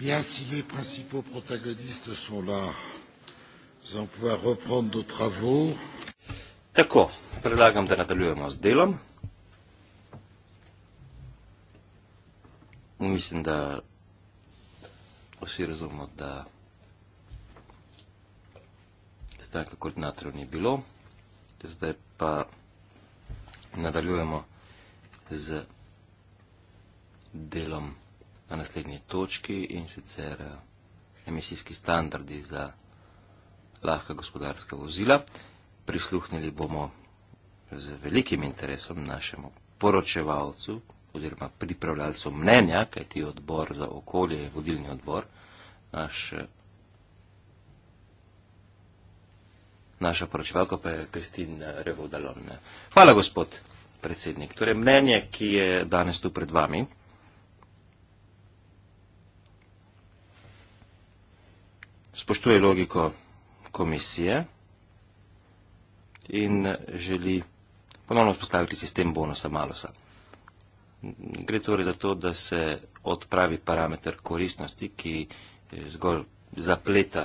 Bien, si les principaux protagonistes sont là, nous allons pouvoir reprendre nos travaux. Tako, predlagam, da nadaljujemo z delom. Mislim, da vsi razumemo, da stanka koordinatorjev ni bilo. Zdaj pa nadaljujemo z delom delom na naslednji točki in sicer eh, emisijski standardi za lahka gospodarska vozila. Prisluhnili bomo z velikim interesom našemu poročevalcu oziroma pripravljalcu mnenja, kajti odbor za okolje je vodilni odbor, naš, eh, naša poročevalka pa je Kristin eh, Revodalon. Hvala, gospod predsednik. Torej, mnenje, ki je danes tu pred vami, spoštuje logiko komisije in želi ponovno postaviti sistem bonusa malusa. Gre torej za to, da se odpravi parameter koristnosti, ki eh, zgolj zapleta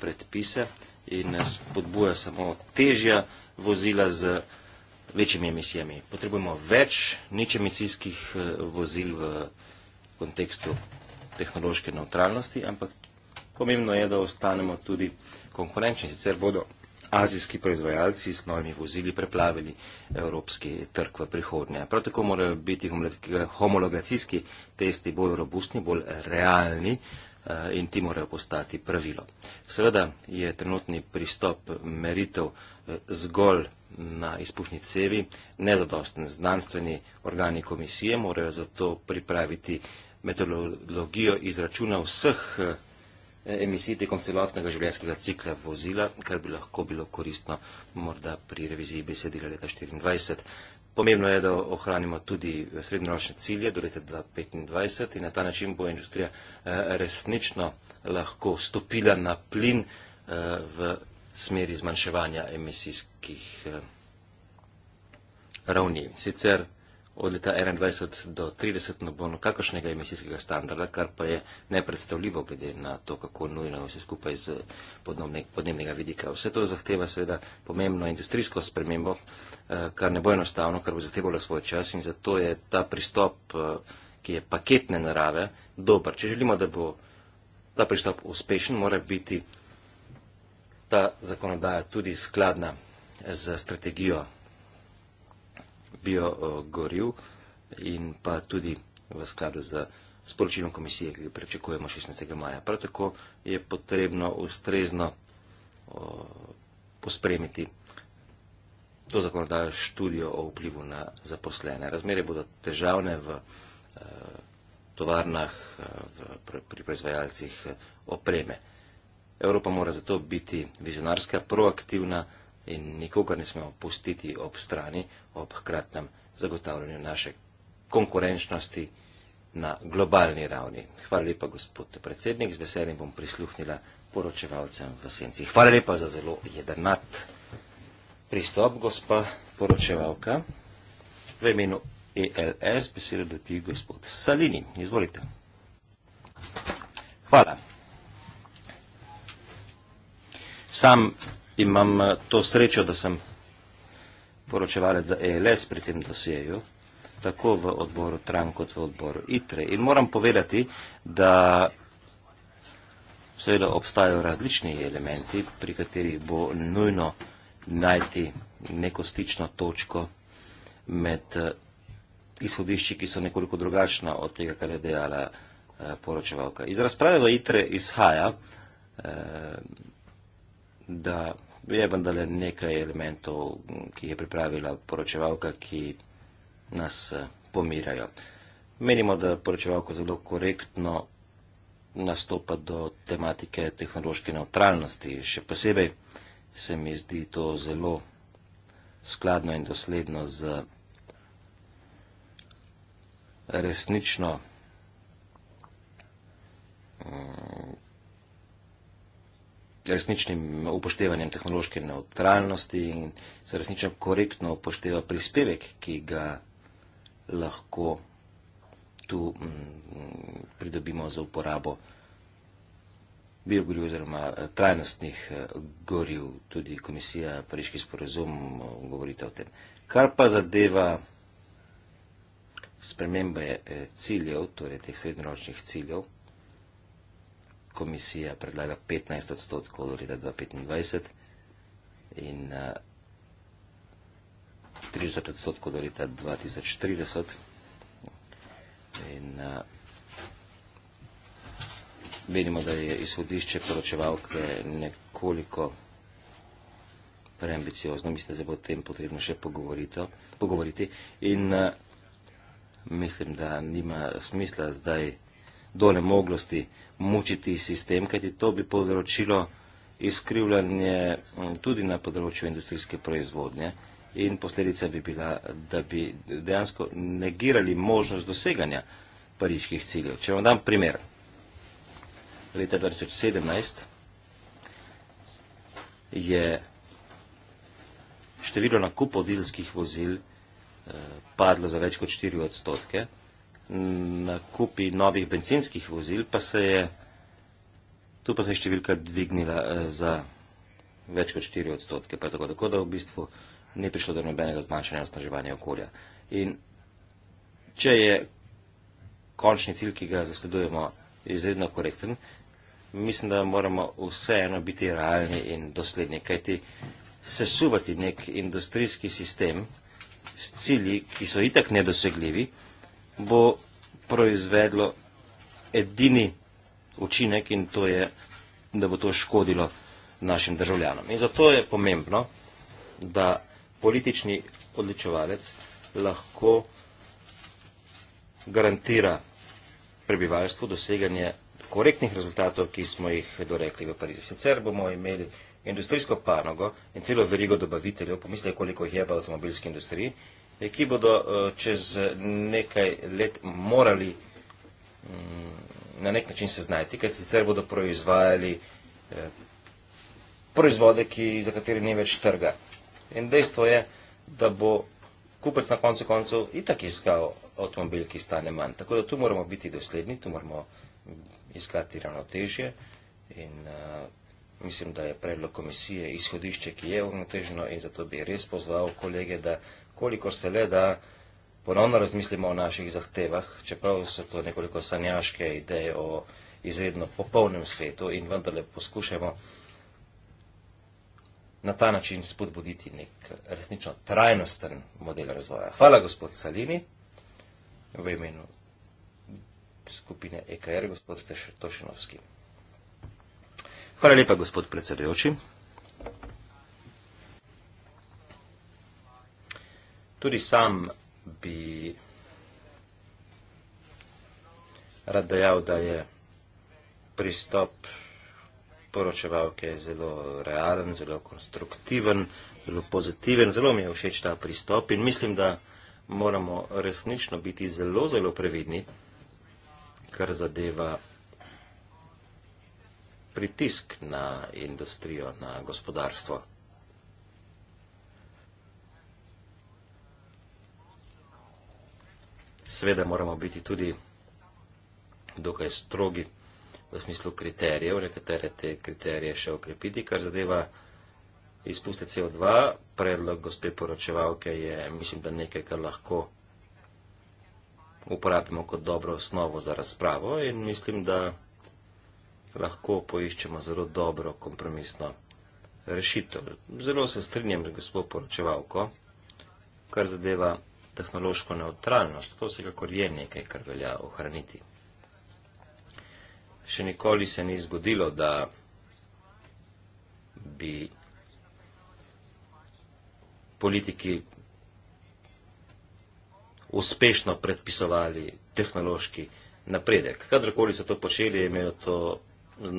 predpise in eh, spodbuja samo težja vozila z večjimi emisijami. Potrebujemo več ničemisijskih eh, vozil v kontekstu tehnološke neutralnosti, ampak Pomembno je, da ostanemo tudi konkurenčni, sicer bodo azijski proizvajalci s novimi vozili preplavili evropski trg v prihodnje. Prav tako morajo biti homologacijski testi bolj robustni, bolj realni eh, in ti morajo postati pravilo. Seveda je trenutni pristop meritev eh, zgolj na izpušni cevi, nezadosten znanstveni organi komisije morajo zato pripraviti metodologijo izračuna vseh eh, emisij tekom celotnega življenjskega cikla vozila, kar bi lahko bilo koristno morda pri reviziji besedila leta 2024. Pomembno je, da ohranimo tudi srednjeročne cilje do leta 2025 in na ta način bo industrija eh, resnično lahko stopila na plin eh, v smeri zmanjševanja emisijskih eh, ravni. Sicer od leta 2021 do 2030 nobeno kakršnega emisijskega standarda, kar pa je nepredstavljivo glede na to, kako nujno je vse skupaj z podnebnega vidika. Vse to zahteva seveda pomembno industrijsko spremembo, eh, kar ne bo enostavno, kar bo zahtevalo svoj čas in zato je ta pristop, eh, ki je paketne narave, dober. Če želimo, da bo ta pristop uspešen, mora biti ta zakonodaja tudi skladna z strategijo bio goril in pa tudi v skladu z sporočilom komisije, ki jo pričakujemo 16. maja. Prav tako je potrebno ustrezno pospremiti to zakonodajo študijo o vplivu na zaposlene. Razmere bodo težavne v e, tovarnah, e, v, pri proizvajalcih e, opreme. Evropa mora zato biti vizionarska, proaktivna in nikogar ne smemo pustiti ob strani, ob hkratnem zagotavljanju naše konkurenčnosti na globalni ravni. Hvala lepa, gospod predsednik, z veseljem bom prisluhnila poročevalcem v senci. Hvala lepa za zelo jedernat pristop, gospa poročevalka. V imenu ELS besedo dobi gospod Salini. Izvolite. Hvala. Sam imam eh, to srečo, da sem poročevalec za ELS pri tem dosjeju, tako v odboru Trank kot v odboru ITRE. In moram povedati, da seveda obstajajo različni elementi, pri katerih bo nujno najti neko stično točko med eh, izhodišči, ki so nekoliko drugačna od tega, kar je dejala eh, poročevalka. Iz razprave v ITRE izhaja, eh, da je vendarle nekaj elementov, ki je pripravila poročevalka, ki nas eh, pomirajo. Menimo, da poročevalko zelo korektno nastopa do tematike tehnološke neutralnosti. Še posebej se mi zdi to zelo skladno in dosledno z resnično mm, resničnim upoštevanjem tehnološke neutralnosti in se resnično korektno upošteva prispevek, ki ga lahko tu mm, pridobimo za uporabo biogoriv oziroma eh, trajnostnih eh, goriv. Tudi komisija Pariški sporozum eh, govorite o tem. Kar pa zadeva spremembe ciljev, torej teh srednjeročnih ciljev, komisija predlaga 15 odstotkov do leta 2025 in uh, eh, 30 odstotkov do leta 2040. In uh, menimo, da je izhodišče poročevalke nekoliko preambiciozno, mislim, da se bo o tem potrebno še pogovoriti in uh, mislim, da nima smisla zdaj do nemoglosti mučiti sistem, kajti to bi povzročilo izkrivljanje mm, tudi na področju industrijske proizvodnje in posledica bi bila, da bi dejansko negirali možnost doseganja pariških ciljev. Če vam dam primer, leta 2017 je število nakupov dizelskih vozil eh, padlo za več kot 4 odstotke, nakupi novih benzinskih vozil, pa se je, tu pa se je številka dvignila eh, za več kot 4 odstotke, pa tako, tako da v bistvu ni prišlo do nobenega zmanjšanja osnaževanja okolja. In če je končni cilj, ki ga zasledujemo, izredno korekten, mislim, da moramo vseeno biti realni in dosledni, kajti sesuvati nek industrijski sistem s cilji, ki so itak nedosegljivi, bo proizvedlo edini učinek in to je, da bo to škodilo našim državljanom. In zato je pomembno, da politični odličevalec lahko garantira prebivalstvu doseganje korektnih rezultatov, ki smo jih dorekli v Parizu. Sicer bomo imeli industrijsko panogo in celo verigo dobaviteljev, pomislite, koliko jih je v avtomobilski industriji, ki bodo eh, čez nekaj let morali mm, na nek način se znajti, ker sicer bodo proizvajali eh, proizvode, ki, za katere ni več trga. In dejstvo je, da bo kupec na koncu koncev itak iskal avtomobil, ki stane manj. Tako da tu moramo biti dosledni, tu moramo iskati ravnotežje in uh, mislim, da je predlog komisije izhodišče, ki je ravnotežno in zato bi res pozval kolege, da kolikor se le da ponovno razmislimo o naših zahtevah, čeprav so to nekoliko sanjaške ideje o izredno popolnem svetu in vendarle poskušamo na ta način spodbuditi nek resnično trajnosten model razvoja. Hvala, gospod Salini, v imenu skupine EKR, gospod Tešetošinovski. Hvala lepa, gospod predsedujoči. Tudi sam bi rad dejal, da je pristop poročevalke zelo realen, zelo konstruktiven, zelo pozitiven. Zelo mi je všeč ta pristop in mislim, da moramo resnično biti zelo, zelo previdni, kar zadeva pritisk na industrijo, na gospodarstvo. Seveda moramo biti tudi dokaj strogi v smislu kriterijev, nekatere te kriterije še okrepiti, kar zadeva izpuste CO2. Predlog gospe poročevalke je, mislim, da nekaj, kar lahko uporabimo kot dobro osnovo za razpravo in mislim, da lahko poiščemo zelo dobro kompromisno rešitev. Zelo se strinjam z gospod poročevalko, kar zadeva tehnološko neutralnost, to vsekakor je nekaj, kar velja ohraniti. Še nikoli se ni zgodilo, da bi politiki uspešno predpisovali tehnološki napredek. Kadarkoli so to počeli, je imelo to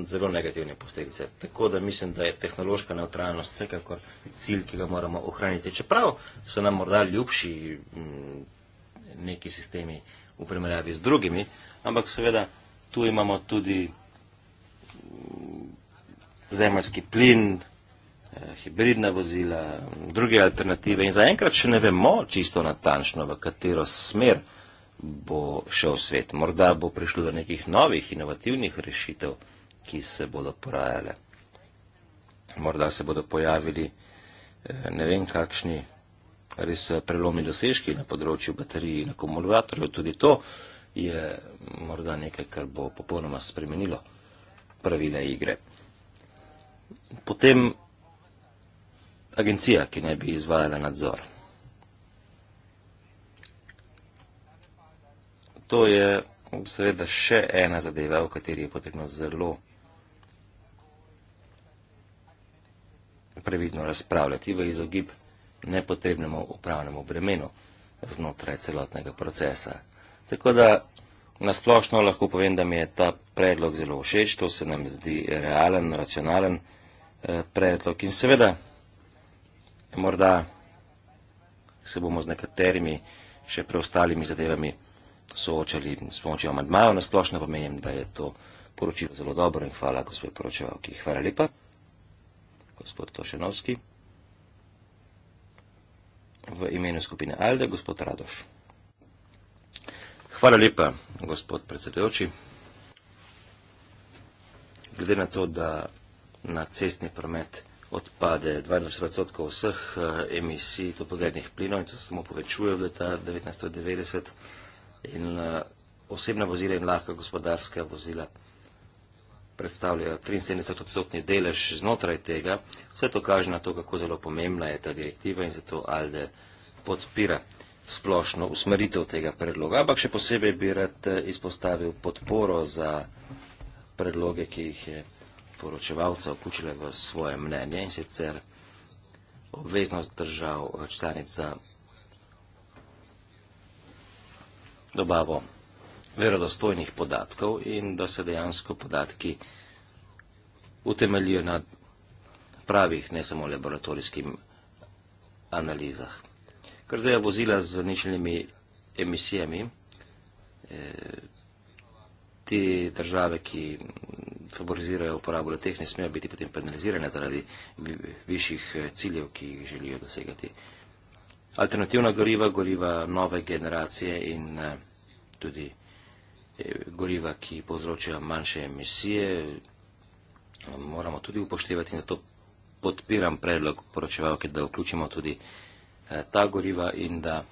zelo negativne posledice. Tako da mislim, da je tehnološka neutralnost vsekakor cilj, ki ga moramo ohraniti. Čeprav so nam morda ljubši mm, neki sistemi v primerjavi z drugimi, ampak seveda tu imamo tudi mm, zemljski plin, eh, hibridna vozila, druge alternative in zaenkrat še ne vemo čisto natančno, v katero smer bo šel svet. Morda bo prišlo do nekih novih inovativnih rešitev ki se bodo porajale. Morda se bodo pojavili eh, ne vem kakšni res eh, prelomni dosežki na področju baterij in akumulatorjev. Tudi to je morda nekaj, kar bo popolnoma spremenilo pravile igre. Potem agencija, ki naj bi izvajala nadzor. To je seveda še ena zadeva, v kateri je potrebno zelo previdno razpravljati v izogib nepotrebnemu upravnemu bremenu znotraj celotnega procesa. Tako da nasplošno lahko povem, da mi je ta predlog zelo všeč, to se nam zdi realen, racionalen eh, predlog in seveda morda se bomo z nekaterimi še preostalimi zadevami soočali s pomočjo amadmajev, nasplošno pa menim, da je to poročilo zelo dobro in hvala gospod poročevalki. Hvala lepa gospod Tošenovski, v imenu skupine Alde, gospod Radoš. Hvala lepa, gospod predsedujoči. Glede na to, da na cestni promet odpade 20 vseh eh, emisij toplogrednih plinov in to se samo povečuje v leta 1990 in eh, osebna vozila in lahka gospodarska vozila predstavljajo 73 odstotni delež znotraj tega. Vse to kaže na to, kako zelo pomembna je ta direktiva in zato Alde podpira splošno usmeritev tega predloga. Ampak še posebej bi rad eh, izpostavil podporo za predloge, ki jih je poročevalca vključila v svoje mnenje in sicer obveznost držav eh, članic za dobavo verodostojnih podatkov in da se dejansko podatki utemeljijo na pravih, ne samo laboratorijskim analizah. Ker zdaj je vozila z ničeljnimi emisijami, eh, ti države, ki favorizirajo uporabo leteh, ne smejo biti potem penalizirane zaradi višjih eh, ciljev, ki jih želijo dosegati. Alternativna goriva, goriva nove generacije in eh, tudi goriva, goriva, ki povzročajo manjše emisije, moramo tudi upoštevati in zato podpiram predlog poročevalke, da vključimo tudi eh, ta goriva in da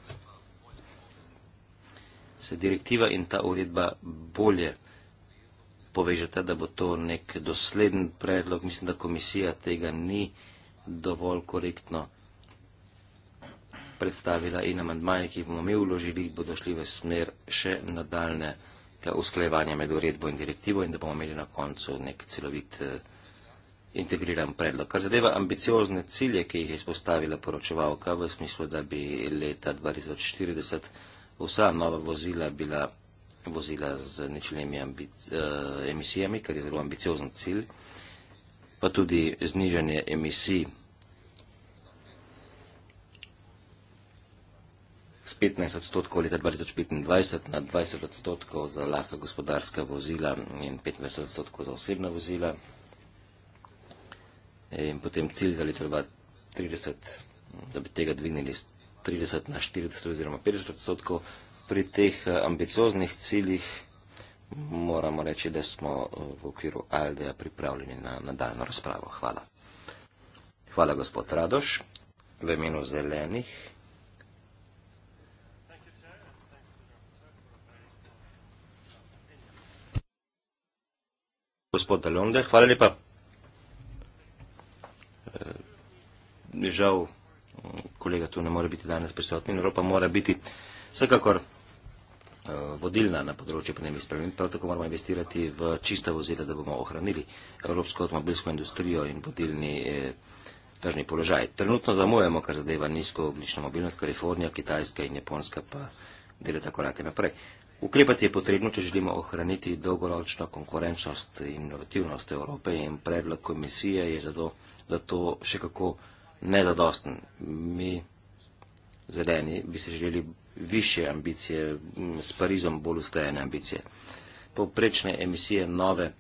se direktiva in ta uredba bolje povežete, da bo to nek dosleden predlog. Mislim, da komisija tega ni dovolj korektno predstavila in amandmaje, ki bomo mi vložili, bodo šli v smer še nadaljne predloge usklajevanje med uredbo in direktivo in da bomo imeli na koncu nek celovit eh, integriran predlog. Kar zadeva ambiciozne cilje, ki jih je izpostavila poročevalka v smislu, da bi leta 2040 vsa nova vozila bila vozila z ničljenimi eh, emisijami, kar je zelo ambiciozen cilj, pa tudi znižanje emisij z 15 odstotkov leta 2025 na 20 odstotkov za lahka gospodarska vozila in 25 odstotkov za osebna vozila. In potem cilj za leto 2030, da bi tega dvignili z 30 na 40 oziroma 50 odstotkov. Pri teh ambicioznih ciljih moramo reči, da smo v okviru ALDE-ja pripravljeni na nadaljno razpravo. Hvala. Hvala, gospod Radoš. V imenu zelenih. gospod Alonde. Hvala lepa. Eh, žal, kolega tu ne more biti danes prisotni, Evropa mora biti vsekakor eh, vodilna na področju podnebnih sprememb, prav tako moramo investirati v čista vozila, da bomo ohranili evropsko avtomobilsko industrijo in vodilni eh, tržni položaj. Trenutno zamujemo, kar zadeva nizko oglično mobilnost, Kalifornija, Kitajska in Japonska pa delata korake naprej. Ukrepati je potrebno, če želimo ohraniti dolgoročno konkurenčnost in inovativnost Evrope in predlog komisije je zato, da to še kako nezadosten. Mi, zeleni, bi se želeli više ambicije, s Parizom bolj ustajene ambicije. Poprečne emisije nove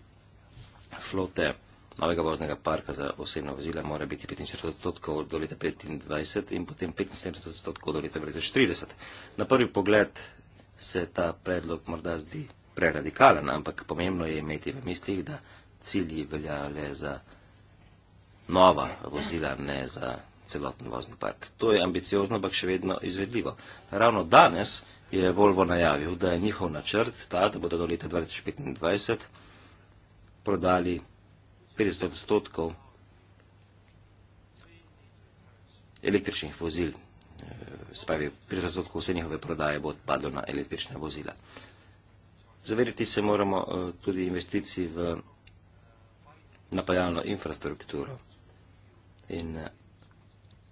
flote, novega voznega parka za osebno vozila mora biti 45 odstotkov do leta 2025 in potem 75 odstotkov do leta 2030. Na prvi pogled se ta predlog morda zdi preradikalen, ampak pomembno je imeti v mislih, da cilji velja le za nova vozila, ne za celoten vozni park. To je ambiciozno, ampak še vedno izvedljivo. Ravno danes je Volvo najavil, da je njihov načrt ta, da bodo do leta 2025 prodali 500 odstotkov električnih vozil se pravi, 50 vse njihove prodaje bo odpadlo na električna vozila. Zaveriti se moramo eh, tudi investicij v napajalno infrastrukturo in eh,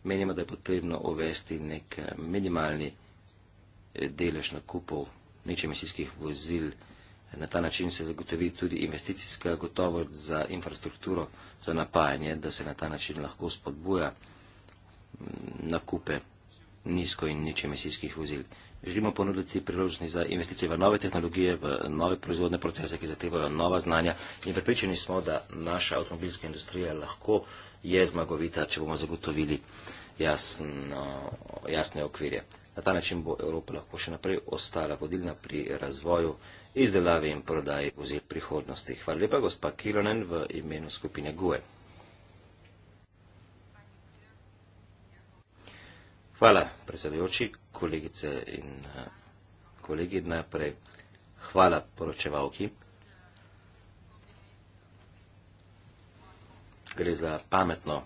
menimo, da je potrebno uvesti nek eh, minimalni delež nakupov nečemisijskih vozil. Na ta način se zagotovi tudi investicijska gotovost za infrastrukturo, za napajanje, da se na ta način lahko spodbuja nakupe nizko in nič emisijskih vozil. Želimo ponuditi priložnosti za investicije v nove tehnologije, v nove proizvodne procese, ki zahtevajo nova znanja in pripričani smo, da naša avtomobilska industrija lahko je zmagovita, če bomo zagotovili jasno, jasne okvirje. Na ta način bo Evropa lahko še naprej ostala vodilna pri razvoju, izdelavi in prodaji vozil prihodnosti. Hvala lepa, gospa Kilonen, v imenu skupine GUE. Hvala, predsedujoči, kolegice in eh, kolegi najprej. Hvala, poročevalki. Gre za pametno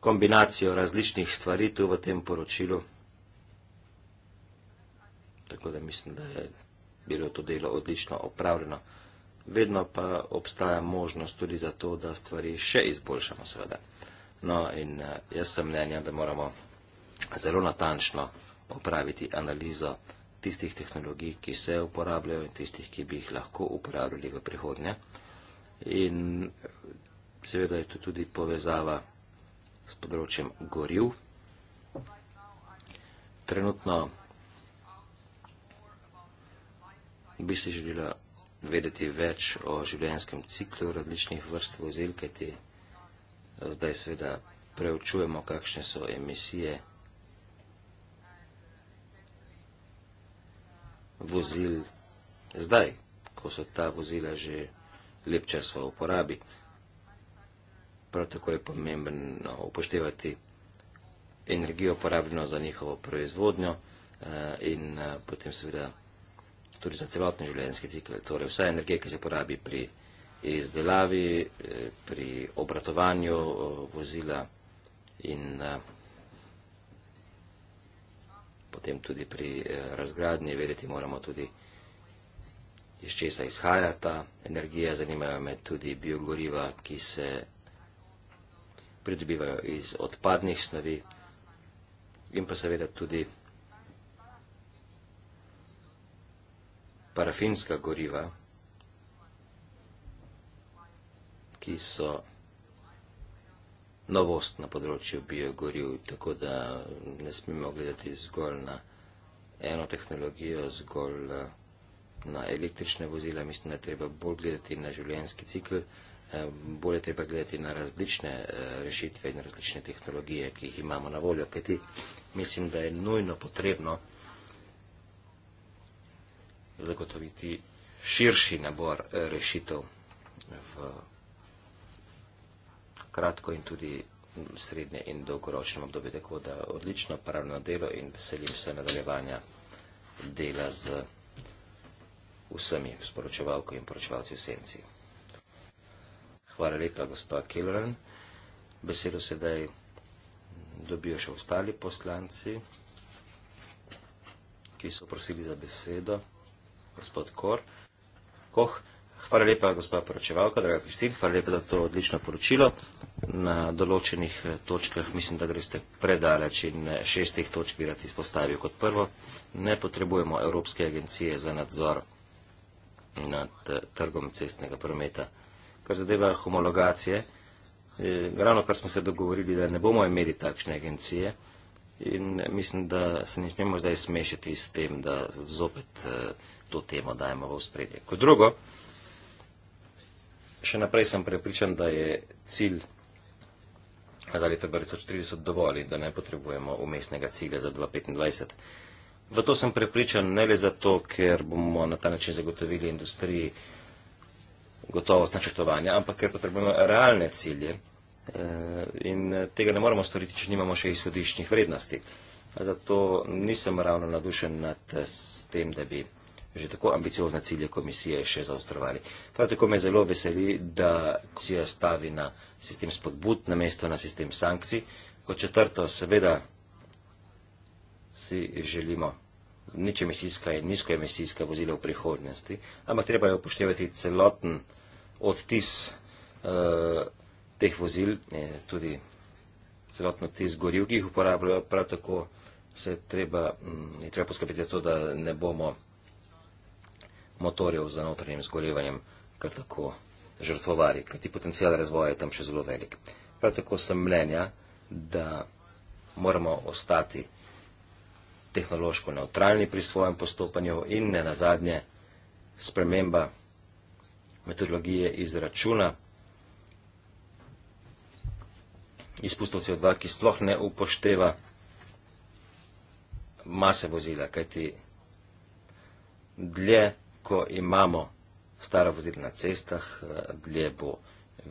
kombinacijo različnih stvari tu v tem poročilu. Tako da mislim, da je bilo to delo odlično opravljeno. Vedno pa obstaja možnost tudi za to, da stvari še izboljšamo, seveda. No, in eh, jaz sem mnenja, da moramo zelo natančno opraviti analizo tistih tehnologij, ki se uporabljajo in tistih, ki bi jih lahko uporabljali v prihodnje. In seveda je to tudi povezava s področjem goriv. Trenutno bi si želela vedeti več o življenjskem ciklu različnih vrst vozil, kajti zdaj seveda preučujemo, kakšne so emisije vozil zdaj, ko so ta vozila že lep čas v uporabi. Prav tako je pomembno upoštevati energijo porabljeno za njihovo proizvodnjo eh, in eh, potem seveda tudi za celotni življenjski cikl. Torej vsa energija, ki se porabi pri izdelavi, eh, pri obratovanju vozila in potem tudi pri eh, razgradnji vedeti moramo tudi, iz česa izhaja ta energija. Zanimajo me tudi biogoriva, ki se pridobivajo iz odpadnih snovi in pa seveda tudi parafinska goriva, ki so novost na področju biogoriv, tako da ne smemo gledati zgolj na eno tehnologijo, zgolj eh, na električne vozila, mislim, da je treba bolj gledati na življenjski cikl, eh, bolje treba gledati na različne eh, rešitve in različne tehnologije, ki jih imamo na voljo, kajti mislim, da je nujno potrebno zagotoviti širši nabor rešitev v kratko in tudi srednje in dolgoročnem obdobju. Tako da odlično pravno delo in veselim se nadaljevanja dela z vsemi sporočevalko in poročevalci v senci. Hvala lepa, gospa Kilran. Besedo sedaj dobijo še ostali poslanci, ki so prosili za besedo. Gospod Kor. Koh. Hvala lepa, gospod poročevalka, draga Kristin, hvala lepa za to odlično poročilo. Na določenih eh, točkah mislim, da greste predaleč in eh, šestih točk bi rad izpostavil kot prvo. Ne potrebujemo Evropske agencije za nadzor nad eh, trgom cestnega prometa. Kar zadeva homologacije, ravno kar smo se dogovorili, da ne bomo imeli takšne agencije in mislim, da se ne smemo zdaj smešiti s tem, da zopet to temo dajemo v spredje. Kot drugo, še naprej sem prepričan, da je cilj za leto 2030 dovolj in da ne potrebujemo umestnega cilja za 2025. V to sem prepričan ne le zato, ker bomo na ta način zagotovili industriji gotovost načrtovanja, ampak ker potrebujemo realne cilje eh, in tega ne moremo storiti, če nimamo še izhodiščnih vrednosti. Zato nisem ravno nadušen nad eh, tem, da bi že tako ambiciozne cilje komisije še zaostrovali. Prav tako me zelo veseli, da komisija stavi na sistem spodbud na mesto na sistem sankcij. Kot četrto, seveda si želimo ničemisijska in nizkoemisijska vozila v prihodnosti, ampak treba je upoštevati celoten odtis eh, teh vozil, eh, tudi celoten odtis goriv, ki jih uporabljajo, prav tako se treba, hm, je treba poskrbeti za to, da ne bomo motorjev za notranjim zgorevanjem kar tako žrtvovali, kajti potencijal razvoja je tam še zelo velik. Prav tako sem mnenja, da moramo ostati tehnološko neutralni pri svojem postopanju in ne nazadnje sprememba metodologije izračuna izpustov CO2, ki sploh ne upošteva mase vozila, kajti dlje ko imamo staro vozilo na cestah, dlje bo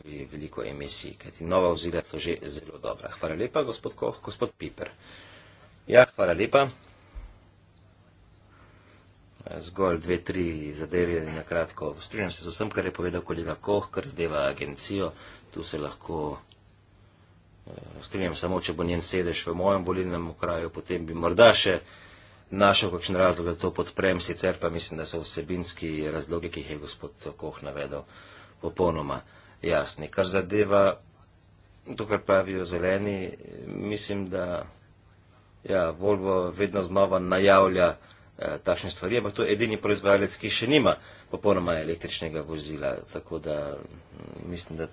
veliko emisij, kajti nova vozila so že zelo dobra. Hvala lepa, gospod Koh, gospod Piper. Ja, hvala lepa. Zgolj dve, tri zadeve na kratko. Strinjam se z vsem, kar je povedal kolega Koh, kar zadeva agencijo. Tu se lahko eh, strinjam samo, če bo njen sedež v mojem volilnem kraju, potem bi morda še našel kakšen razlog, da to podprem, sicer pa mislim, da so vsebinski razlogi, ki jih je gospod Koh navedel, popolnoma jasni. Kar zadeva to, kar pravijo zeleni, mislim, da ja, Volvo vedno znova najavlja eh, takšne stvari, ampak to je edini proizvajalec, ki še nima popolnoma električnega vozila. Tako da mm, mislim, da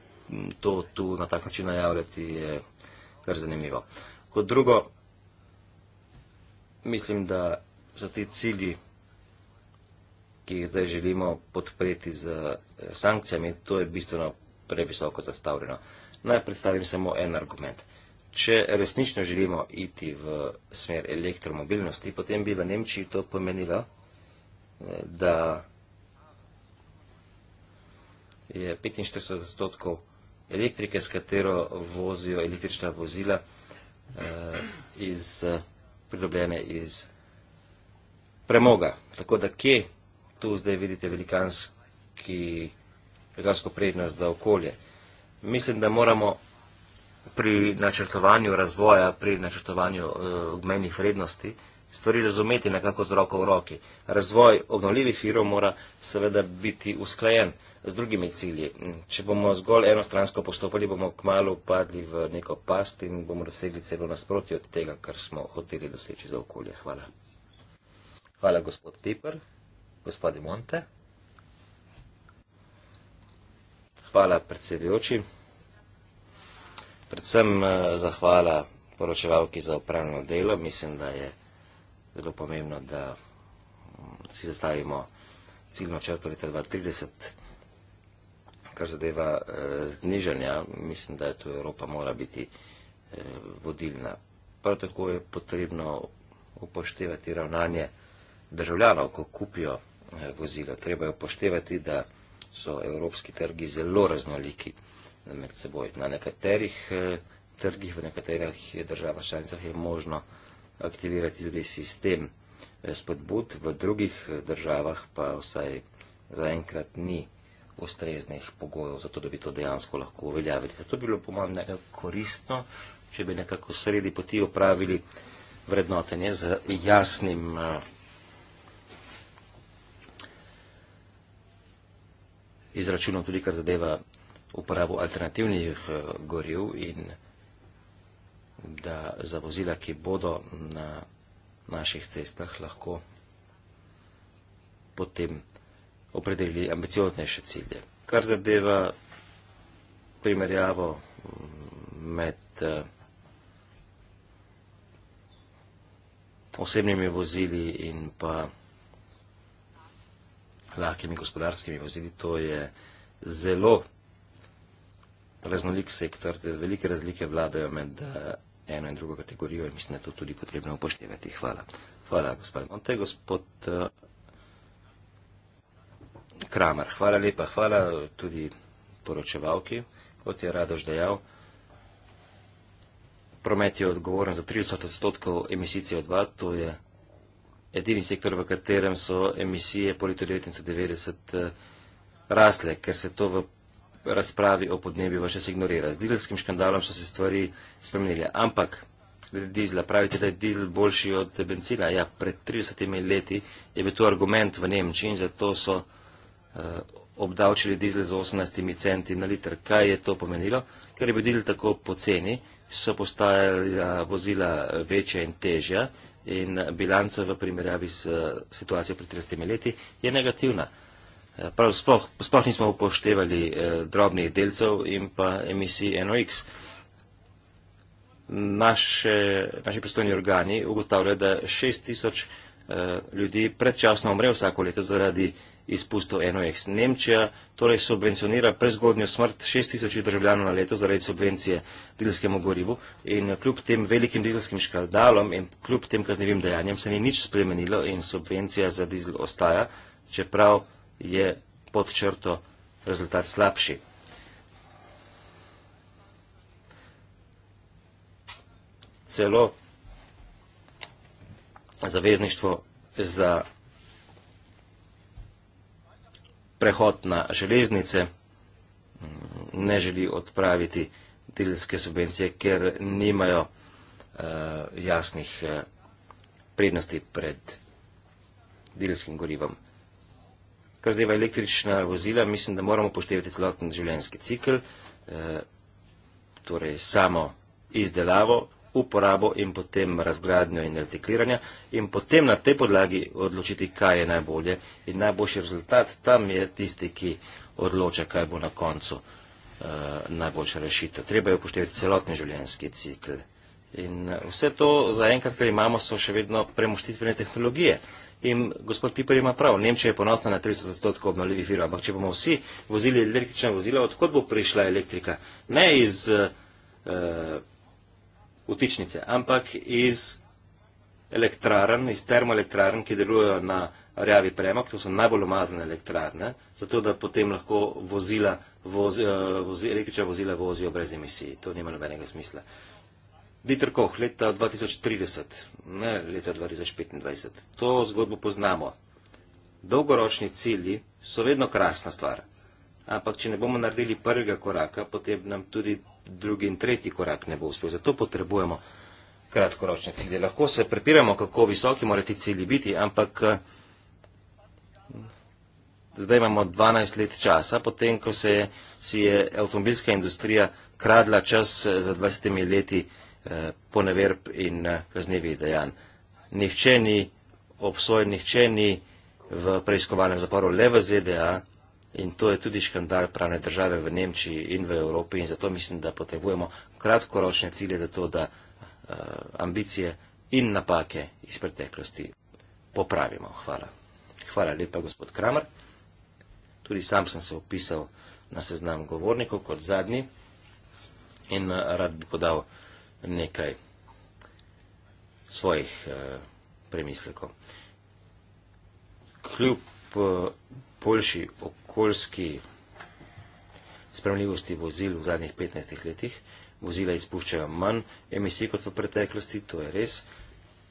to tu na tak način najavljati je kar zanimivo. Kot drugo, mislim, da so ti cilji, ki jih zdaj želimo podpreti z eh, sankcijami, to je bistveno previsoko zastavljeno. Naj predstavim samo en argument. Če resnično želimo iti v smer elektromobilnosti, potem bi v Nemčiji to pomenilo, eh, da je 45 odstotkov elektrike, s katero vozijo električna vozila eh, iz pridobljene iz premoga. Tako da kje tu zdaj vidite velikanski, velikansko prednost za okolje? Mislim, da moramo pri načrtovanju razvoja, pri načrtovanju eh, obmenih vrednosti stvari razumeti nekako z roko v roki. Razvoj obnovljivih virov mora seveda biti usklajen z drugimi cilji. Če bomo zgolj enostransko postopali, bomo kmalo upadli v neko past in bomo dosegli celo nasprotje od tega, kar smo hoteli doseči za okolje. Hvala. Hvala, gospod Piper, gospod Monte. Hvala, predsedujoči. Predvsem eh, zahvala poročevalki za upravno delo. Mislim, da je zelo pomembno, da si zastavimo ciljno črto leta 2030 kar zadeva e, znižanja, mislim, da je tu Evropa mora biti e, vodilna. Prav tako je potrebno upoštevati ravnanje državljanov, ko kupijo e, vozila. Treba je upoštevati, da so evropski trgi zelo raznoliki med seboj. Na nekaterih e, trgih, v nekaterih državah članicah je možno aktivirati tudi sistem e, spodbud, v drugih državah pa vsaj zaenkrat ni ustreznih pogojev, zato da bi to dejansko lahko uveljavili. To bi bilo po mojem mnenju koristno, če bi nekako sredi poti opravili vrednotenje z jasnim eh, izračunom tudi, kar zadeva uporabo alternativnih eh, goriv in da za vozila, ki bodo na naših cestah, lahko potem opredelili ambicioznejše cilje. Kar zadeva primerjavo mm, med eh, osebnimi vozili in pa lahkimi gospodarskimi vozili, to je zelo raznolik sektor, velike razlike vladajo med eh, eno in drugo kategorijo in mislim, da je to tudi potrebno upoštevati. Hvala. Hvala, gospod Monte. Gospod eh, Kramer, hvala lepa, hvala tudi poročevalki, kot je Radoš dejal. Promet je odgovoren za 30 odstotkov emisij CO2, to je edini sektor, v katerem so emisije po letu 1990 eh, rasle, ker se to v razpravi o podnebju še ignorira. Z dizelskim škandalom so se stvari spremenile, ampak glede dizla, pravite, da je dizel boljši od benzina. Ja, pred 30 leti je bil to argument v Nemčiji in zato so. Eh, obdavčili dizel z 18 centi na liter. Kaj je to pomenilo? Ker je bil dizel tako poceni, so postajala vozila večja in težja in bilanca v primerjavi s eh, situacijo pred 30 leti je negativna. Eh, prav sploh, sploh nismo upoštevali drobnih delcev in pa emisij NOx. Naše, naši pristojni organi ugotavljajo, da 6000 ljudi predčasno umre vsako leto zaradi izpustov NOx. Nemčija torej subvencionira prezgodnjo smrt 6000 državljanov na leto zaradi subvencije dizelskemu gorivu in kljub tem velikim dizelskim škaldalom in kljub tem kaznivim dejanjem se ni nič spremenilo in subvencija za dizel ostaja, čeprav je pod črto rezultat slabši. Celo zavezništvo za prehod na železnice, mm, ne želi odpraviti dizelske subvencije, ker nimajo uh, jasnih uh, prednosti pred dizelskim gorivom. Kar zadeva električna vozila, mislim, da moramo poštevati celoten življenjski cikl, uh, eh, torej samo izdelavo uporabo in potem razgradnjo in recikliranje in potem na tej podlagi odločiti, kaj je najbolje in najboljši rezultat tam je tisti, ki odloča, kaj bo na koncu eh, najboljša rešitev. Treba je upoštevati celotni življenjski cikl. In eh, vse to zaenkrat, kar imamo, so še vedno premoštitvene tehnologije. In gospod Piper ima prav, Nemčija je ponosna na 30% obnovljivih virov, ampak če bomo vsi vozili električna vozila, odkot bo prišla elektrika? Ne iz eh, vtičnice, ampak iz elektrarn, iz termoelektrarn, ki delujejo na rjavi premog, to so najbolj umazane elektrarne, zato da potem lahko vozila, vozi, eh, vozi, električna vozila vozijo brez emisij. To nima nobenega smisla. Dieter Koch, leta 2030, ne leta 2025, to zgodbo poznamo. Dolgoročni cilji so vedno krasna stvar. Ampak, če ne bomo naredili prvega koraka, potem nam tudi drugi in tretji korak ne bo uspel. Zato potrebujemo kratkoročne cilje. Lahko se prepiramo, kako visoki morajo ti cilji biti, ampak eh, zdaj imamo 12 let časa, potem, ko se je, si je avtomobilska industrija kradla čas eh, za 20 leti eh, poneverb in eh, kaznevih dejanj. Nihče ni obsojen, nihče ni v preiskovalnem zaporu, le v ZDA. In to je tudi škandal pravne države v Nemčiji in v Evropi in zato mislim, da potrebujemo kratkoročne cilje za to, da uh, ambicije in napake iz preteklosti popravimo. Hvala. Hvala lepa, gospod Kramer. Tudi sam sem se opisal na seznam govornikov kot zadnji in eh, rad bi podal nekaj svojih uh, premislekov. Kljub uh, boljši opisov, okoljski spremljivosti vozil v zadnjih 15 letih. Vozila izpuščajo manj emisij kot v preteklosti, to je res,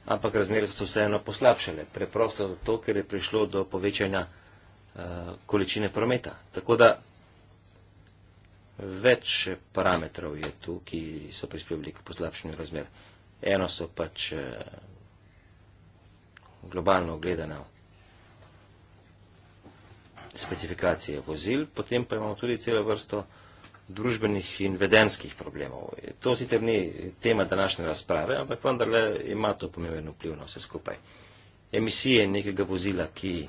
ampak razmere so se vseeno poslabšale, preprosto zato, ker je prišlo do povečanja uh, količine prometa. Tako da več parametrov je tu, ki so prispevali k poslabšanju razmer. Eno so pač uh, globalno gledano specifikacije vozil, potem pa imamo tudi celo vrsto družbenih in vedenskih problemov. To sicer ni tema današnje razprave, ampak vendarle ima to pomemben vpliv na vse skupaj. Emisije nekega vozila, ki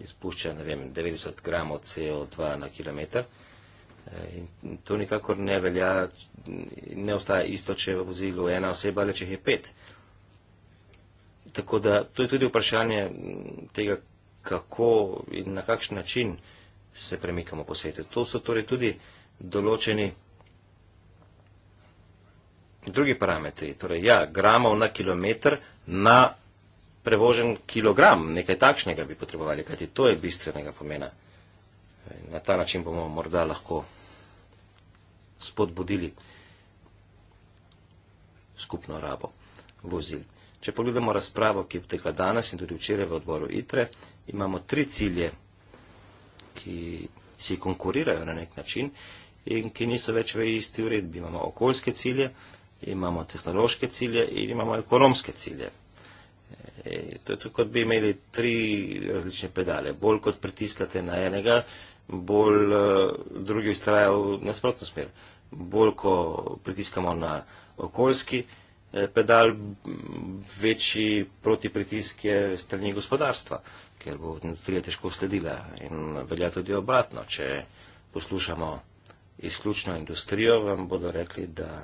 izpušča ne vem, 90 gramov CO2 na kilometr, eh, in to nikakor ne velja, ne ostaja isto, če je v vozilu ena oseba ali če je pet. Tako da to je tudi vprašanje tega, kako in na kakšen način se premikamo po svetu. To so torej tudi določeni drugi parametri. Torej, ja, gramov na kilometr na prevožen kilogram, nekaj takšnega bi potrebovali, kajti to je bistvenega pomena. Na ta način bomo morda lahko spodbudili skupno rabo vozil. Če pogledamo razpravo, ki je potekla danes in tudi včeraj v odboru ITRE, imamo tri cilje, ki si konkurirajo na nek način in ki niso več v isti uredbi. Imamo okoljske cilje, imamo tehnološke cilje in imamo ekonomske cilje. E, to je kot bi imeli tri različne pedale. Bolj kot pritiskate na enega, bolj e, drugi ustrajajo v nasprotno smer. Bolj, ko pritiskamo na okoljski, Eh, pedal večji protipritisk je strani gospodarstva, ker bo industrija težko sledila. In velja tudi obratno, če poslušamo izključno industrijo, vam bodo rekli, da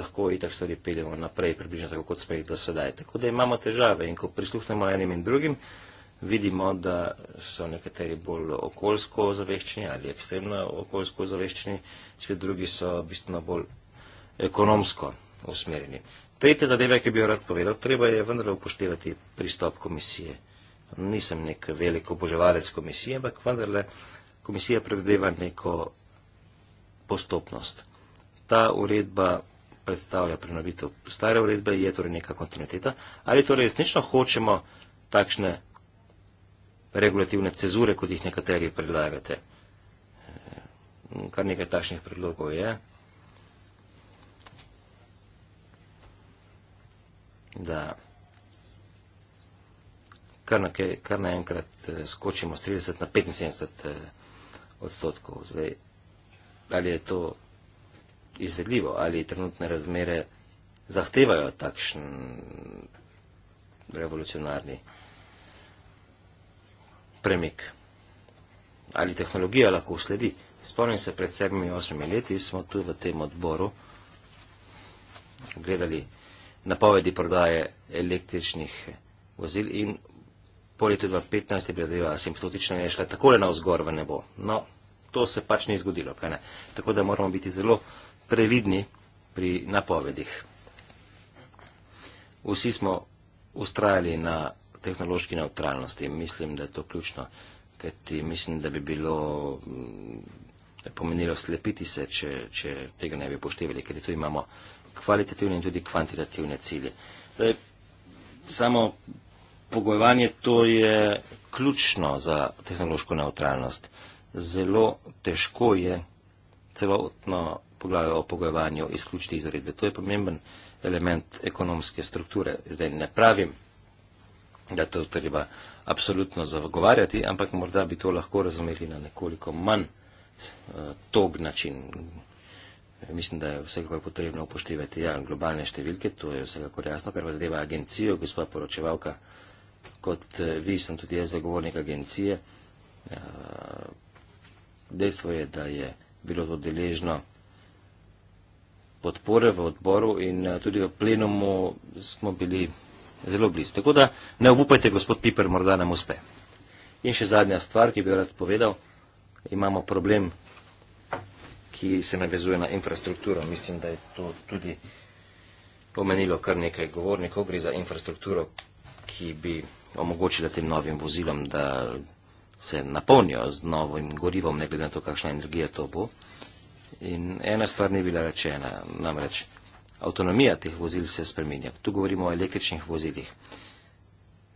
lahko itak stvari peljemo naprej, približno tako, kot smo jih do sedaj. Tako da imamo težave in ko prisluhnemo enim in drugim, vidimo, da so nekateri bolj okoljsko zaveščeni ali ekstremno okoljsko zaveščeni, svi drugi so bistveno bolj ekonomsko usmerjeni. Tretja zadeva, ki bi jo rad povedal, treba je vendarle upoštevati pristop komisije. Nisem nek velik oboževalec komisije, ampak vendarle komisija predvideva neko postopnost. Ta uredba predstavlja prenovitev stare uredbe, je torej neka kontinuiteta. Ali torej resnično hočemo takšne regulativne cezure, kot jih nekateri predlagate? Kar nekaj takšnih predlogov je, da kar, na, kar naenkrat eh, skočimo z 30 na 75 eh, odstotkov. Zdaj, ali je to izvedljivo, ali trenutne razmere zahtevajo takšen revolucionarni premik, ali tehnologija lahko sledi. Spomnim se, pred 7-8 leti smo tu v tem odboru gledali napovedi prodaje električnih vozil in po letu 2015 je bila zadeva asimptotična in je šla takole na vzgor v nebo. No, to se pač ni zgodilo, kaj ne. Tako da moramo biti zelo previdni pri napovedih. Vsi smo ustrajali na tehnološki neutralnosti in mislim, da je to ključno, kajti mislim, da bi bilo mm, pomenilo slepiti se, če, če tega ne bi upoštevali, ker tu imamo kvalitativne in tudi kvantitativne cilje. Zdaj, samo pogojevanje to je ključno za tehnološko neutralnost. Zelo težko je celotno poglavje o pogojevanju izključiti iz uredbe. To je pomemben element ekonomske strukture. Zdaj ne pravim, da to treba absolutno zagovarjati, ampak morda bi to lahko razumeli na nekoliko manj eh, tog način. Ja, mislim, da je vsekakor potrebno upoštevati ja, globalne številke, to je vsekakor jasno, kar vzdeva agencijo, gospod poročevalka, kot eh, vi sem tudi jaz zagovornik agencije. Eh, dejstvo je, da je bilo to deležno podpore v odboru in eh, tudi v plenumu smo bili zelo blizu. Tako da ne obupajte, gospod Piper, morda nam uspe. In še zadnja stvar, ki bi jo rad povedal, imamo problem ki se navezuje na infrastrukturo. Mislim, da je to tudi pomenilo kar nekaj govornikov, gre za infrastrukturo, ki bi omogočila tem novim vozilom, da se napolnijo z novim gorivom, ne glede na to, kakšna energija to bo. In ena stvar ni bila rečena, namreč avtonomija teh vozil se spreminja. Tu govorimo o električnih vozilih.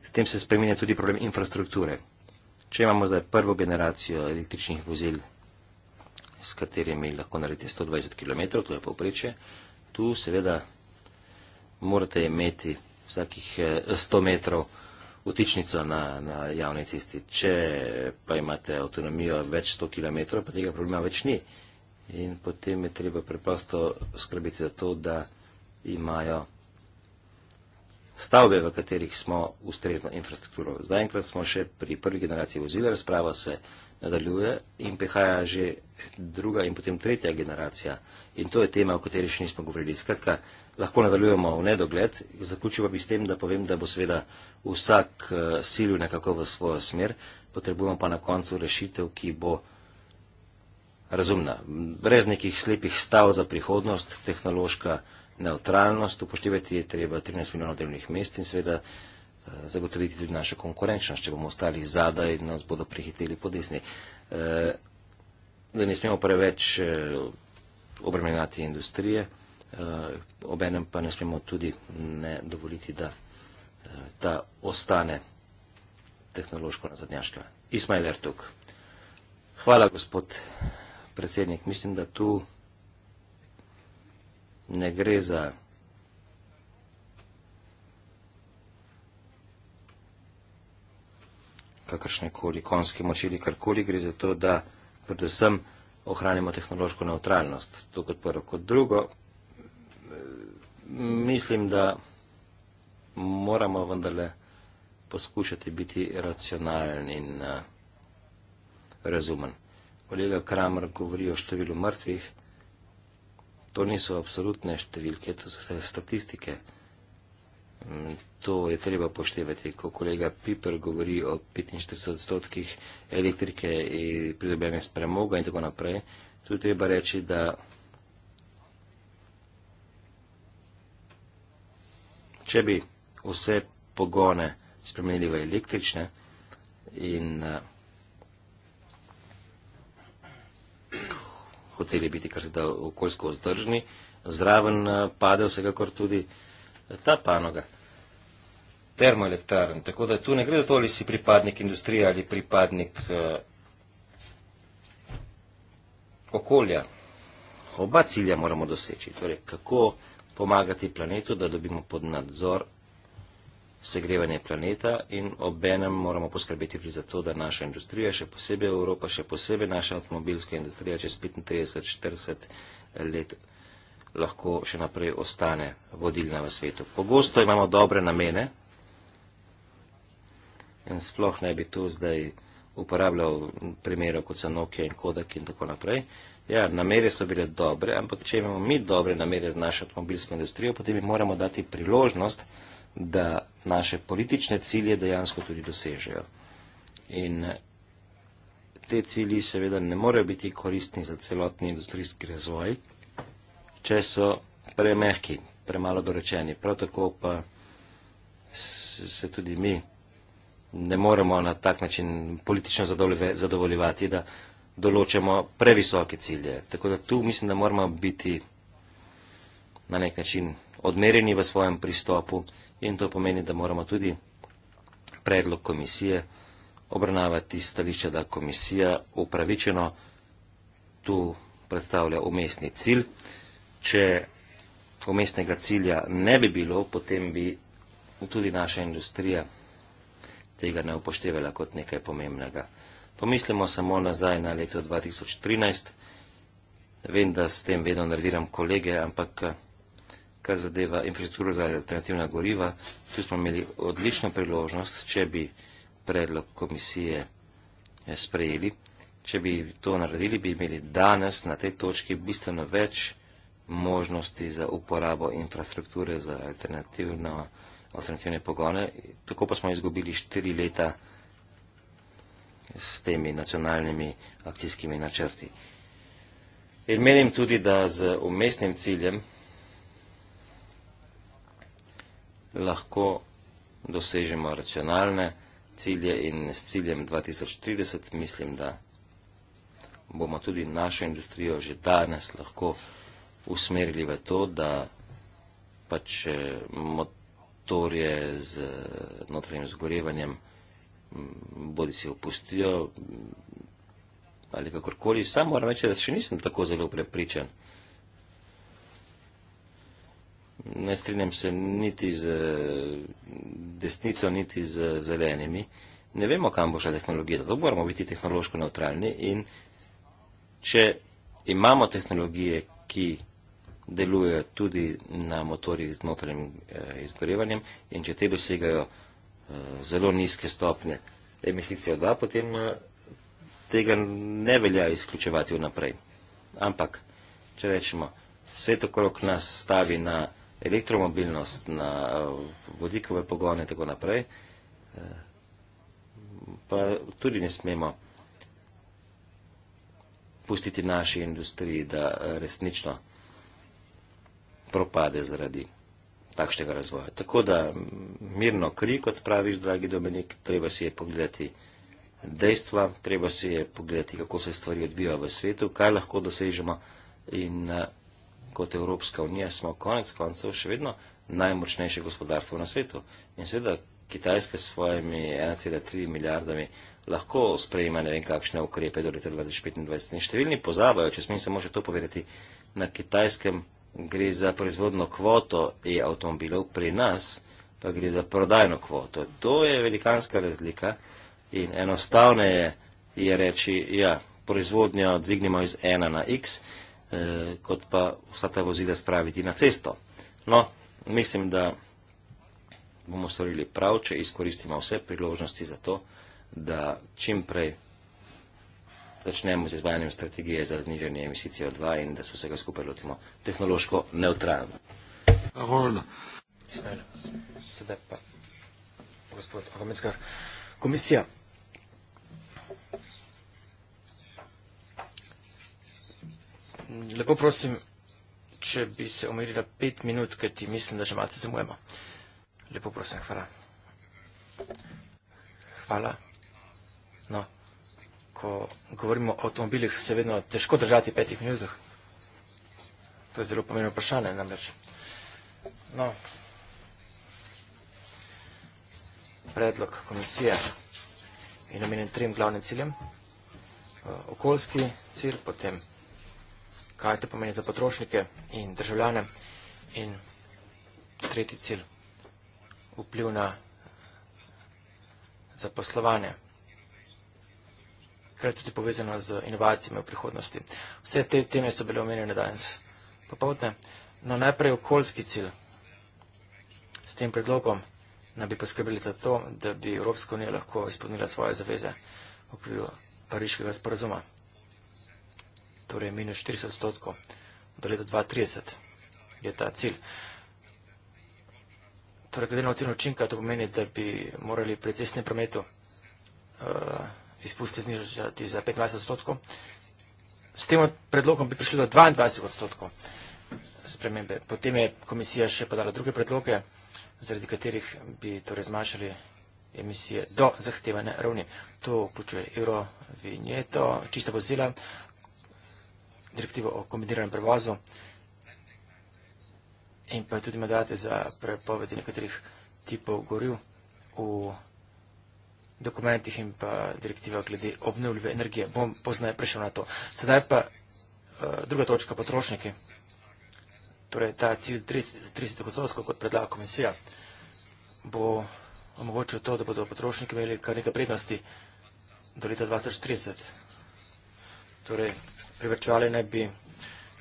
S tem se spreminja tudi problem infrastrukture. Če imamo zdaj prvo generacijo električnih vozil s katerimi lahko naredite 120 km, to je povprečje. Tu seveda morate imeti vsakih 100 eh, metrov utičnico na, na javni cesti. Če pa imate avtonomijo več 100 km, pa tega problema več ni. In potem je treba preprosto skrbeti za to, da imajo stavbe, v katerih smo ustrezno infrastrukturo. Zdaj enkrat smo še pri prvi generaciji vozila, razprava se nadaljuje in prihaja že druga in potem tretja generacija. In to je tema, o kateri še nismo govorili. Skratka, lahko nadaljujemo v nedogled. Zaključujem pa bi s tem, da povem, da bo seveda vsak eh, silil nekako v svojo smer, potrebujemo pa na koncu rešitev, ki bo razumna. Brez nekih slepih stav za prihodnost, tehnološka neutralnost, upoštevati je treba 13 milijonov delovnih mest in seveda zagotoviti tudi našo konkurenčnost, če bomo ostali zadaj, nas bodo prehiteli po desni. Eh, da ne smemo preveč eh, obremenjati industrije, eh, obenem pa ne smemo tudi ne dovoliti, da ta ostane tehnološko nazadnjaška. Ismail Ertug. Hvala, gospod predsednik. Mislim, da tu ne gre za. kakršne koli konske moči ali karkoli, gre za to, da predvsem ohranimo tehnološko neutralnost. To kot prvo. Kot drugo, mislim, da moramo vendarle poskušati biti racionalni in uh, razumen. Kolega Kramer govori o številu mrtvih. To niso absolutne številke, to so vse statistike. Mm, to je treba poštevati, ko kolega Piper govori o 45 odstotkih elektrike in pridobljene s premoga in tako naprej. Tu je treba reči, da če bi vse pogone spremenili v električne in uh, hoteli biti kar se da okoljsko vzdržni, zraven uh, pade vsekakor tudi uh, ta panoga termoelektraren. Tako da tu ne gre za to, ali si pripadnik industrije ali pripadnik eh, okolja. Oba cilja moramo doseči. Torej, kako pomagati planetu, da dobimo pod nadzor segrevanje planeta in obenem moramo poskrbeti tudi za to, da naša industrija, še posebej Evropa, še posebej naša avtomobilska industrija, čez 35-40 let lahko še naprej ostane vodilna v svetu. Pogosto imamo dobre namene in sploh ne bi tu zdaj uporabljal primerov, kot so Nokia in Kodak in tako naprej. Ja, namere so bile dobre, ampak če imamo mi dobre namere z našo avtomobilsko industrijo, potem jim moramo dati priložnost, da naše politične cilje dejansko tudi dosežejo. In te cilji seveda ne morejo biti koristni za celotni industrijski razvoj, če so premehki, premalo dorečeni. Prav tako pa se tudi mi ne moremo na tak način politično zadovoljivati, da določamo previsoke cilje. Tako da tu mislim, da moramo biti na nek način odmerjeni v svojem pristopu in to pomeni, da moramo tudi predlog komisije obravnavati stališče, da komisija upravičeno tu predstavlja umestni cilj če omestnega cilja ne bi bilo, potem bi tudi naša industrija tega ne upoštevala kot nekaj pomembnega. Pomislimo samo nazaj na leto 2013. Vem, da s tem vedno nerviram kolege, ampak kar zadeva infrastrukturo za alternativna goriva, tu smo imeli odlično priložnost, če bi predlog komisije eh, sprejeli. Če bi to naredili, bi imeli danes na tej točki bistveno več možnosti za uporabo infrastrukture za alternativno, alternativne pogone. Tako pa smo izgubili štiri leta s temi nacionalnimi akcijskimi načrti. In menim tudi, da z umestnim ciljem lahko dosežemo racionalne cilje in s ciljem 2030 mislim, da bomo tudi našo industrijo že danes lahko vsega usmerili v to, da pač eh, motorje z eh, notranjim zgorevanjem mm, bodi si opustijo mm, ali kakorkoli. Sam moram reči, da še nisem tako zelo prepričan. Ne strinjam se niti z eh, desnico, niti z zelenimi. Ne vemo, kam bo šla tehnologija. Zato moramo biti tehnološko neutralni in če imamo tehnologije, ki delujejo tudi na motorjih z notranjim eh, izgorevanjem in če te dosegajo eh, zelo nizke stopnje emisicije 2, potem eh, tega ne velja izključevati vnaprej. Ampak, če rečemo, svet okrog nas stavi na elektromobilnost, na vodikove pogone in tako naprej, pa tudi ne smemo pustiti naši industriji, da resnično vsega, propade zaradi takšnega razvoja. Tako da mirno kri, kot praviš, dragi Dominik, treba si je pogledati dejstva, treba si je pogledati, kako se stvari odvijajo v svetu, kaj lahko dosežemo in eh, kot Evropska unija smo konec koncev še vedno najmočnejše gospodarstvo na svetu. In seveda Kitajska s svojimi 1,3 milijardami lahko sprejema ne vem kakšne ukrepe do leta 2025. In številni pozabajo, če smem samo še to povedati, na kitajskem gre za proizvodno kvoto e-avtomobilov, pri nas pa gre za prodajno kvoto. To je velikanska razlika in enostavno je, je reči, ja, proizvodnjo dvignemo iz ena na x, eh, kot pa vsa ta vozila spraviti na cesto. No, mislim, da bomo storili prav, če izkoristimo vse priložnosti za to, da čim prej začnemo z izvajanjem strategije za znižanje emisij CO2 in da se vsega skupaj lotimo tehnološko neutralno. Hvala. Sedaj pa gospod Ahmedskar. Komisija. Lepo prosim, če bi se omerila pet minut, ker ti mislim, da že malce zamujemo. Lepo prosim, hvala. Hvala. No ko govorimo o avtomobilih, se vedno težko držati petih minutah. To je zelo pomembno vprašanje namreč. No. Predlog komisije je namenjen trim glavnim ciljem. Eh, okoljski cilj, potem kaj te pomeni za potrošnike in državljane in tretji cilj vpliv na zaposlovanje hkrati tudi povezano z inovacijami v prihodnosti. Vse te teme so bile omenjene danes popovdne. No, najprej okoljski cilj. S tem predlogom nam bi poskrbeli za to, da bi Evropska unija lahko izpolnila svoje zaveze v okviru pariškega sporazuma. Torej, minus 40 odstotkov do leta 2030 je ta cilj. Torej, glede na oceno učinka, to pomeni, da bi morali pri cestnem prometu uh, izpuste znižati za 25 odstotkov. S tem predlogom bi prišli do 22 odstotkov spremembe. Potem je komisija še podala druge predloge, zaradi katerih bi torej zmanjšali emisije do zahtevane ravni. To vključuje euro, vinjeto, čista vozila, direktivo o kombiniranem prevozu in pa tudi mandate za prepovedi nekaterih tipov goril v Evropi dokumentih in pa direktiva glede obnovljive energije. Bom poznaj prišel na to. Sedaj pa eh, druga točka, potrošniki. Torej, ta cilj 30 odstotkov, kot predlaga komisija, bo omogočil to, da bodo potrošniki imeli kar nekaj prednosti do leta 2030. Torej, privrčevali naj bi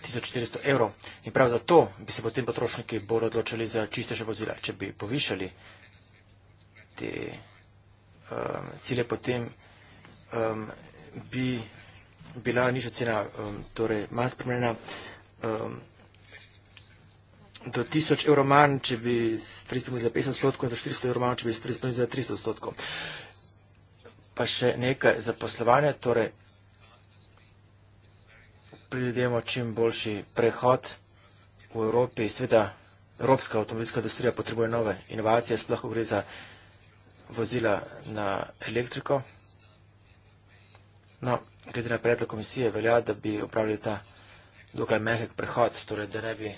1400 evrov in prav zato bi se potem potrošniki bolj odločili za čisteše vozila, če bi povišali te um, cilje, potem um, bi bila nižja cena, um, torej manj spremljena, um, do 1000 evrov manj, če bi stvari spremljali za 500 odstotkov in za 400 evrov manj, če bi stvari spremljali za 300 odstotkov. Pa še nekaj za poslovanje, torej pridemo čim boljši prehod v Evropi, sveda Evropska avtomobilska industrija potrebuje nove inovacije, sploh gre za inovacije, vozila na elektriko. No, glede na predlog komisije velja, da bi upravljali ta dokaj mehek prehod, torej da ne bi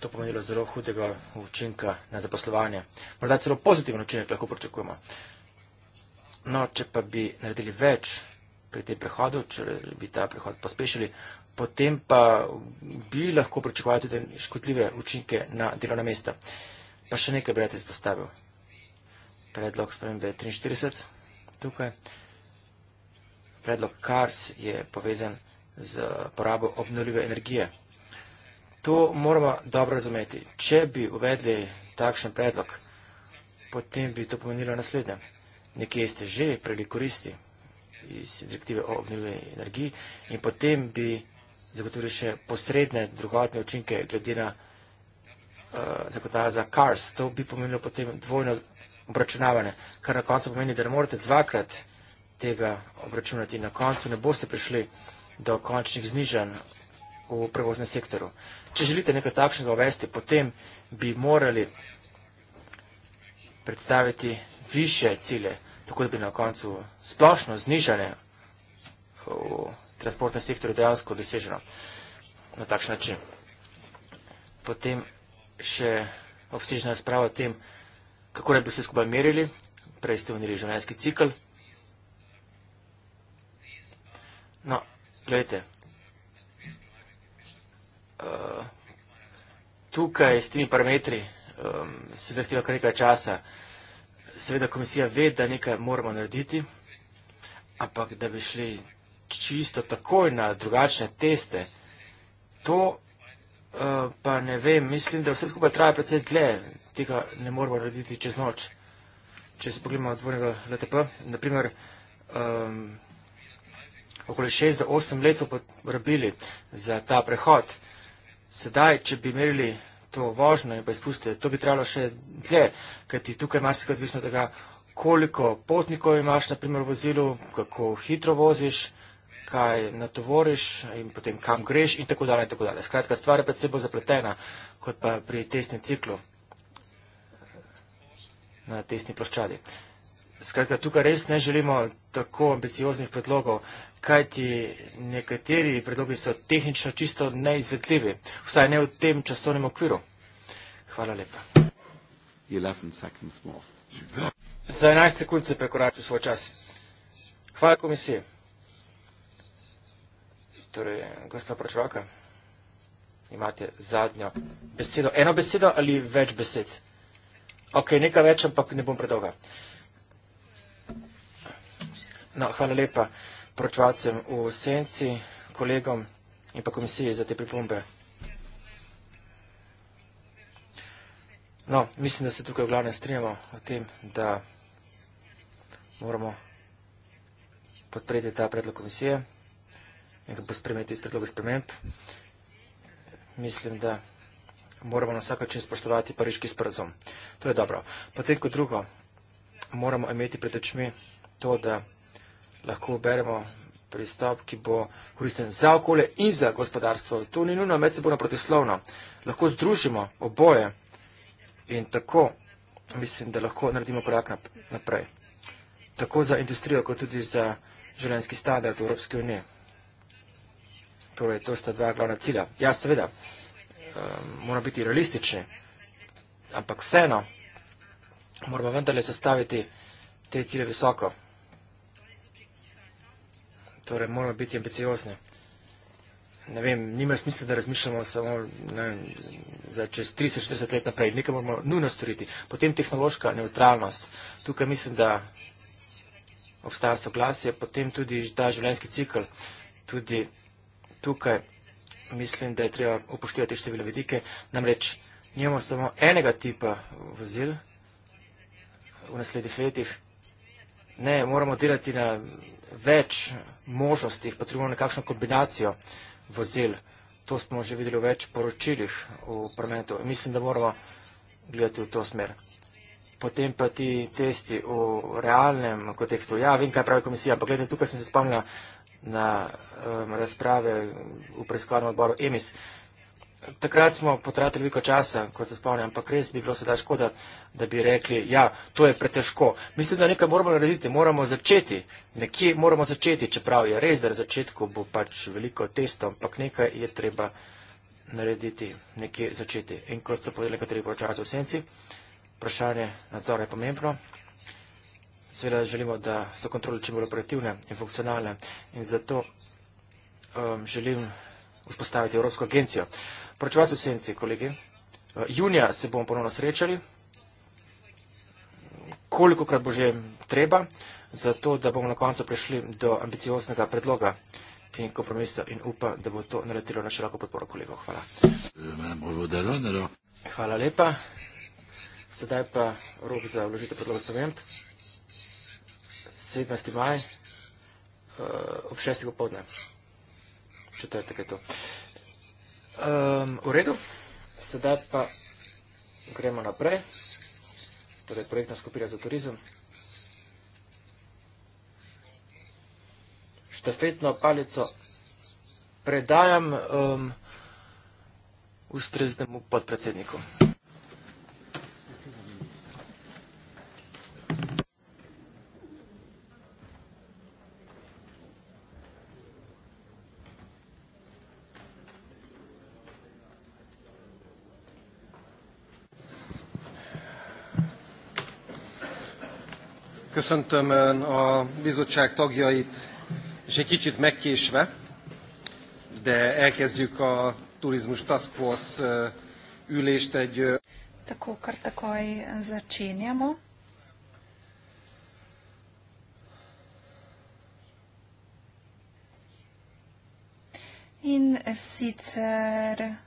to pomenilo zelo hudega učinka na zaposlovanje. Morda celo pozitiven učinek lahko pričakujemo. No, če pa bi naredili več pri tem prehodu, če bi ta prehod pospešili, potem pa bi lahko pričakovali tudi škodljive učinke na delovna mesta. Pa še nekaj bi rad izpostavil predlog spremembe 43 tukaj. Predlog CARS je povezan z porabo obnoljive energije. To moramo dobro razumeti. Če bi uvedli takšen predlog, potem bi to pomenilo naslednje. Nekje ste že prejeli koristi iz direktive o obnoljivi energiji in potem bi zagotovili še posredne drugotne učinke glede na uh, eh, zagotavlja za CARS. To bi pomenilo potem dvojno obračunavanja, kar na koncu pomeni, da ne morete dvakrat tega obračunati. Na koncu ne boste prišli do končnih znižanj v prevoznem sektoru. Če želite nekaj takšnega uvesti, potem bi morali predstaviti više cilje, tako da bi na koncu splošno znižanje v transportnem sektorju dejansko doseženo na takšen način. Potem še obsežna razprava o tem, kako naj bi vse skupaj merili, prej ste vnili življenjski cikl. No, gledajte, uh, eh, tukaj s temi parametri um, se zahteva kar nekaj časa. Seveda komisija ve, da nekaj moramo narediti, ampak da bi šli čisto takoj na drugačne teste, to uh, pa ne vem, mislim, da vse skupaj traja predvsej dlje tega ne moramo narediti čez noč. Če se pogledamo od dvornega LTP, naprimer, um, okoli 6 do 8 let so porabili za ta prehod. Sedaj, če bi merili to vožnjo in pa izpuste, to bi trebalo še dlje, kajti tukaj imaš se odvisno tega, koliko potnikov imaš na primer v vozilu, kako hitro voziš, kaj natovoriš in potem kam greš in tako dalje. Skratka, stvar je predvsem bolj zapletena kot pa pri testnem ciklu na tesni ploščadi. Skratka, tukaj res ne želimo tako ambicioznih predlogov, kajti nekateri predlogi so tehnično čisto neizvedljivi, vsaj ne v tem časovnem okviru. Hvala lepa. Za 11 sekund se prekoračil svoj čas. Hvala komisiji. Torej, gospod pročevalka, imate zadnjo besedo. Eno besedo ali več besed? Ok, nekaj več, ampak ne bom predolga. No, hvala lepa pročvacem v senci, kolegom in pa komisiji za te pripombe. No, mislim, da se tukaj v glavnem strinjamo o tem, da moramo podpreti ta predlog komisije in ga bo spremeti iz predloga sprememb. Mislim, da moramo na vsak način spoštovati pariški sporazum. To je dobro. Potem kot drugo, moramo imeti pred očmi to, da lahko beremo pristop, ki bo koristen za okolje in za gospodarstvo. To ni nujno medsebojno protislovno. Lahko združimo oboje in tako mislim, da lahko naredimo korak naprej. Tako za industrijo, kot tudi za življenjski standard v Evropski uniji. Torej, to sta dva glavna cilja. Ja, seveda. Eh, mora biti realistični. Ampak vseeno, moramo vendarle sestaviti te cilje visoko. Torej, moramo biti ambiciozni. Ne vem, nima smisla, da razmišljamo samo ne, za čez 30-40 let naprej. Nekaj moramo nujno storiti. Potem tehnološka neutralnost. Tukaj mislim, da obstaja soglasje. Potem tudi ta življenjski cikl. Tudi tukaj mislim, da je treba upoštevati številne vidike. Namreč, nimamo samo enega tipa vozil v naslednjih letih. Ne, moramo delati na več možnosti, potrebujemo nekakšno kombinacijo vozil. To smo že videli v več poročilih v parlamentu. Mislim, da moramo gledati v to smer. Potem pa ti testi v realnem kontekstu. Ja, vem, kaj pravi komisija, ampak gledajte, tukaj sem se spomnila na um, razprave v preiskovanem odboru EMIS. Takrat smo potratili veliko časa, kot se spomnim, ampak res bi bilo sedaj škoda, da bi rekli, ja, to je pretežko. Mislim, da nekaj moramo narediti, moramo začeti, nekje moramo začeti, čeprav je res, da na začetku bo pač veliko testov, ampak nekaj je treba narediti, nekje začeti. In kot so povedali nekateri počasi v senci, vprašanje nadzora je pomembno seveda želimo, da so kontrole čim bolj operativne in funkcionalne in zato um, želim vzpostaviti Evropsko agencijo. Poročevac v senci, kolegi. Uh, junija se bomo ponovno srečali, koliko krat bo že treba, zato da bomo na koncu prišli do ambicioznega predloga in kompromisa in upa, da bo to naletilo na široko podporo kolegov. Hvala. Hvala lepa. Sedaj pa rok za vložitev predloga sprememb. 17. maj uh, ob 6. popoldne. Četrtek je to. Um, v redu, sedaj pa gremo naprej. Torej, projektna skupina za turizem. Štefetno palico predajam um, ustreznemu podpredsedniku. köszöntöm ön a bizottság tagjait, és egy kicsit megkésve, de elkezdjük a Turizmus Task Force ülést egy... Tako, kar takoj začenjamo. In sicer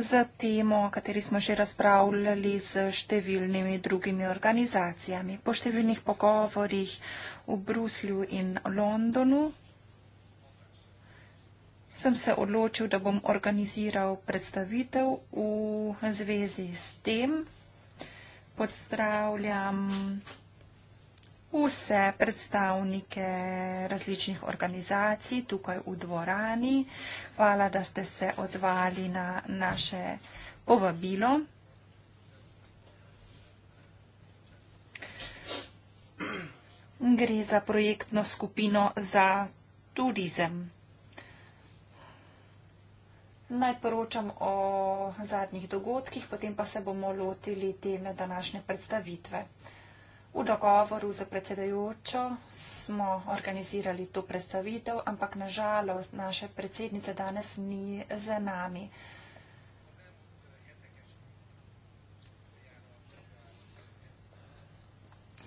za temo, o kateri smo že razpravljali z številnimi drugimi organizacijami. Po številnih pogovorjih v Bruslju in Londonu sem se odločil, da bom organiziral predstavitev v zvezi s tem. Pozdravljam vse predstavnike različnih organizacij tukaj v dvorani. Hvala, da ste se odzvali na naše povabilo. Gre za projektno skupino za turizem. Naj poročam o zadnjih dogodkih, potem pa se bomo lotili teme današnje predstavitve. V dogovoru za predsedajočo smo organizirali to predstavitev, ampak nažalost naše predsednice danes ni z nami.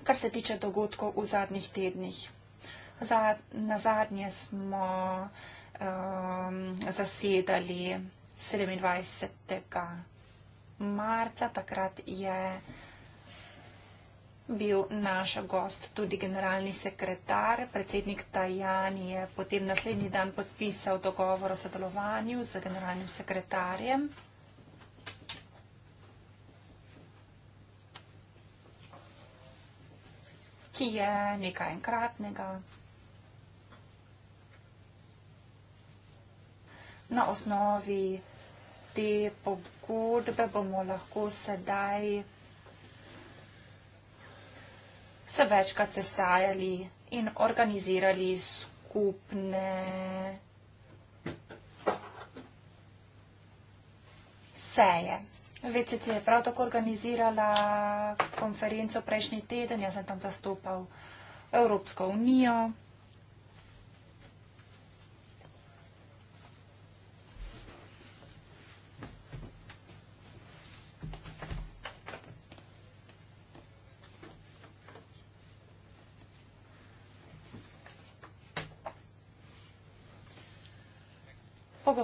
Kar se tiče dogodkov v zadnjih tednih. Na zadnje smo um, zasedali 27. marca, takrat je bil naš gost tudi generalni sekretar. Predsednik Tajani je potem naslednji dan podpisal dogovor o sodelovanju z generalnim sekretarjem. ki je nekaj enkratnega. Na osnovi te pogodbe bomo lahko sedaj se večkrat sestajali in organizirali skupne seje. VCC je prav tako organizirala konferenco prejšnji teden, jaz sem tam zastopal Evropsko unijo.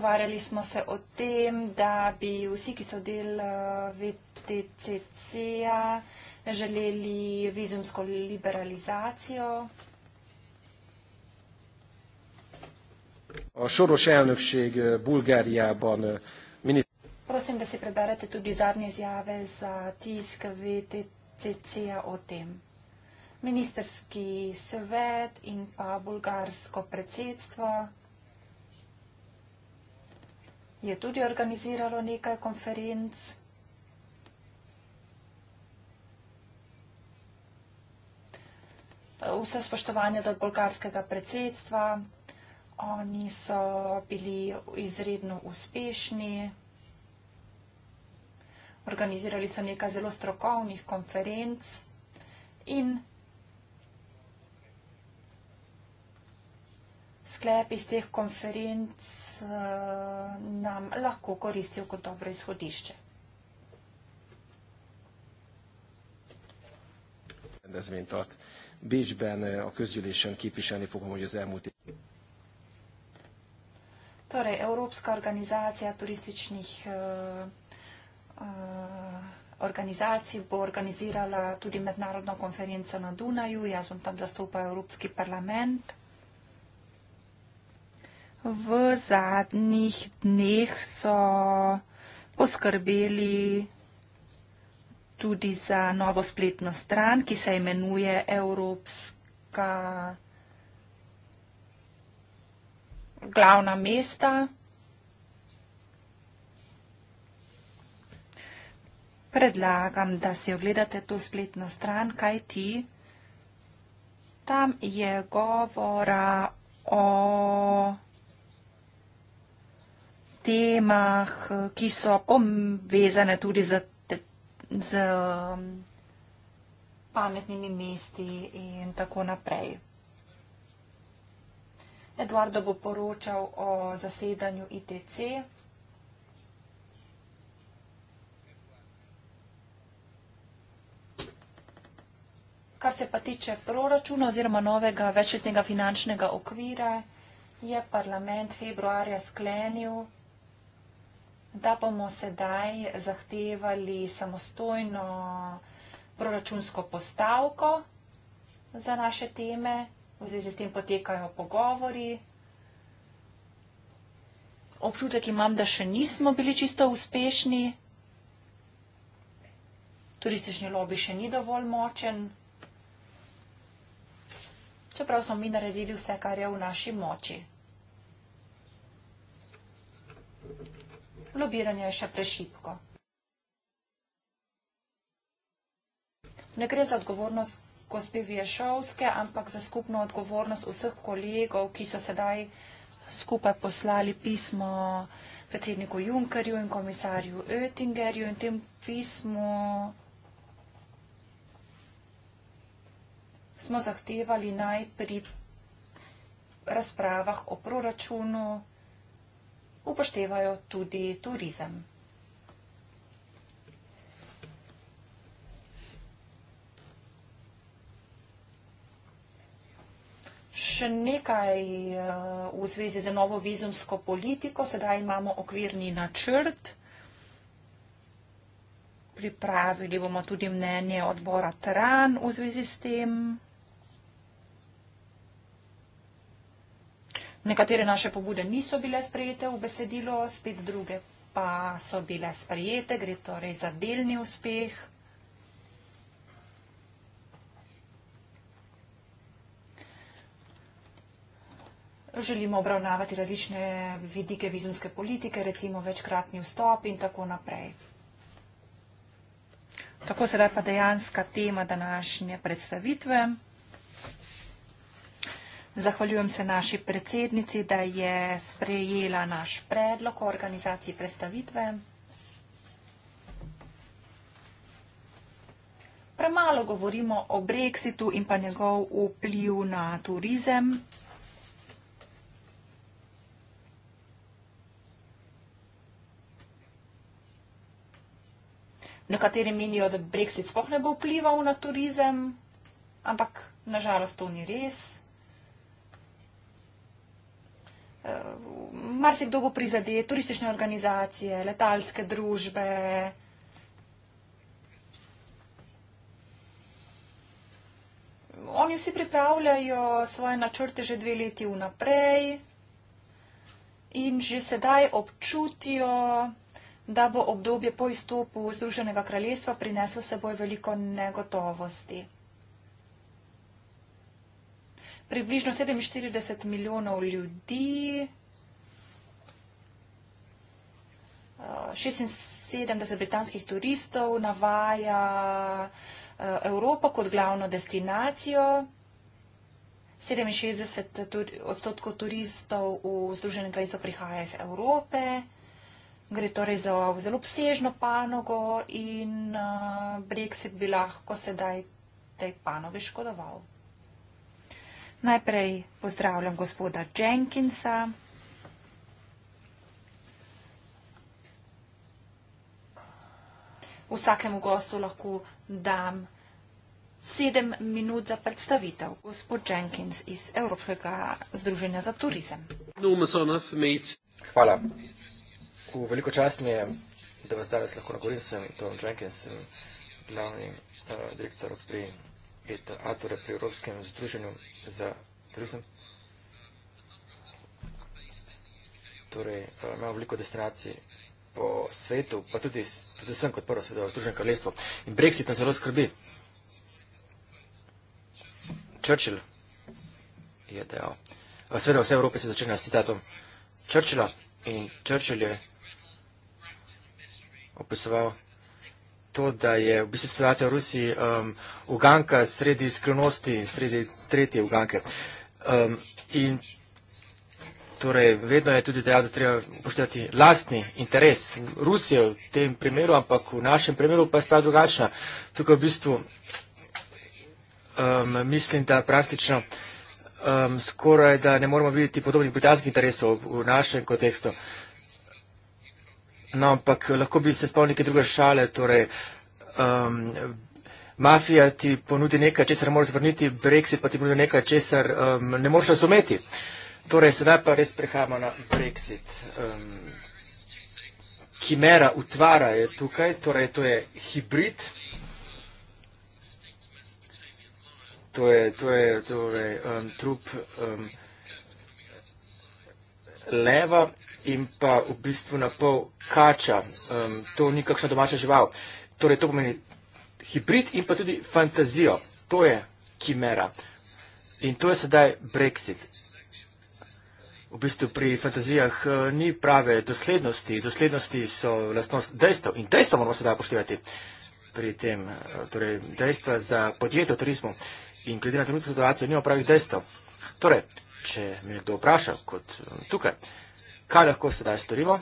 pogovarjali smo se o tem, da bi vsi, ki so del eh, VTCC-a, želeli vizumsko liberalizacijo. Soros elnökség eh, Bulgáriában eh, Prosim, da si preberete tudi zadnje izjave za tisk VTCC-a o tem. Ministerski svet in pa bulgarsko predsedstvo je tudi organiziralo nekaj konferenc. Vse spoštovanje do bolgarskega predsedstva, oni so bili izredno uspešni. Organizirali so nekaj zelo strokovnih konferenc in sklep iz teh konferenc eh, nam lahko koristil kot dobro izhodišče. Eh, torej, Evropska organizacija turističnih eh, organizacij bo organizirala tudi mednarodno konferenco na Dunaju. Jaz bom tam zastopal Evropski parlament v zadnjih dneh so poskrbeli tudi za novo spletno stran, ki se imenuje Evropska glavna mesta. Predlagam, da si ogledate to spletno stran, kaj ti. Tam je govora o temah, ki so povezane tudi z, te, z um, pametnimi mesti in tako naprej. Eduardo bo poročal o zasedanju ITC. Kar se pa tiče proračuna oziroma novega večletnega finančnega okvira, je parlament februarja sklenil da bomo sedaj zahtevali samostojno proračunsko postavko za naše teme. V zvezi s tem potekajo pogovori. Občutek imam, da še nismo bili čisto uspešni. Turistični lobby še ni dovolj močen. Čeprav smo mi naredili vse, kar je v naši moči. lobiranje je še prešipko. Ne gre za odgovornost gospe Viješovske, ampak za skupno odgovornost vseh kolegov, ki so sedaj skupaj poslali pismo predsedniku Junkerju in komisarju Oettingerju in tem pismu smo zahtevali naj pri razpravah o proračunu upoštevajo tudi turizem. Še nekaj eh, v zvezi z novo vizumsko politiko. Sedaj imamo okvirni načrt. Pripravili bomo tudi mnenje odbora Tran v zvezi s tem. Nekatere naše pobude niso bile sprejete v besedilo, spet druge pa so bile sprejete, gre torej za delni uspeh. Želimo obravnavati različne vidike vizumske politike, recimo večkratni vstop in tako naprej. Tako sedaj pa dejanska tema današnje predstavitve. Zahvaljujem se naši predsednici, da je sprejela naš predlog o organizaciji predstavitve. Premalo govorimo o Brexitu in pa njegov vpliv na turizem. Nekateri menijo, da Brexit spoh ne bo vplival na turizem, ampak nažalost to ni res marsikdo bo prizadet, turistične organizacije, letalske družbe. Oni vsi pripravljajo svoje načrte že dve leti vnaprej in že sedaj občutijo, da bo obdobje po izstopu Združenega kraljestva prineslo seboj veliko negotovosti približno 47 milijonov ljudi, 76 eh, britanskih turistov navaja eh, Evropo kot glavno destinacijo, 67 odstotkov turistov v Združenem kraljestvu prihaja iz Evrope. Gre torej za zelo obsežno panogo in eh, Brexit bi lahko sedaj tej panogi škodoval. Najprej pozdravljam gospoda Jenkinsa. Vsakemu gostu lahko dam sedem minut za predstavitev. Gospod Jenkins iz Evropskega združenja za turizem. Hvala. V veliko čast mi je, da vas danes lahko nagovorim. Sem Tom Jenkins, glavni uh, direktor pri это АТРА при Европейском Сдружении за туризм, который имел великую дестинацию по свету, по туди, туди сам, как первое святое Сдружение Королевство. И Брексит нас вроде скорби. Черчилль je dejal. Sveda vse Evrope se začne s citatom Churchilla in Churchill je opisoval to, da je v bistvu situacija v Rusiji um, uganka sredi skrivnosti, sredi tretje uganke. Um, in torej vedno je tudi dejal, da treba upoštevati lastni interes Rusije v tem primeru, ampak v našem primeru pa je stvar drugačna. Tukaj v bistvu um, mislim, da praktično um, skoraj, da ne moramo videti podobnih britanskih interesov v našem kontekstu. No, ampak lahko bi se spomnil neke druge šale. Torej, um, mafija ti ponudi nekaj, česar moraš vrniti, Brexit pa ti ponudi nekaj, česar um, ne moreš razumeti. Torej, sedaj pa res prehajamo na Brexit. Um, Kimera utvara je tukaj, torej to je hibrid. To je, to je torej, um, trup um, leva in pa v bistvu na pol kača. Um, to ni kakšna domača žival. Torej, to pomeni hibrid in pa tudi fantazijo. To je kimera. In to je sedaj Brexit. V bistvu pri fantazijah eh, ni prave doslednosti. Doslednosti so lastnost dejstev in dejstva moramo sedaj poštevati pri tem. Eh, torej, dejstva za podjetje v turizmu in glede na trenutno situacijo nimamo pravih dejstev. Torej, če me kdo vpraša, kot eh, tukaj kaj lahko sedaj storimo,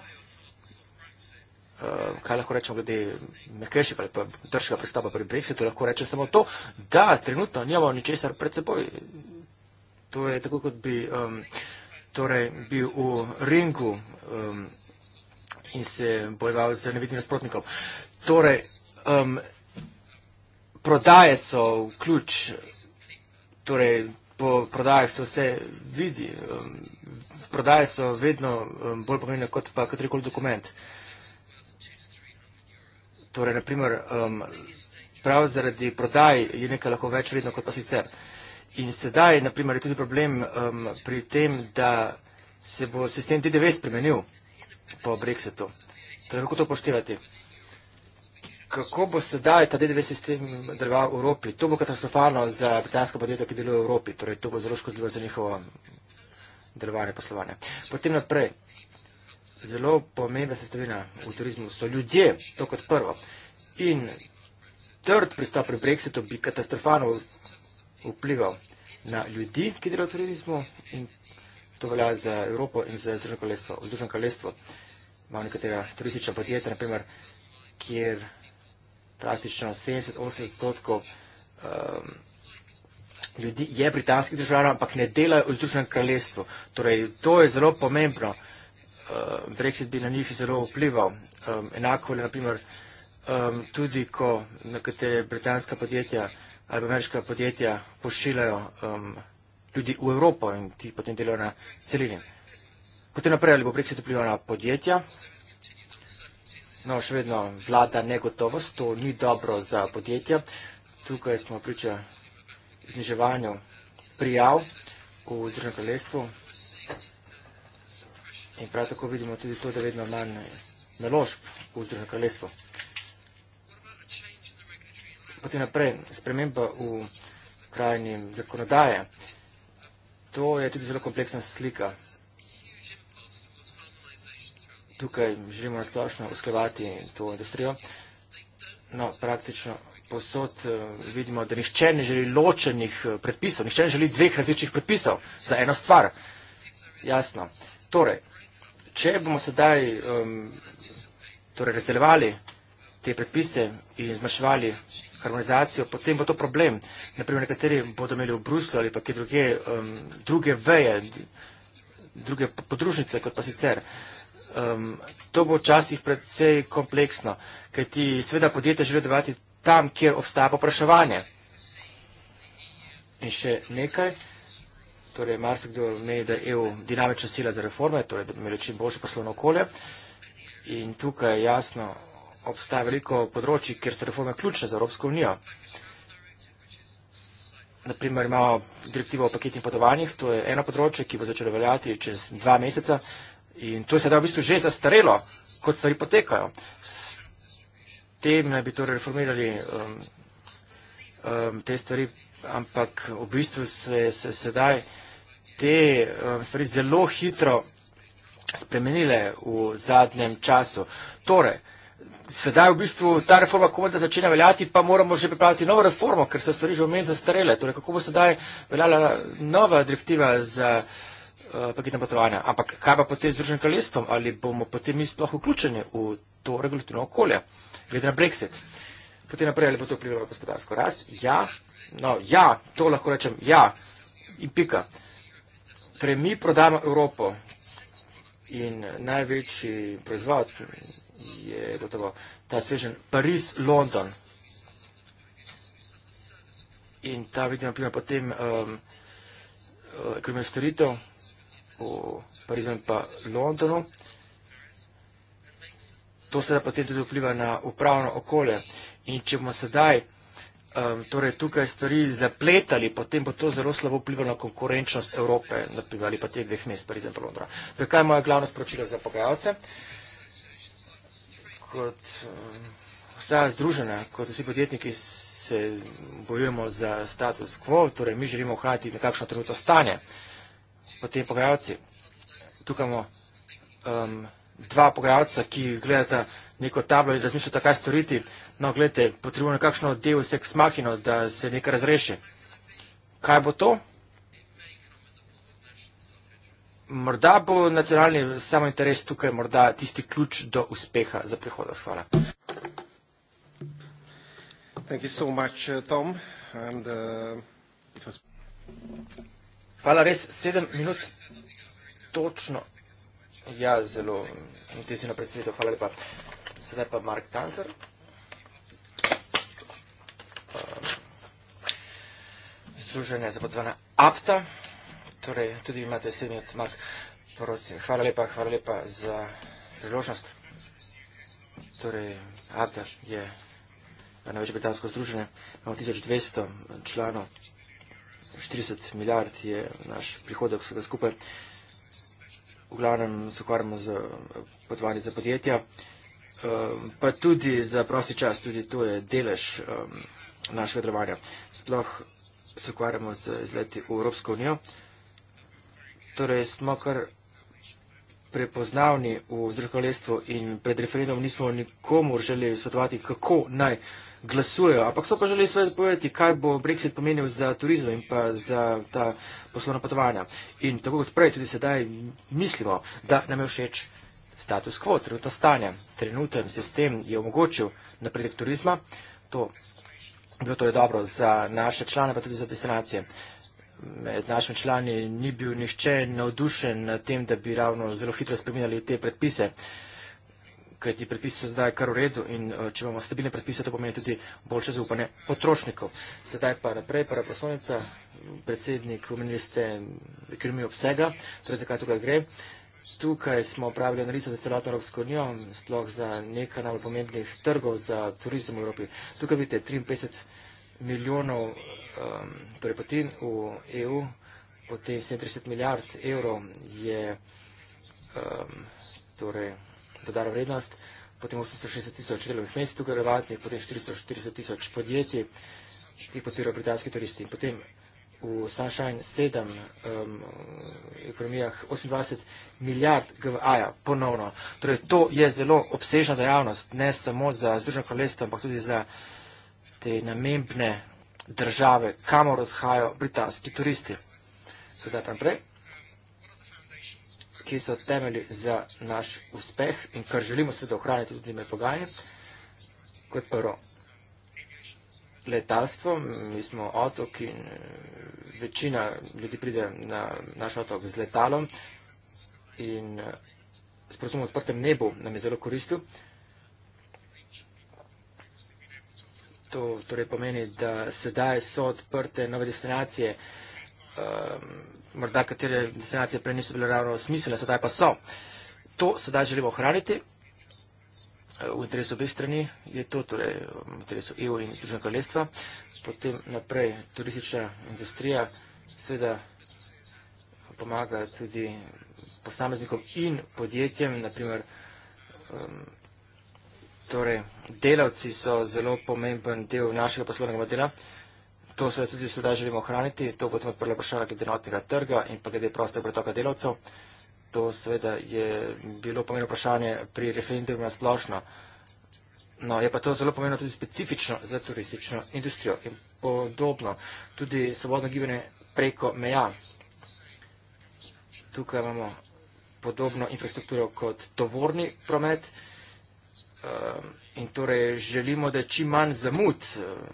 eh, kaj lahko rečemo glede mekejšega ali tržega pristopa pri Brexitu, lahko rečem samo to, da trenutno nimamo ničesar pred seboj. To je tako, kot bi um, torej bil v ringu um, in se bojeval z nevidnim nasprotnikom. Torej, um, prodaje so ključ. Torej, po prodaji se vse vidi. Um, v prodaji so vedno um, bolj pomembne kot pa katerikoli dokument. Torej, naprimer, um, prav zaradi prodaj je nekaj lahko več vredno kot pa sicer. In sedaj, naprimer, je tudi problem pri tem, da se bo sistem DDV spremenil po Brexitu. Torej, kako to poštevati? kako bo sedaj ta DDV sistem deloval v Evropi? To bo katastrofalno za britansko podjetje, ki deluje v Evropi. Torej, to bo zelo škodljivo za njihovo delovanje, poslovanje. Potem naprej, zelo pomembna sestavina v turizmu so ljudje, to kot prvo. In trd pristop pri Brexitu bi katastrofalno vplival na ljudi, ki delajo v turizmu in to velja za Evropo in za Združeno kraljestvo. V Združeno kraljestvo imamo nekatera turistična podjetja, naprimer, kjer praktično 70-80 odstotkov um, ljudi je britanskih državljanov, ampak ne delajo v Združenem kraljestvu. Torej, to je zelo pomembno. Uh, Brexit bi na njih zelo vplival. Um, enako je, naprimer, um, tudi ko nekatere britanska podjetja ali ameriška podjetja pošiljajo um, ljudi v Evropo in ti potem delajo na celini. Kot je naprej, ali bo Brexit vplival na podjetja, No, še vedno vlada negotovost, to ni dobro za podjetja. Tukaj smo priča zniževanju prijav v Združenem kraljestvu. In prav tako vidimo tudi to, da vedno manj naložb v Združenem kraljestvu. Potem naprej, sprememba v krajnjem zakonodaje. To je tudi zelo kompleksna slika tukaj želimo nasplošno usklevati to industrijo. No, praktično posod eh, vidimo, da nišče ne želi ločenih eh, predpisov, nišče ne želi dveh različnih predpisov za eno stvar. Jasno. Torej, če bomo sedaj um, torej razdeljevali te predpise in zmaševali harmonizacijo, potem bo to problem. Naprimer, nekateri bodo imeli v Bruslu ali pa kje druge, um, druge veje, druge podružnice kot pa sicer. Uh, um, to bo včasih predvsej kompleksno, ker ti sveda podjetja želijo delovati tam, kjer obstaja popraševanje. In še nekaj, torej marsikdo meni, da je EU dinamična sila za reforme, torej da bi imeli čim boljše poslovno okolje. In tukaj jasno obstaja veliko področji, kjer so reforme ključne za Evropsko unijo. Naprimer imamo direktivo o paketnih potovanjih, to je eno področje, ki bo začelo veljati čez dva meseca. In to je sedaj v bistvu že zastarelo, kot stvari potekajo. S tem naj bi torej reformirali um, um, te stvari, ampak v bistvu se, se sedaj te um, stvari zelo hitro spremenile v zadnjem času. Torej, sedaj v bistvu ta reforma komenta začne veljati, pa moramo že pripraviti novo reformo, ker so stvari že v meni zastarele. Torej, kako bo sedaj veljala nova direktiva za. Uh, Eh, paketna potovanja. Ampak kaj pa potem z Združenim kraljestvom? Ali bomo potem mi sploh vključeni v to regulativno okolje? Glede na Brexit. Potem naprej, ali bo to vplivalo na gospodarsko rast? Ja. No, ja, to lahko rečem. Ja. In pika. Torej, mi prodajamo Evropo in največji proizvod je gotovo ta svežen Paris, London. In ta vidim, naprimer, potem um, ekonomijo storitev, o, par exemplo, pa Londonu. To seveda potem tudi vpliva na upravno okolje. In če bomo sedaj um, torej tukaj stvari zapletali, potem bo to zelo slabo vplivalo na konkurenčnost Evrope, naprimer, ali pa teh dveh mest, par exemplo, Londona. Torej, kaj je moja glavna sporočila za pogajalce? Kot um, vsa združena, kot vsi podjetniki se bojujemo za status quo, torej mi želimo ohraniti nekakšno trenutno stanje. Uh, potem pogajalci. Tukaj imamo um, dva pogajalca, ki gledata neko tablo in razmišljata, kaj storiti. No, gledajte, potrebujemo nekakšno del vsek smahino, da se nekaj razreši. Kaj bo to? Morda bo nacionalni samointeres tukaj morda tisti ključ do uspeha za prihodnost. Hvala. Thank you so much, uh, Tom. And, uh, it was... Hvala res, sedem minut točno. Ja, zelo intenzivno predstavitev, hvala lepa. Sedaj pa Mark Tanzer. Um, združenje za podvana APTA. Torej, tudi vi imate sedem minut, Mark. Prosim, hvala lepa, hvala lepa za priložnost. Torej, APTA je na največje britansko združenje. Imamo 1200 članov. 40 milijard je naš prihodek vsega skupaj. V glavnem se ukvarjamo z eh, potovanji za podjetja, eh, pa tudi za prosti čas, tudi to je delež eh, našega drevanja. Sploh se ukvarjamo z izleti v Evropsko unijo, torej smo kar prepoznavni v združkoljestvu in pred referendom nismo nikomu želeli svetovati, kako naj vsega glasujejo. Ampak so pa želeli svet povedati, kaj bo Brexit pomenil za turizem in pa za ta poslovna potovanja. In tako kot prej, tudi sedaj mislimo, da nam je všeč status quo, trenutno stanje, trenuten sistem je omogočil napredek turizma. To je bilo torej dobro za naše člane, pa tudi za destinacije. Med našimi člani ni bil nihče navdušen nad tem, da bi ravno zelo hitro spreminjali te predpise kaj ti predpisi so zdaj kar v redu in uh, če imamo stabilne predpise, to pomeni tudi boljše zaupanje potrošnikov. Sedaj pa naprej, prva poslovnica, predsednik, omenili ste ekonomijo vsega, torej zakaj tukaj gre. Tukaj smo pravili analizo za celotno Evropsko unijo, sploh za nekaj najpomembnejših trgov za turizem v Evropi. Tukaj vidite 53 milijonov um, torej potin v EU, potem 37 milijard evrov je um, torej, dodano vrednost, potem 860 tisoč delovnih mest tukaj relevantnih, potem 440 tisoč podjetij, ki jih posirajo britanski turisti. Potem v Sunshine 7 um, ekonomijah 28 milijard GVA-ja ponovno. Torej, to je zelo obsežna dejavnost, ne samo za Združeno kraljestvo, ampak tudi za te namembne države, kamor odhajajo britanski turisti. Sedaj naprej ki so temelji za naš uspeh in kar želimo sveto ohraniti tudi med pogajanjem. Kot prvo, letalstvo, mi smo otok in eh, večina ljudi pride na naš otok z letalom in eh, sporozum o odprtem nebu nam je zelo koristil. To torej pomeni, da sedaj so odprte nove destinacije. Um, morda katere destinacije prej niso bile ravno smiselne, sedaj pa so. To sedaj želimo ohraniti. Eh, v interesu obeh strani je to, torej um, v interesu EU in Združenega kraljestva. Potem naprej turistična industrija seveda pomaga tudi posameznikom in podjetjem, naprimer um, torej, delavci so zelo pomemben del našega poslovnega modela. To se tudi sedaj želimo ohraniti, to bo tudi odprlo vprašanje glede notnega trga in pa glede prostega pretoka delavcev. To seveda je bilo pomeno vprašanje pri referendumu na splošno. No, je pa to zelo pomeno tudi specifično za turistično industrijo in podobno tudi svobodno gibanje preko meja. Tukaj imamo podobno infrastrukturo kot tovorni promet um, in torej želimo, da čim manj zamud. Um,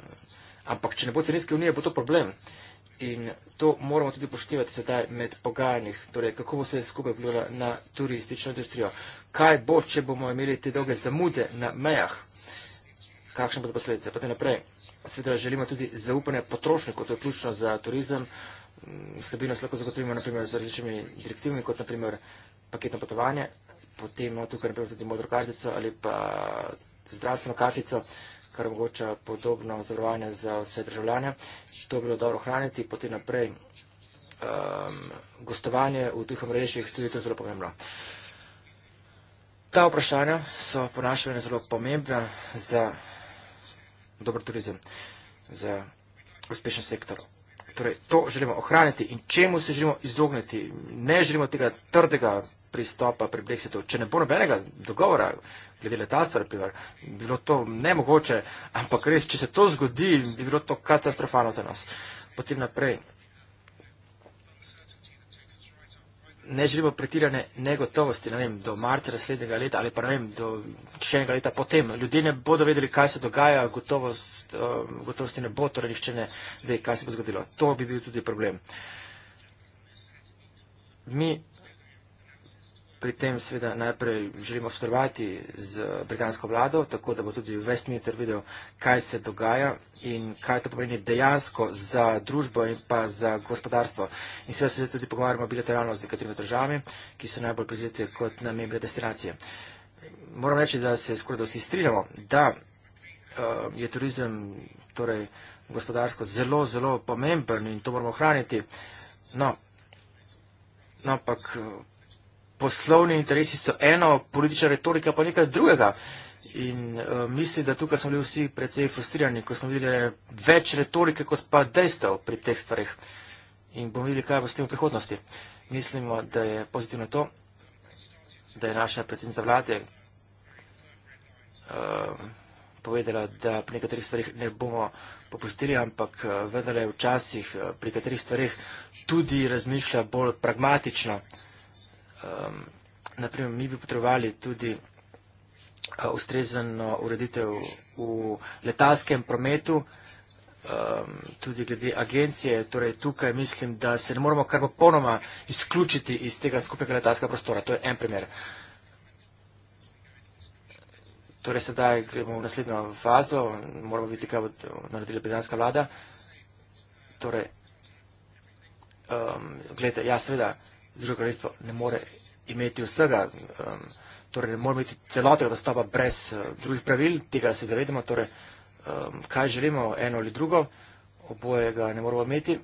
Ampak, če ne bo carinske unije, bo to problem. In to moramo tudi poštevati sedaj med pogajanjih, torej kako bo se skupaj vplivalo na turistično industrijo. Kaj bo, če bomo imeli te dolge zamude na mejah? Kakšne bodo posledice? Potem naprej, seveda želimo tudi zaupanje potrošnikov, to je ključno za turizem. Mm, stabilnost lahko zagotovimo naprimer z različnimi direktivami, kot naprimer paketno potovanje, potem imamo tukaj naprimer tudi modro kartico ali pa zdravstveno kartico kar omogoča podobno zavarovanje za vse državljane. To je bilo dobro ohraniti, potem naprej um, gostovanje v tujih mrežjih, tudi to je zelo pomembno. Ta vprašanja so po našem mnenju zelo pomembna za dober turizem, za uspešen sektor. Torej, to želimo ohraniti in čemu se želimo izogniti. Ne želimo tega trdega pristopa pri Brexitu. Če ne bo nobenega dogovora, glede letalstva, bi bilo to nemogoče, ampak res, če se to zgodi, bi bilo to katastrofalno za nas. Potem naprej. Ne želimo pretirane negotovosti, ne vem, do marca naslednjega leta ali pa ne vem, do še enega leta potem. Ljudje ne bodo vedeli, kaj se dogaja, gotovost, uh, gotovosti ne bo, torej nišče ne ve, kaj se bo zgodilo. To bi bil tudi problem. Mi Pri tem seveda najprej želimo sodelovati z britansko vlado, tako da bo tudi Westminster videl, kaj se dogaja in kaj to pomeni dejansko za družbo in pa za gospodarstvo. In seveda se tudi pogovarjamo bilateralno z nekaterimi državami, ki so najbolj prizadete kot namembre destinacije. Moram reči, da se skoraj da vsi strinjamo, da eh, je turizem torej, gospodarsko zelo, zelo pomemben in to moramo ohraniti. No, no, ampak poslovni interesi so eno, politična retorika pa nekaj drugega. In uh, mislim, da tukaj smo bili vsi precej frustrirani, ko smo videli več retorike kot pa dejstev pri teh stvarih. In bomo videli, kaj bo s tem v prihodnosti. Mislimo, da je pozitivno to, da je naša predsednica vlade uh, povedala, da pri nekaterih stvarih ne bomo popustili, ampak eh, vendar je včasih pri katerih stvarih tudi razmišlja bolj pragmatično. Uh, um, naprimer, mi bi potrebovali tudi uh, ustrezeno ureditev v letalskem prometu, um, tudi glede agencije. Torej, tukaj mislim, da se ne moramo kar popolnoma izključiti iz tega skupnega letalskega prostora. To je en primer. Torej, sedaj gremo v naslednjo fazo, moramo videti, kaj bo naredila britanska vlada. Torej, um, gledajte, ja, seveda. Združeno kraljestvo ne more imeti vsega, um, torej ne more imeti celotnega dostopa brez uh, drugih pravil, tega se zavedamo, torej um, kaj želimo, eno ali drugo, obojega ne moramo imeti.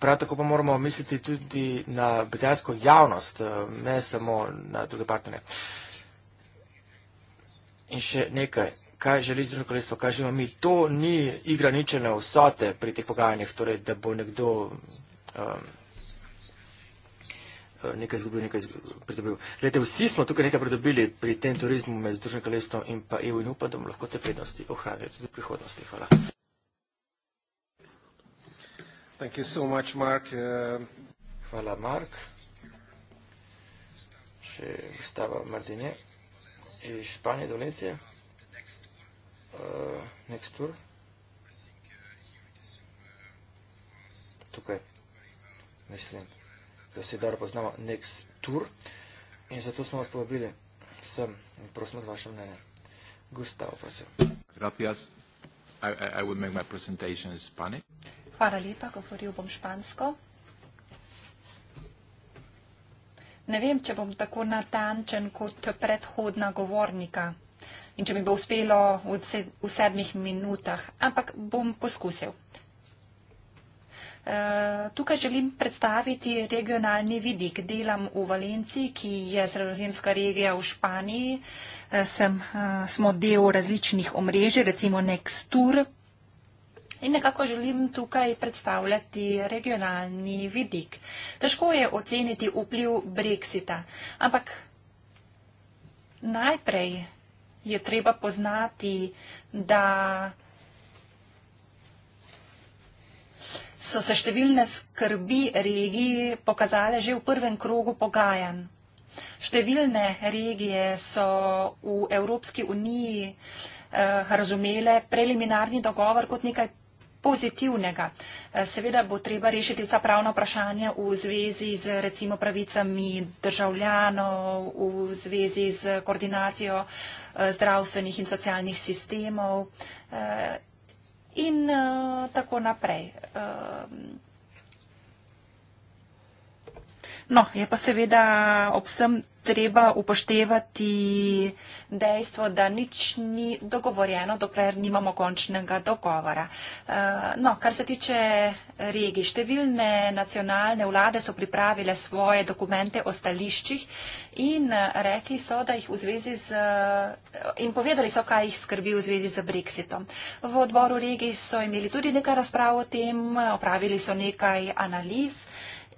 Prav tako pa moramo misliti tudi na britansko javnost, uh, ne samo na druge partnerje. In še nekaj, kaj želi Združeno kraljestvo, kaj želimo mi, to ni igra ničene vsote pri teh pogajanjih, torej da bo nekdo. Um, Eh, nekaj izgubil, nekaj pridobil. Glede, vsi smo tukaj nekaj pridobili pri tem turizmu med Združenim kraljestvom in pa EU in upam, da bomo lahko te prednosti ohranili tudi v prihodnosti. Hvala. So much, Mark. Uh... Hvala, Mark. Še Gustavo Marzine iz Španije, iz Valencije. Uh, eh, next tour. Tukaj. Mislim. Uh, da se dobro poznamo next tour. In zato smo vas povabili sem in prosimo z vašem mnenjem. Gustavo, prosim. Gracias. I, I, I will make my presentation in Spanish. Hvala lepa, govoril bom špansko. Ne vem, če bom tako natančen kot predhodna govornika in če mi bo uspelo v sedmih minutah, ampak bom poskusil. Eh, tukaj želim predstaviti regionalni vidik. Delam v Valenciji, ki je sredozemska regija v Španiji. Eh, sem, eh, smo del različnih omrežij, recimo Nextur. In nekako želim tukaj predstavljati regionalni vidik. Težko je oceniti vpliv Brexita, ampak najprej je treba poznati, da so se številne skrbi regiji pokazale že v prvem krogu pogajanj. Številne regije so v Evropski uniji eh, razumele preliminarni dogovor kot nekaj pozitivnega. Eh, seveda bo treba rešiti vsa pravna vprašanja v zvezi z recimo pravicami državljanov, v zvezi z koordinacijo eh, zdravstvenih in socialnih sistemov eh, in uh, tako naprej. Uh, no, je pa seveda ob vsem treba upoštevati dejstvo, da nič ni dogovorjeno, dokler nimamo končnega dogovora. Eh, no, kar se tiče regij, številne nacionalne vlade so pripravile svoje dokumente o stališčih in eh, rekli so, da jih v zvezi z eh, in povedali so, kaj jih skrbi v zvezi z Brexitom. V odboru regij so imeli tudi nekaj razprav o tem, opravili so nekaj analiz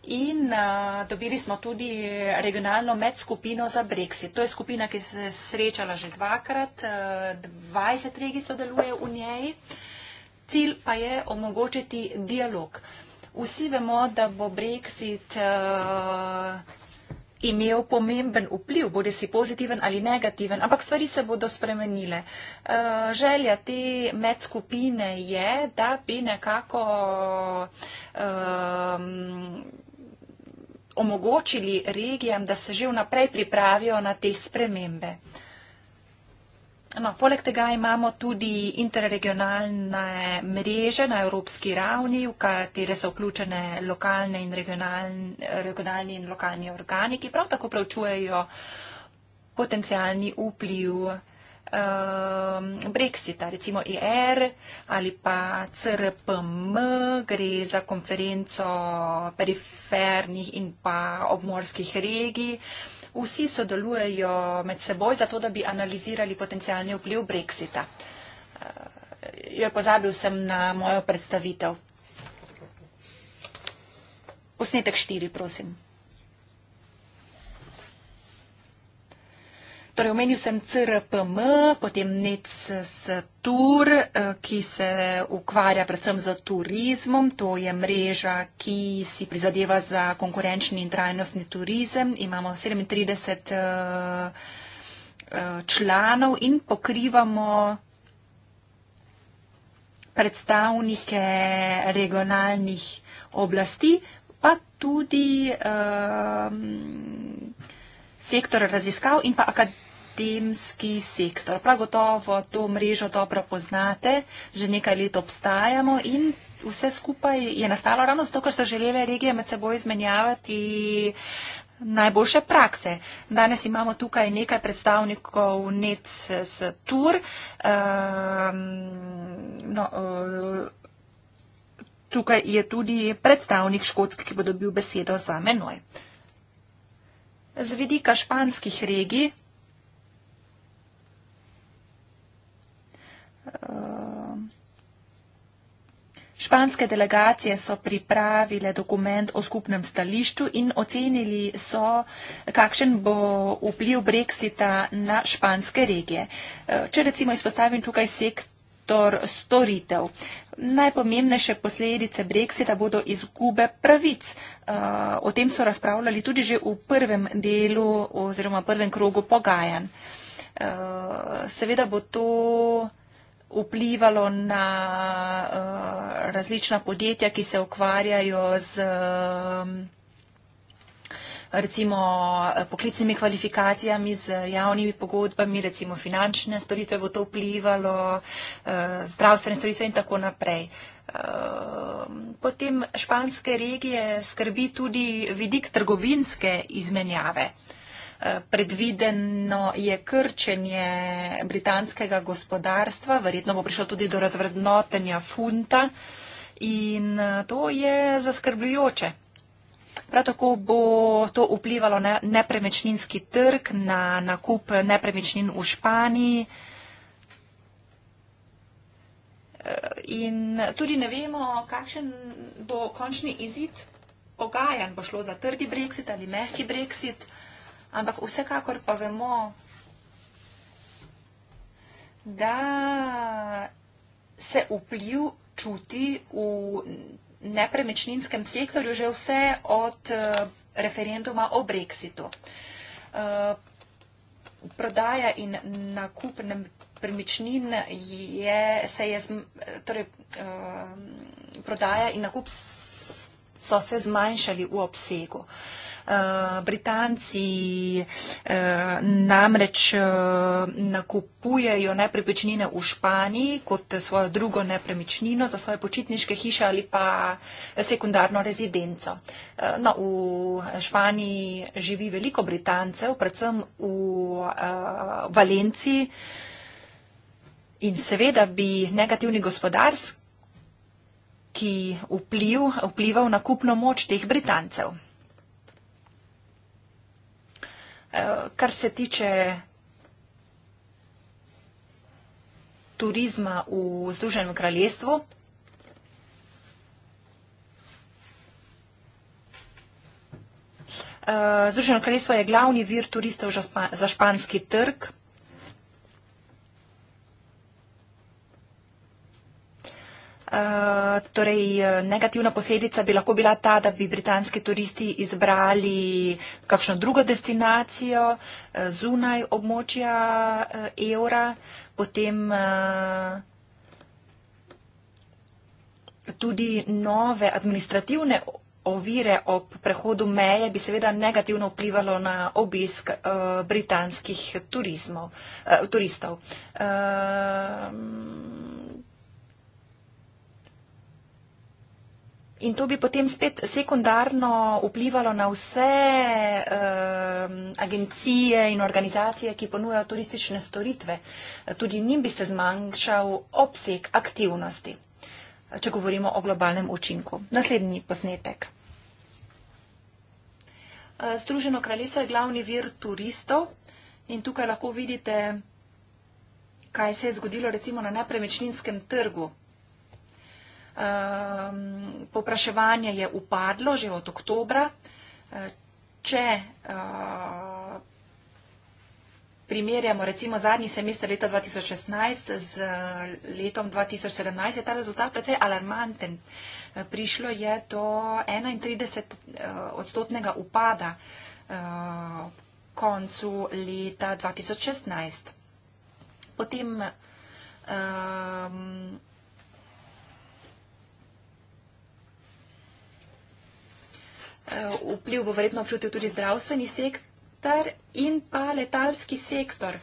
in uh, dobili smo tudi regionalno medskupino za Brexit. To je skupina, ki se je srečala že dvakrat, uh, eh, 20 regij sodeluje v njej. Cilj pa je omogočiti dialog. Vsi vemo, da bo Brexit uh, imel pomemben vpliv, bodi si pozitiven ali negativen, ampak stvari se bodo spremenile. Uh, želja te medskupine je, da bi nekako uh, omogočili regijam, da se že vnaprej pripravijo na te spremembe. No, poleg tega imamo tudi interregionalne mreže na evropski ravni, v katere so vključene lokalne in regionalni in lokalni organi, ki prav tako preučujejo potencialni vpliv Um, Brexita, recimo IR e ali pa CRPM, gre za konferenco perifernih in pa obmorskih regij. Vsi sodelujejo med seboj zato, da bi analizirali potencijalni vpliv Brexita. Uh, jo je pozabil sem na mojo predstavitev. Posnetek štiri, prosim. Torej, omenil sem CRPM, potem NECSTUR, eh, ki se ukvarja predvsem z turizmom. To je mreža, ki si prizadeva za konkurenčni in trajnostni turizem. Imamo 37 eh, eh, članov in pokrivamo predstavnike regionalnih oblasti, pa tudi um, sektor raziskav in pa akademije timski sektor. Prav gotovo to mrežo dobro poznate, že nekaj let obstajamo in vse skupaj je nastalo ravno zato, ker so želele regije med seboj izmenjavati najboljše prakse. Danes imamo tukaj nekaj predstavnikov NETS TUR. Um, no, uh, Tukaj je tudi predstavnik Škotske, ki bo dobil besedo za menoj. Z vidika španskih regij Eh, španske delegacije so pripravile dokument o skupnem stališču in ocenili so, kakšen bo vpliv Brexita na španske regije. Eh, če recimo izpostavim tukaj sektor storitev. Najpomembnejše posledice Brexita bodo izgube pravic. Eh, o tem so razpravljali tudi že v prvem delu oziroma prvem krogu pogajanj. Seveda bo to vplivalo na uh, različna podjetja, ki se ukvarjajo z uh, recimo eh, poklicnimi kvalifikacijami, z javnimi pogodbami, recimo finančne storitve bo to vplivalo, uh, zdravstvene storitve in tako naprej. Potem španske regije skrbi tudi vidik trgovinske izmenjave. Uh, predvideno je krčenje britanskega gospodarstva, verjetno bo prišlo tudi do razvrednotenja funta in eh, to je zaskrbljujoče. Prav tako bo to vplivalo na nepremičninski trg, na nakup nepremičnin v Španiji. Eh, in tudi ne vemo, kakšen bo končni izid pogajanj, bo šlo za trdi brexit ali mehki brexit. Ampak vsekakor pa vemo, da se vpliv čuti v nepremičninskem sektorju že vse od eh, referenduma o Brexitu. Eh, prodaja in nakup nepremičnin je, se je, torej, eh, prodaja in nakup so se zmanjšali v obsegu. Eh, Britanci eh, namreč eh, nakupujejo nepremičnine v Španiji kot svojo drugo nepremičnino za svoje počitniške hiše ali pa sekundarno rezidenco. No, v Španiji živi veliko Britancev, predvsem v Valenciji. In seveda bi negativni gospodarski vpliv vplival na kupno moč teh Britancev. Eh, kar se tiče turizma v Združenem kraljestvu, eh, Združeno kraljestvo je glavni vir turistov za španski trg. Eh, torej, eh, negativna posledica bi lahko bila ta, da bi britanski turisti izbrali kakšno drugo destinacijo eh, zunaj območja evra, potem tudi nove administrativne ovire ob prehodu meje bi seveda negativno vplivalo na obisk uh, britanskih turizmov, uh, turistov. Uh, In to bi potem spet sekundarno vplivalo na vse uh, agencije in organizacije, ki ponujajo turistične storitve. Tudi njim bi se zmanjšal obseg aktivnosti, če govorimo o globalnem učinku. Naslednji posnetek. E, Združeno kraljestvo je glavni vir turistov in tukaj lahko vidite, kaj se je zgodilo recimo na nepremičninskem trgu. Ehm, Popraševanje je upadlo že od oktobra. Eh, če eh, primerjamo recimo zadnji semester leta 2016 z eh, letom 2017, je ta rezultat precej alarmanten. Prišlo je do 31 odstotnega upada koncu leta 2016. Potem ehm, Eh, vpliv bo verjetno občutil tudi zdravstveni sektor in pa letalski sektor.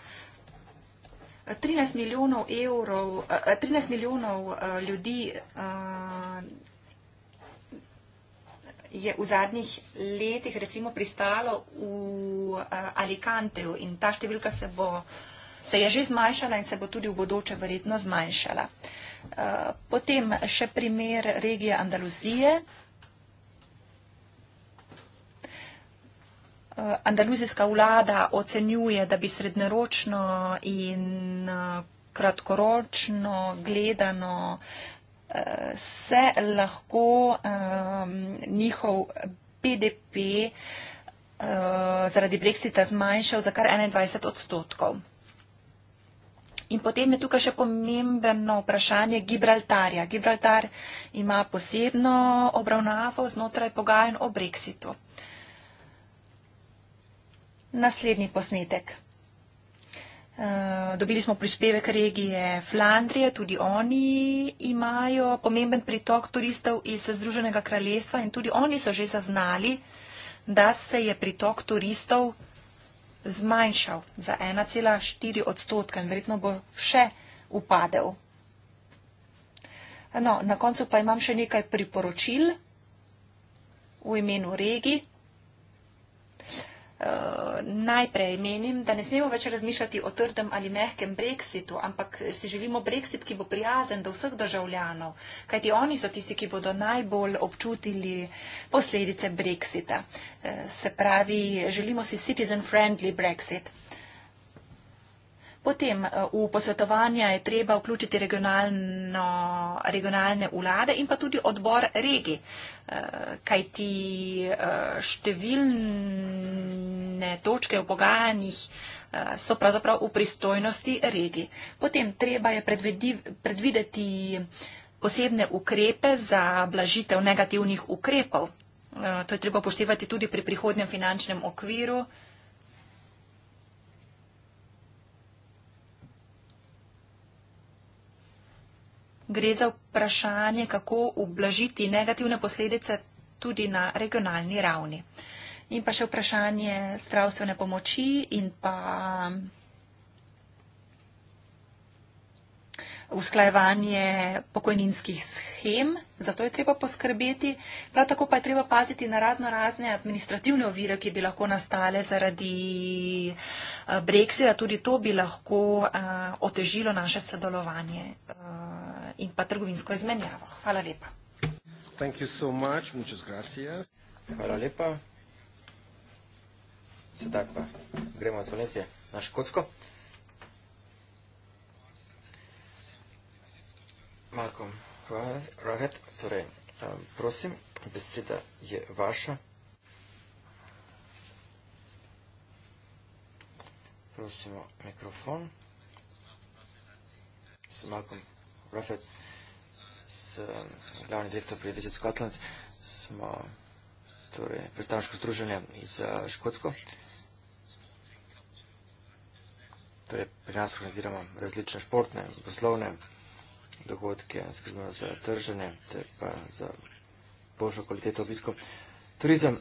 13 eh, milijonov, evrov, 13 eh, milijonov ljudi je v zadnjih letih recimo pristalo v Alicanteju in ta številka se, bo, se je že zmanjšala in se bo tudi v bodoče verjetno zmanjšala. Potem še primer regije Andaluzije. Eh, andaluzijska vlada ocenjuje, da bi srednjeročno in eh, kratkoročno gledano eh, se lahko ehm, njihov BDP zaradi Brexita zmanjšal za kar 21 odstotkov. In potem je tukaj še pomembno vprašanje Gibraltarja. Gibraltar ima posebno obravnavo znotraj pogajanj o Brexitu naslednji posnetek. Eh, dobili smo prišpevek regije Flandrije, tudi oni imajo pomemben pritok turistov iz Združenega kraljestva in tudi oni so že zaznali, da se je pritok turistov zmanjšal za 1,4 odstotka in verjetno bo še upadel. No, na koncu pa imam še nekaj priporočil v imenu regije najprej menim, da ne smemo več razmišljati o trdem ali mehkem brexitu, ampak si želimo brexit, ki bo prijazen do vseh državljanov, kajti oni so tisti, ki bodo najbolj občutili posledice brexita. Eh, se pravi, želimo si citizen friendly brexit. Potem eh, v posvetovanja je treba vključiti regionalne vlade in pa tudi odbor regi, eh, kaj ti eh, številne točke v pogajanjih so pravzaprav v pristojnosti regi. Potem treba je predvideti posebne ukrepe za blažitev negativnih ukrepov. To je treba upoštevati tudi pri prihodnjem finančnem okviru. gre za vprašanje, kako ublažiti negativne posledice tudi na regionalni ravni. In pa še vprašanje zdravstvene pomoči in pa usklajevanje pokojninskih schem, zato je treba poskrbeti. Prav tako pa je treba paziti na razno razne administrativne ovire, ki bi lahko nastale zaradi eh, Brexita. Tudi to bi lahko eh, otežilo naše sodelovanje eh, in pa trgovinsko izmenjavo. Hvala lepa. So much. Hvala lepa. Se tak pa. Gremo od Slovenije na Škotsko. Malcolm Rahat, torej, eh, prosim, beseda je vaša. Prosimo, mikrofon. Sem Malcolm Rahat, sem eh, glavni direktor pri Visit Scotland, smo torej, predstavniško združenje iz eh, Škotsko. Torej, pri nas organiziramo različne športne, poslovne, dogodke, skrbimo za trženje, ter pa za boljšo kvaliteto obiskov. Turizem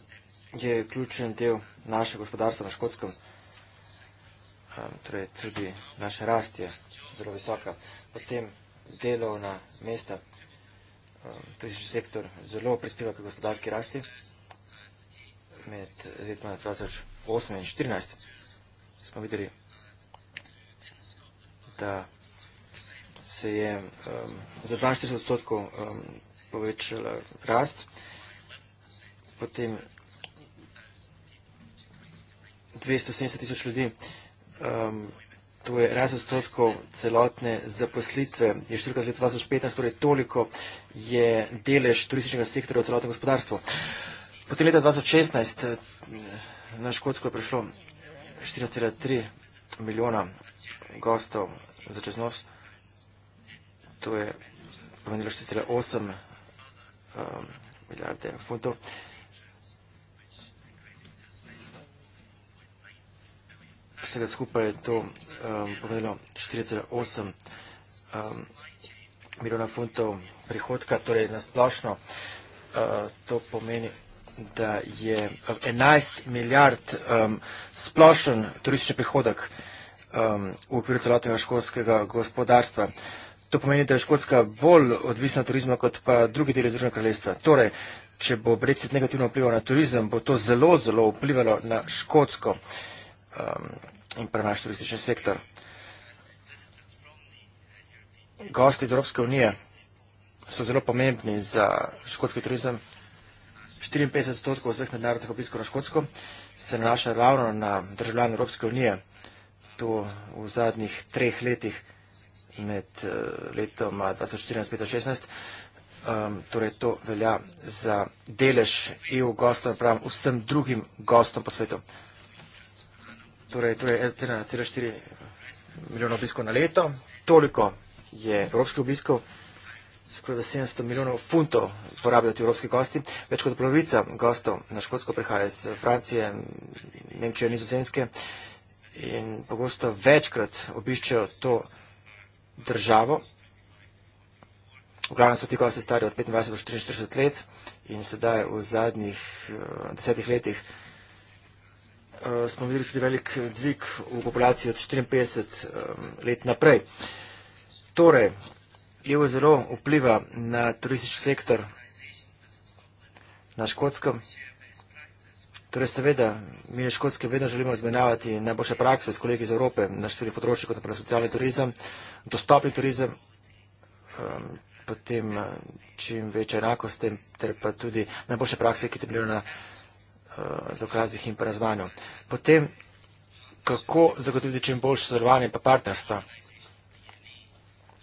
je ključen del naše gospodarstva na škotskem, ehm, torej tudi naše rast je zelo visoka. Potem delovna mesta, ehm, turistični sektor zelo prispeva k gospodarski rasti med letoma 2008 in 2014 smo videli, da se je um, za 42 odstotkov um, povečala rast, potem 270 tisoč ljudi, um, to je rast odstotkov celotne zaposlitve, je številka z leta 2015, torej toliko je delež turističnega sektora v celotnem gospodarstvu. Potem leta 2016 na Škotsko je prišlo 4,3 milijona gostov za čez nos to je pomenilo 4,8 um, milijarde funtov. Vsega skupaj je to um, pomenilo 4,8 um, milijona funtov prihodka, torej nasplošno uh, to pomeni da je 11 milijard um, splošen turistični prihodek um, v okviru celotnega školskega gospodarstva. Uh, To pomeni, da je Škotska bolj odvisna od turizma kot pa drugi deli Združenega kraljestva. Torej, če bo Brexit negativno vplival na turizem, bo to zelo, zelo vplivalo na Škotsko um, in pa naš turistični sektor. Gosti iz Evropske unije so zelo pomembni za škotski turizem. 54 odstotkov vseh mednarodnih obiskov na Škotsko se nanaša ravno na državljane Evropske unije. To v zadnjih treh letih med eh, letoma 2014-2016. Ehm, torej to velja za delež EU gostom, pravim, vsem drugim gostom po svetu. Torej, torej 1,4 milijona obiskov na leto, toliko je evropskih obiskov, skoraj da 700 milijonov funtov porabijo ti evropski gosti. Več kot polovica gostov na Škotsko prihaja iz Francije, Nemčije, Nizozemske in pogosto večkrat obiščejo to državo. V glavnem so ti kolesi stari od 25 do 44 let in sedaj v zadnjih eh, desetih letih eh, smo videli tudi velik dvig v populaciji od 54 eh, let naprej. Torej, EU zelo vpliva na turistični sektor na škotskem. Torej seveda, mi na Škotske vedno želimo izmenjavati najboljše prakse s kolegi iz Evrope na štiri področje, kot naprej socialni turizem, dostopni turizem, um, potem uh, čim večja enakost s tem, ter pa tudi najboljše prakse, ki temeljijo na uh, dokazih in pa na znanju. Potem, kako zagotoviti čim boljše sodelovanje in pa partnerstva.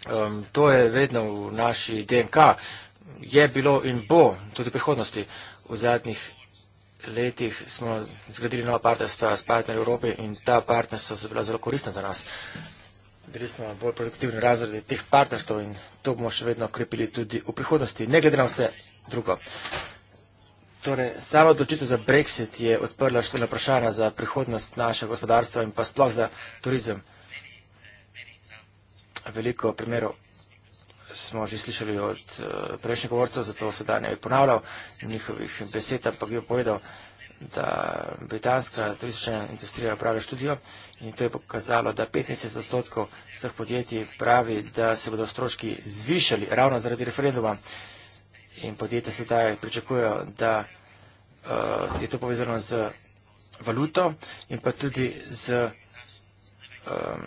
Um, to je vedno v naši DNK. Je bilo in bo tudi prihodnosti v zadnjih letih smo zgradili nova partnerstva s partnerji v Evropi in ta partnerstva so bila zelo koristna za nas. Bili smo bolj produktivni razredi teh partnerstv in to bomo še vedno krepili tudi v prihodnosti, ne glede na vse drugo. Torej, samo odločitev za Brexit je odprla številna vprašanja za prihodnost našega gospodarstva in pa sploh za turizem. Veliko primerov smo že slišali od eh, prejšnjih govorcev, zato se danje je ponavljal njihovih besed, ampak je povedal, da britanska turistična industrija pravi študijo in to je pokazalo, da 15 odstotkov vseh podjetij pravi, da se bodo stroški zvišali ravno zaradi referenduma in podjetja se daj pričakujejo, da uh, je to povezano z valuto in pa tudi z um,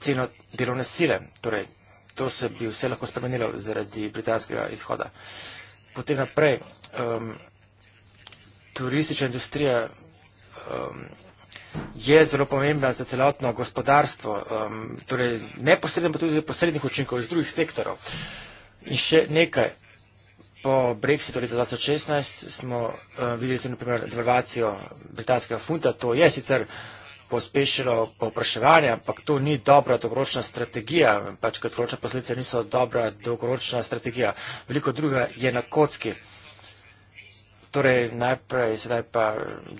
ceno delovne sile, torej to se bi vse lahko spremenilo zaradi britanskega izhoda. Potem naprej, um, turistična industrija um, je zelo pomembna za celotno gospodarstvo, um, torej neposredno pa tudi za posrednih učinkov iz drugih sektorov. In še nekaj, po Brexitu leta 2016 smo uh, videli tudi, na primer, devalvacijo britanskega funta, to je sicer pospešilo povpraševanje, ampak to ni dobra dolgoročna strategija, pač kratkoročne posledice niso dobra dolgoročna strategija. Veliko druga je na kocki. Torej, najprej sedaj pa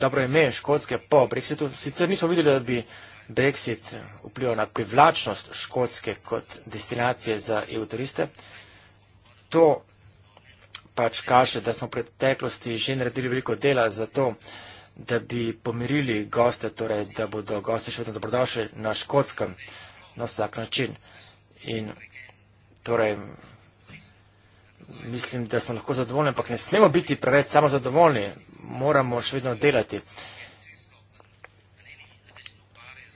dobro ime Škotske po Brexitu. Sicer nismo videli, da bi Brexit vplival na privlačnost Škotske kot destinacije za EU turiste. To pač kaže, da smo v preteklosti že naredili veliko dela za to, da bi pomirili goste, torej, da bodo goste še vedno dobrodošli na škotskem na vsak način. In torej, mislim, da smo lahko zadovoljni, ampak ne smemo biti preveč samo zadovoljni, moramo še vedno delati.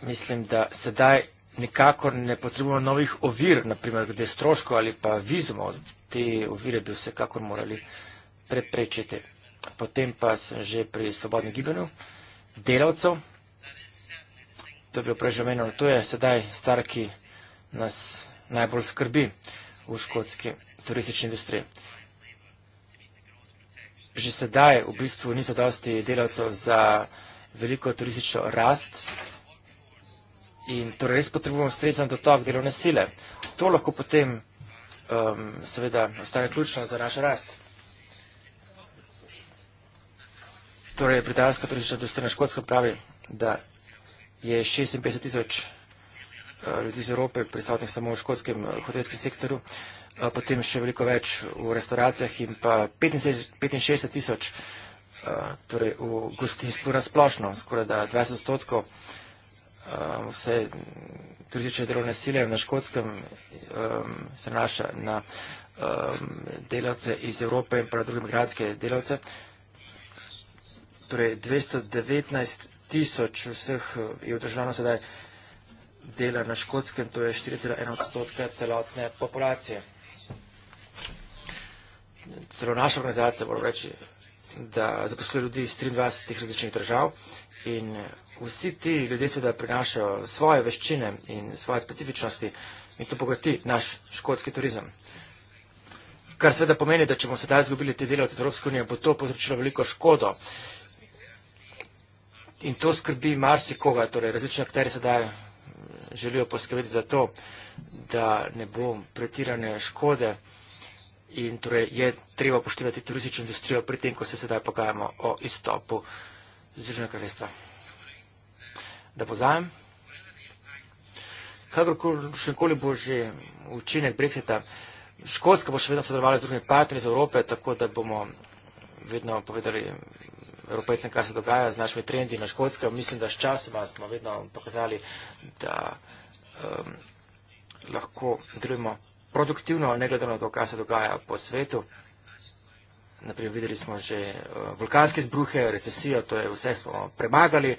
Mislim, da sedaj nikakor ne potrebujemo novih ovir, naprimer, glede stroško ali pa vizumov. Te ovire bi vsekakor morali preprečiti potem pa sem že pri svobodnem gibanju delavcev. To je bilo prej že omenjeno. To je sedaj stvar, ki nas najbolj skrbi v škotski turistični industriji. Že sedaj v bistvu niso dosti delavcev za veliko turistično rast in torej res potrebujemo ustrezan dotok delovne sile. To lahko potem um, seveda ostane ključno za našo rast. Torej, britanska turistična torej dostojna škotska pravi, da je 56 tisoč eh, ljudi iz Evrope prisotnih samo v škotskem eh, hotelskem sektorju, eh, potem še veliko več v restauracijah in pa 65 tisoč torej v gostinstvu nasplošno, skoraj da 20 odstotkov vse turistične delovne sile na škotskem se naša na delavce iz Evrope in pa na druge migranske delavce torej 219 tisoč vseh eh, je održano sedaj dela na škotskem, to je 4,1 odstotka celotne populacije. Celo naša organizacija, moram reči, da zaposluje ljudi iz 23 različnih držav in eh, vsi ti ljudje seveda prinašajo svoje veščine in svoje specifičnosti in to bogati naš škotski turizem. Kar seveda pomeni, da če bomo sedaj izgubili te delavce z Evropske unije, bo to povzročilo veliko škodo. Uh, In to skrbi marsikoga, torej različne akterje sedaj eh, želijo poskrbeti za to, da ne bo pretirane škode in torej je treba poštevati turistično industrijo pri tem, ko se sedaj pogajamo o izstopu Združenega kraljestva. Da pozajem. Kakorkoli bo že učinek Brexita, Škotska bo še vedno sodelovala z drugimi partnerji iz Evrope, tako da bomo vedno povedali evropejcem, kaj se dogaja z našimi trendi na škotskem. Mislim, da s časoma smo vedno pokazali, da um, lahko delujemo produktivno, ne glede na to, kaj se dogaja po svetu. Naprej videli smo že uh, vulkanske zbruhe, recesijo, to je vse smo premagali,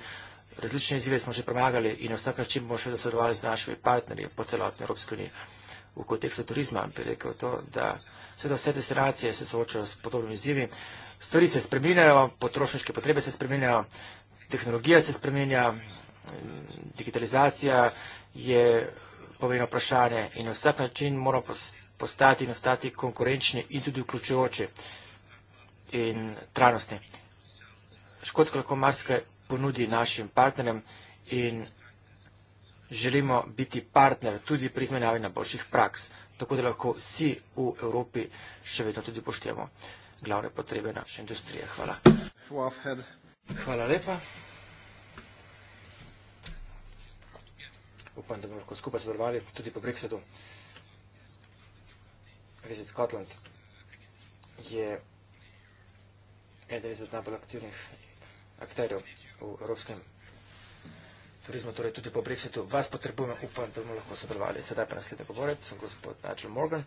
različne izive smo že premagali in na vsak način bomo še sodelovali z našimi partnerji po celotni Evropski uniji v kontekstu turizma. Bi rekel to, da seveda vse destinacije se soočajo s podobnimi izzivi. Stvari se spreminjajo, potrošniške potrebe se spreminjajo, tehnologija se spreminja, digitalizacija je pomembno vprašanje in na vsak način moramo postati in ostati konkurenčni in tudi vključujoči in trajnostni. Škotska lahko marsikaj ponudi našim partnerjem in želimo biti partner tudi pri izmenjavi na boljših praks tako da lahko vsi v Evropi še vedno tudi poštevamo glavne potrebe naše industrije. Hvala. Hvala lepa. Upam, da bomo lahko skupaj sodelovali tudi po Brexitu. Visit Scotland je eden izmed najbolj aktivnih akterjev v evropskem turizmu, torej tudi po Brexitu. Vas potrebujemo, upam, da bomo lahko sodelovali. Sedaj pa naslednji govorec, sem gospod Nigel Morgan,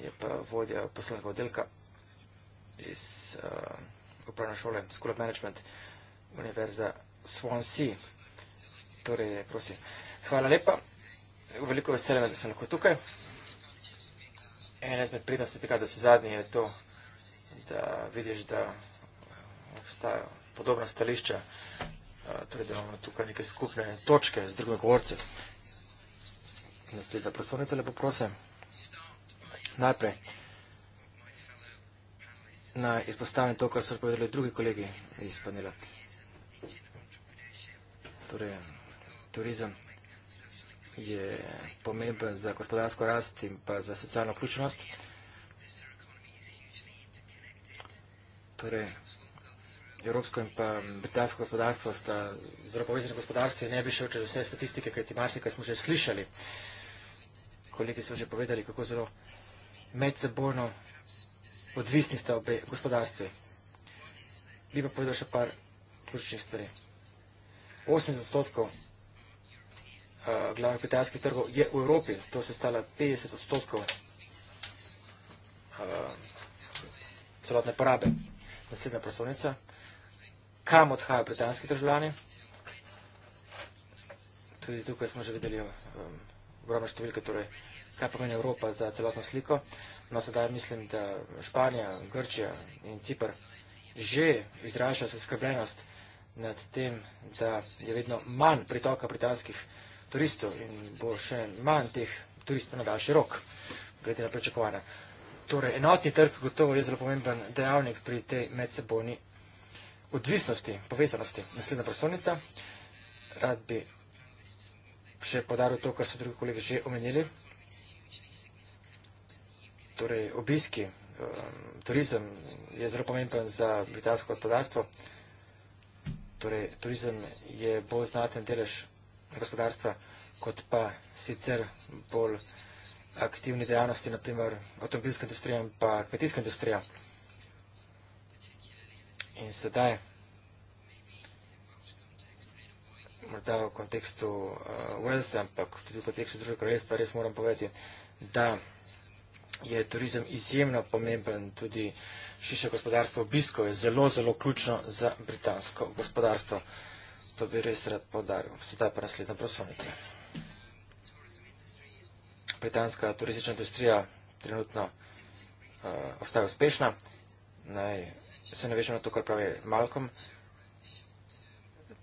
je pa vodja poslovnega oddelka iz uh, upravne šole School of Management Univerza Swansea. Torej, prosim. Hvala lepa. Veliko veselje me, da sem lahko tukaj. Ena izmed prednosti tega, da si zadnji, je to, da vidiš, da obstajajo podobna stališča torej da imamo tukaj neke skupne točke z drugim govorcem. Naslednja prosovnica, lepo prosim. Najprej naj izpostavim to, kar so povedali drugi kolegi iz panela. Torej, turizem je pomemben za gospodarsko rast in pa za socialno vključenost. Torej, evropsko in pa britansko gospodarstvo sta zelo povezani gospodarstvi in ne bi šel čez vse statistike, kajti marsika smo že slišali. Kolegi so že povedali, kako zelo medsebojno odvisni sta obe gospodarstvi. Bi pa povedal še par ključnih stvari. 80 odstotkov glavnih britanskih trgov je v Evropi, to se stala 50 odstotkov celotne porabe. Naslednja prostornica kam odhajajo britanski državljani. Tudi tukaj smo že videli ogromno um, številke, torej kaj pomeni Evropa za celotno sliko. No, sedaj mislim, da Španija, Grčija in Cipr že izražajo zaskrbljenost nad tem, da je vedno manj pritoka britanskih turistov in bo še manj teh turistov na daljši rok, glede na pričakovanja. Torej, enotni trg gotovo je zelo pomemben dejavnik pri tej medsebojni odvisnosti, povezanosti. Naslednja prostornica. Rad bi še podaril to, kar so drugi kolegi že omenili. Torej, obiski, um, turizem je zelo pomemben za britansko gospodarstvo. Torej, turizem je bolj znaten delež gospodarstva, kot pa sicer bolj aktivni dejavnosti, naprimer avtomobilska industrija in pa kmetijska industrija. In sedaj, morda v kontekstu uh, Walesa, ampak tudi v kontekstu druge kraljestva, res moram povedati, da je turizem izjemno pomemben, tudi širše gospodarstvo obiskov je zelo, zelo ključno za britansko gospodarstvo. To bi res rad podaril. Sedaj pa naslednja prosovnica. Britanska turistična industrija trenutno uh, ostaja uspešna. Naj se navežem na to, kar pravi Malcolm.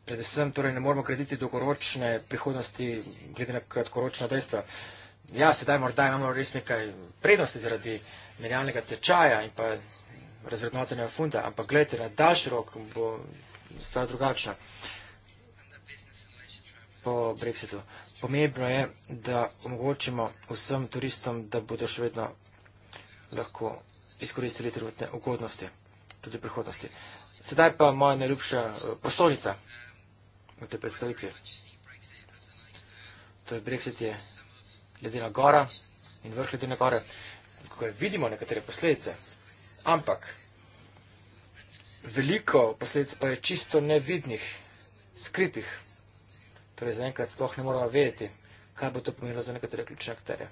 Predvsem torej ne moramo graditi dolgoročne prihodnosti, glede na kratkoročna dejstva. Ja, sedaj morda imamo res nekaj prednosti zaradi menjalnega tečaja in pa razrednotenja funda, ampak gledajte, na daljši rok bo stvar drugačna po Brexitu. Pomembno je, da omogočimo vsem turistom, da bodo še vedno lahko izkoristili trenutne ugodnosti tudi v prihodnosti. Sedaj pa moja najljubša eh, prostorica v tej predstavitvi. To je Brexit, je ledena gora in vrh ledene gore, ko vidimo nekatere posledice, ampak veliko posledic pa je čisto nevidnih, skritih. Torej, zaenkrat sploh ne moramo vedeti, kaj bo to pomenilo za nekatere ključne akterje.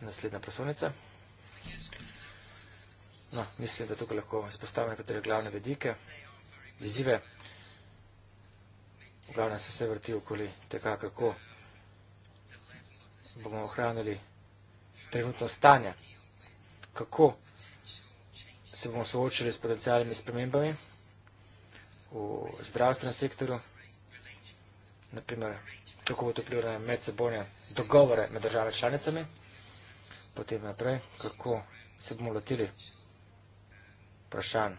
Naslednja prosovnica. No, mislim, da tukaj lahko izpostavim nekatere glavne vedike, izzive. V glavnem se vse vrti okoli tega, kako bomo ohranili trenutno stanje, kako se bomo soočili s potencijalnimi spremembami v zdravstvenem sektoru, naprimer, kako bo to vplivalo na medsebojne dogovore med državami članicami, potem naprej, kako se bomo lotili vprašanj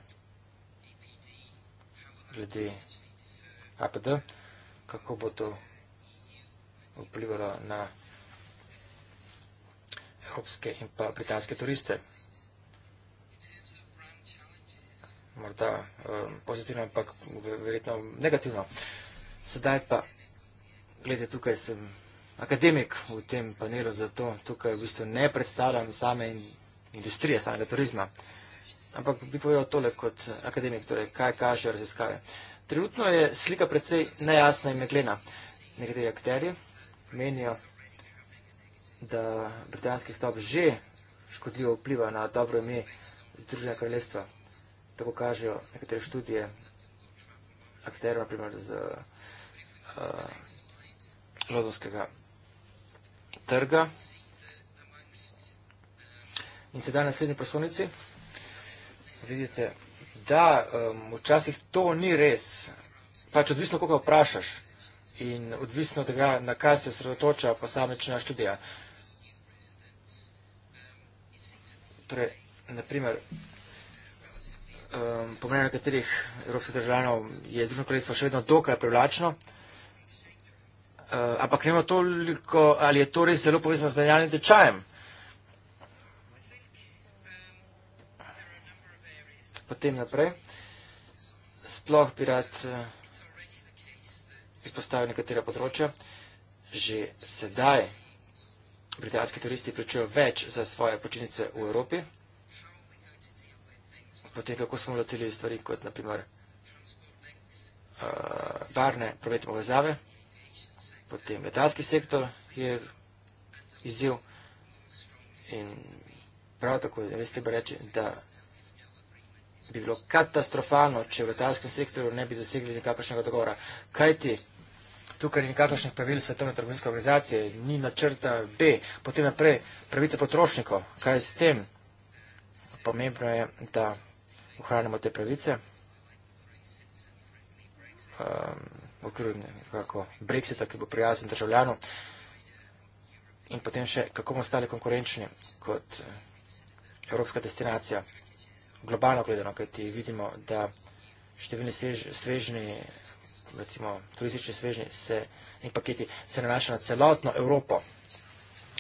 glede APD, kako bo to vplivalo na evropske in pa britanske turiste. Morda um, pozitivno, ampak verjetno negativno. Sedaj pa, gledajte, tukaj sem akademik v tem panelu, zato tukaj v bistvu ne predstavljam same industrije, samega turizma ampak bi povedal tole kot eh, akademik, torej kaj kažejo raziskave. Trenutno je slika precej nejasna in meglena. Nekateri akterji menijo, da britanski stop že škodljivo vpliva na dobro ime Združenega kraljestva. Tako kažejo nekatere študije akterjev, naprimer z uh, eh, Lodovskega trga. In sedaj na naslednji poslovnici vidite, da um, včasih to ni res. Pač odvisno, koga vprašaš in odvisno, tega, na kaj se sredotoča posamečna študija. Torej, naprimer, um, po mnenju nekaterih evropskih državljanov je Združeno kraljestvo še vedno dokaj privlačno. Uh, ampak ne ima toliko, ali je to res zelo povezano z menjalnim tečajem. potem naprej. Sploh bi rad eh, izpostavil nekatera področja. Že sedaj britanski turisti plačujejo več za svoje počitnice v Evropi. Potem, kako smo lotili stvari, kot naprimer uh, eh, varne prometne povezave, potem letalski sektor je izziv in prav tako, da veste, bi reči, da bi bilo katastrofalno, če v letalskem sektorju ne bi dosegli nikakršnega dogovora. Kaj ti? Tukaj ni nikakršnih pravil Svetovne trgovinske organizacije, ni načrta B, potem naprej pravica potrošnikov. Kaj je s tem? Pomembno je, da ohranimo te pravice. Um, v okviru nekako Brexita, ki bo prijazen državljanu. In potem še, kako bomo stali konkurenčni kot eh, Evropska destinacija globalno gledano, kajti vidimo, da številni svežni, recimo turistični svežni se, in paketi se nanašajo na celotno Evropo.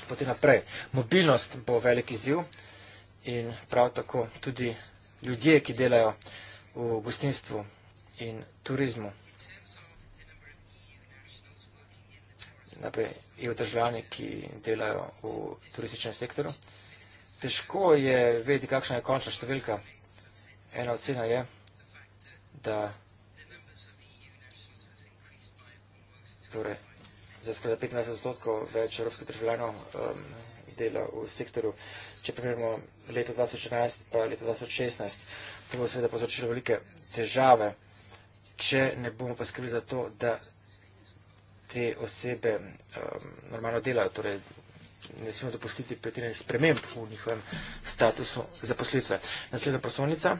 Potem naprej, mobilnost bo velik izziv in prav tako tudi ljudje, ki delajo v gostinstvu in turizmu. Naprej, in državljani, ki delajo v turističnem sektoru težko je vedeti, kakšna je končna številka. Ena ocena je, da torej, za skoraj 15 odstotkov več evropskih državljanov um, dela v sektorju. Če primerjamo leto 2014 pa leto 2016, to bo seveda povzročilo velike težave, če ne bomo pa skrbi za to, da te osebe um, normalno delajo, torej ne smemo dopustiti pretirane sprememb v njihovem statusu zaposlitve. Naslednja prosovnica, eh,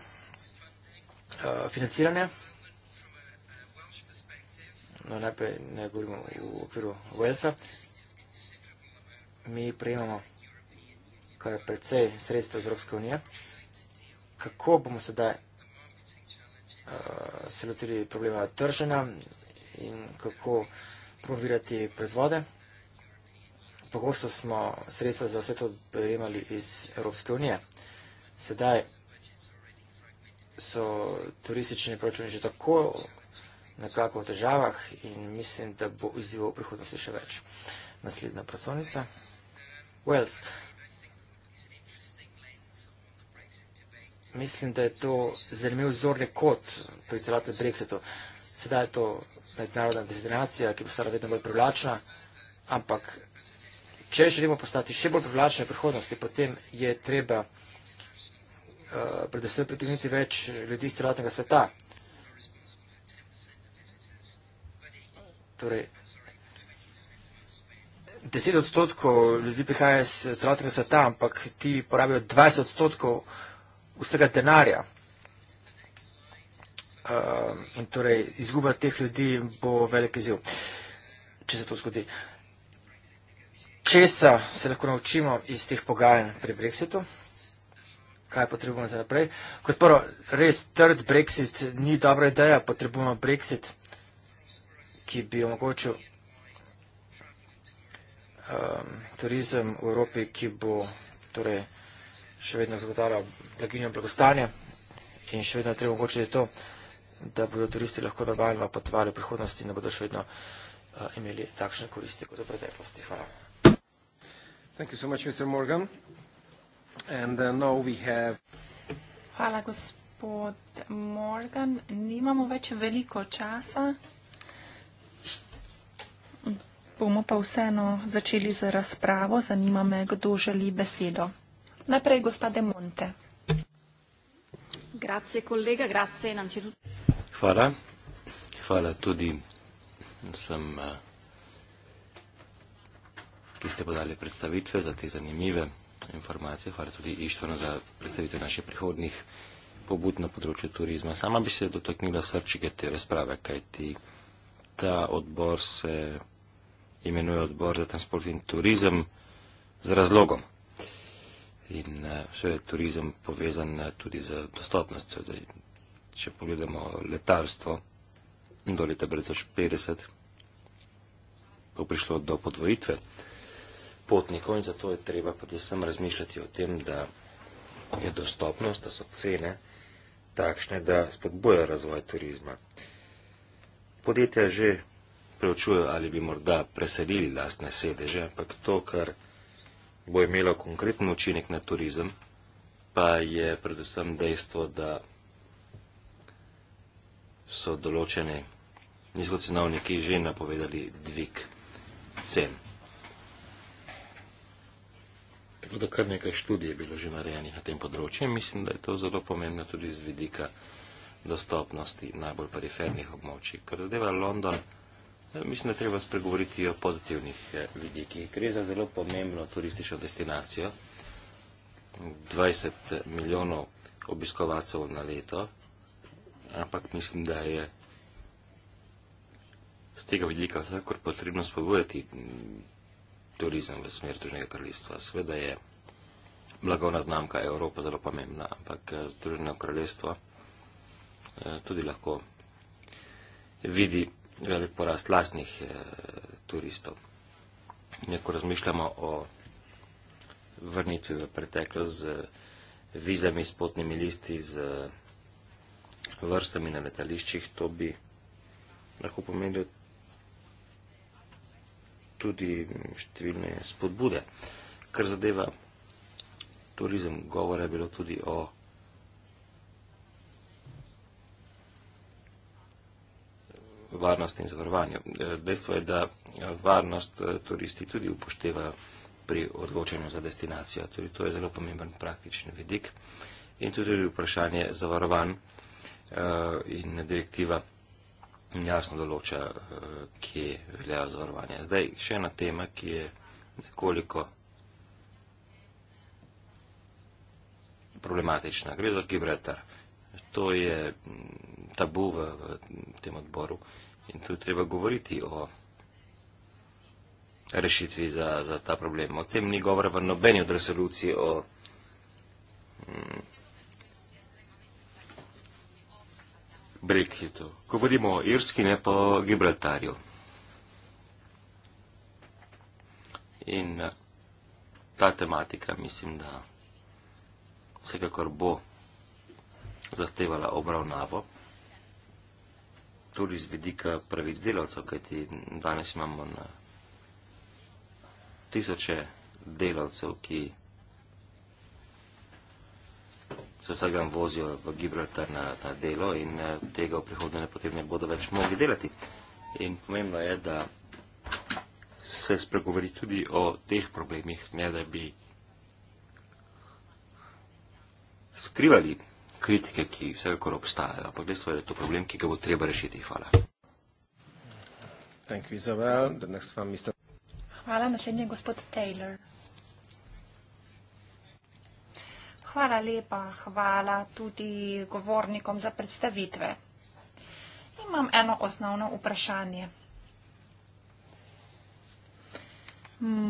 financiranje. No, najprej ne govorimo v okviru Walesa. Mi prejemamo kar precej sredstva iz Evropske unije. Kako bomo sedaj uh, se lotili problema tržena in kako promovirati proizvode? pogosto smo sredstva za vse to dojemali iz Evropske unije. Sedaj so turistični proračuni že tako nekako v težavah in mislim, da bo izzivov v prihodnosti še več. Naslednja prosovnica. Wales. Mislim, da je to zanimiv vzorni kot pri celotnem Brexitu. Sedaj je to mednarodna destinacija, ki postala vedno bolj privlačna, ampak Če želimo postati še bolj privlačni v prihodnosti, potem je treba uh, predvsem pritegniti več ljudi iz celotnega sveta. Torej, 10 odstotkov ljudi prihaja iz celotnega sveta, ampak ti porabijo 20 odstotkov vsega denarja. Uh, in torej, izguba teh ljudi bo velik izziv, če se to zgodi česa se lahko naučimo iz teh pogajanj pri Brexitu, kaj potrebujemo za naprej. Kot prvo, res trd Brexit ni dobra ideja, potrebujemo Brexit, ki bi omogočil um, turizem v Evropi, ki bo torej, še vedno zagotavljal blaginjo blagostanja in še vedno treba omogočiti to, da bodo turisti lahko normalno potovali v prihodnosti in da bodo še vedno uh, imeli takšne koristi kot v preteklosti. Hvala. Thank you so much, Mr. Morgan. And uh, now we have... Hvala, gospod Morgan. Nimamo več veliko časa. Bomo pa vseeno začeli z razpravo. Zanima me, kdo želi besedo. Naprej, gospa De Monte. Grazie, kolega. Grazie, nam se tudi... Hvala. Hvala tudi sem... Uh... Eh, ki ste podali predstavitve, za te zanimive informacije. Hvala tudi Ištvano za predstavitev naše prihodnih pobud na področju turizma. Sama bi se dotaknila srčike te razprave, kajti ta odbor se imenuje odbor za transport in turizem z razlogom. In vse eh, je turizem povezan eh, tudi z dostopnostjo. Zdaj, če pogledamo letalstvo do leta 2050, bo prišlo do podvojitve potnikov in zato je treba predvsem razmišljati o tem, da je dostopnost, da so cene takšne, da spodbojajo razvoj turizma. Podjetja že preučujejo, ali bi morda preselili lastne sedeže, ampak to, kar bo imelo konkreten učinek na turizem, pa je predvsem dejstvo, da so določeni nizkocenovniki že napovedali dvig cen. Tako da kar nekaj študij je bilo že narejenih na tem področju in mislim, da je to zelo pomembno tudi z vidika dostopnosti najbolj perifernih območij. Kar zadeva London, eh, mislim, da treba spregovoriti o pozitivnih eh, vidikih. Gre za zelo pomembno turistično destinacijo. 20 milijonov obiskovalcev na leto, ampak mislim, da je z tega vidika vsekakor potrebno spodbujati turizem v smer Združenega kraljestva. Sveda je blagovna znamka Evropa zelo pomembna, ampak eh, Združeno kraljestvo eh, tudi lahko vidi velik porast lastnih eh, turistov. Neko razmišljamo o vrnitvi v preteklost z vizami, s potnimi listi, z vrstami na letališčih, to bi lahko pomenilo tudi številne spodbude. Kar zadeva turizem, govore je bilo tudi o varnosti in zavarovanju. Dejstvo je, da varnost eh, turisti tudi upošteva pri odločanju za destinacijo. Tudi to je zelo pomemben praktičen vidik. In tudi vprašanje zavarovanj eh, in direktiva 2001-2001 jasno določa, eh, kje velja zavarovanje. Zdaj, še ena tema, ki je nekoliko problematična. Gre za Gibraltar. To je mm, tabu v, v tem odboru in tu treba govoriti o rešitvi za, za ta problem. O tem ni govora v nobeni od resolucij o mm, Brexitu. Govorimo o Irski, ne pa o Gibraltarju. In eh, ta tematika mislim, da vsekakor bo zahtevala obravnavo tudi z vedika pravic delavcev, kajti danes imamo na tisoče delavcev, ki se vsak dan vozijo v Gibraltar na, na delo in eh, tega v prihodnje potem ne bodo več mogli delati. In pomembno je, da se spregovori tudi o teh problemih, ne da bi skrivali kritike, ki vsekakor obstajajo. Ampak dejstvo je, da je to problem, ki ga bo treba rešiti. Hvala. Hvala, naslednji je gospod Taylor. Hvala lepa, hvala tudi govornikom za predstavitve. Imam eno osnovno vprašanje.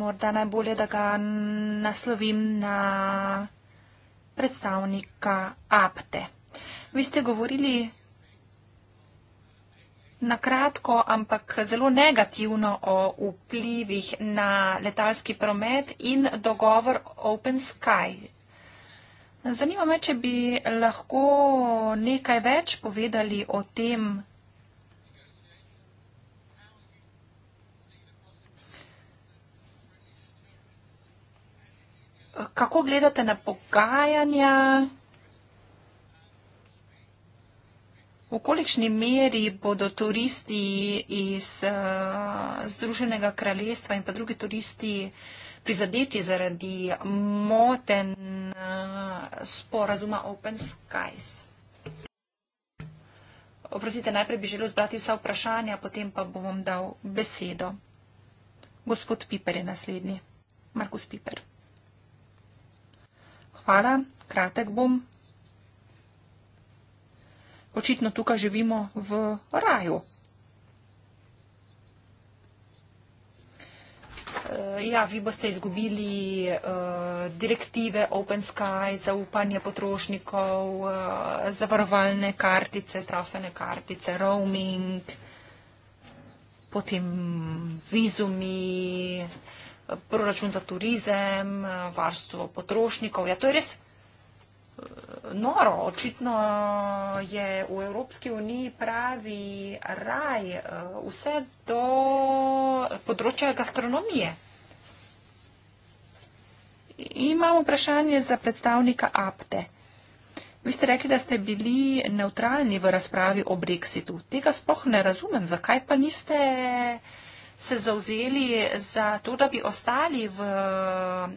Morda najbolje, da ga naslovim na predstavnika APTE. Vi ste govorili na kratko, ampak zelo negativno o vplivih na letalski promet in dogovor Open Sky. Zanima me, če bi lahko nekaj več povedali o tem, kako gledate na pogajanja, v kolikšni meri bodo turisti iz eh, Združenega kraljestva in pa drugi turisti uh, prizadeti zaradi moten sporazuma Open Skies. Oprostite, najprej bi želel zbrati vsa vprašanja, potem pa bom vam dal besedo. Gospod Piper je naslednji. Markus Piper. Hvala, kratek bom. Očitno tukaj živimo v raju. Eh, ja, vi boste izgubili uh, direktive Open Sky, zaupanje potrošnikov, uh, zavarovalne kartice, zdravstvene kartice, roaming, potem vizumi, proračun za turizem, varstvo potrošnikov. Ja, to je res noro. Očitno je v Evropski uniji pravi raj eh, vse do področja gastronomije. Imam vprašanje za predstavnika APTE. Vi ste rekli, da ste bili neutralni v razpravi o Brexitu. Tega sploh ne razumem. Zakaj pa niste se zauzeli za to, da bi ostali v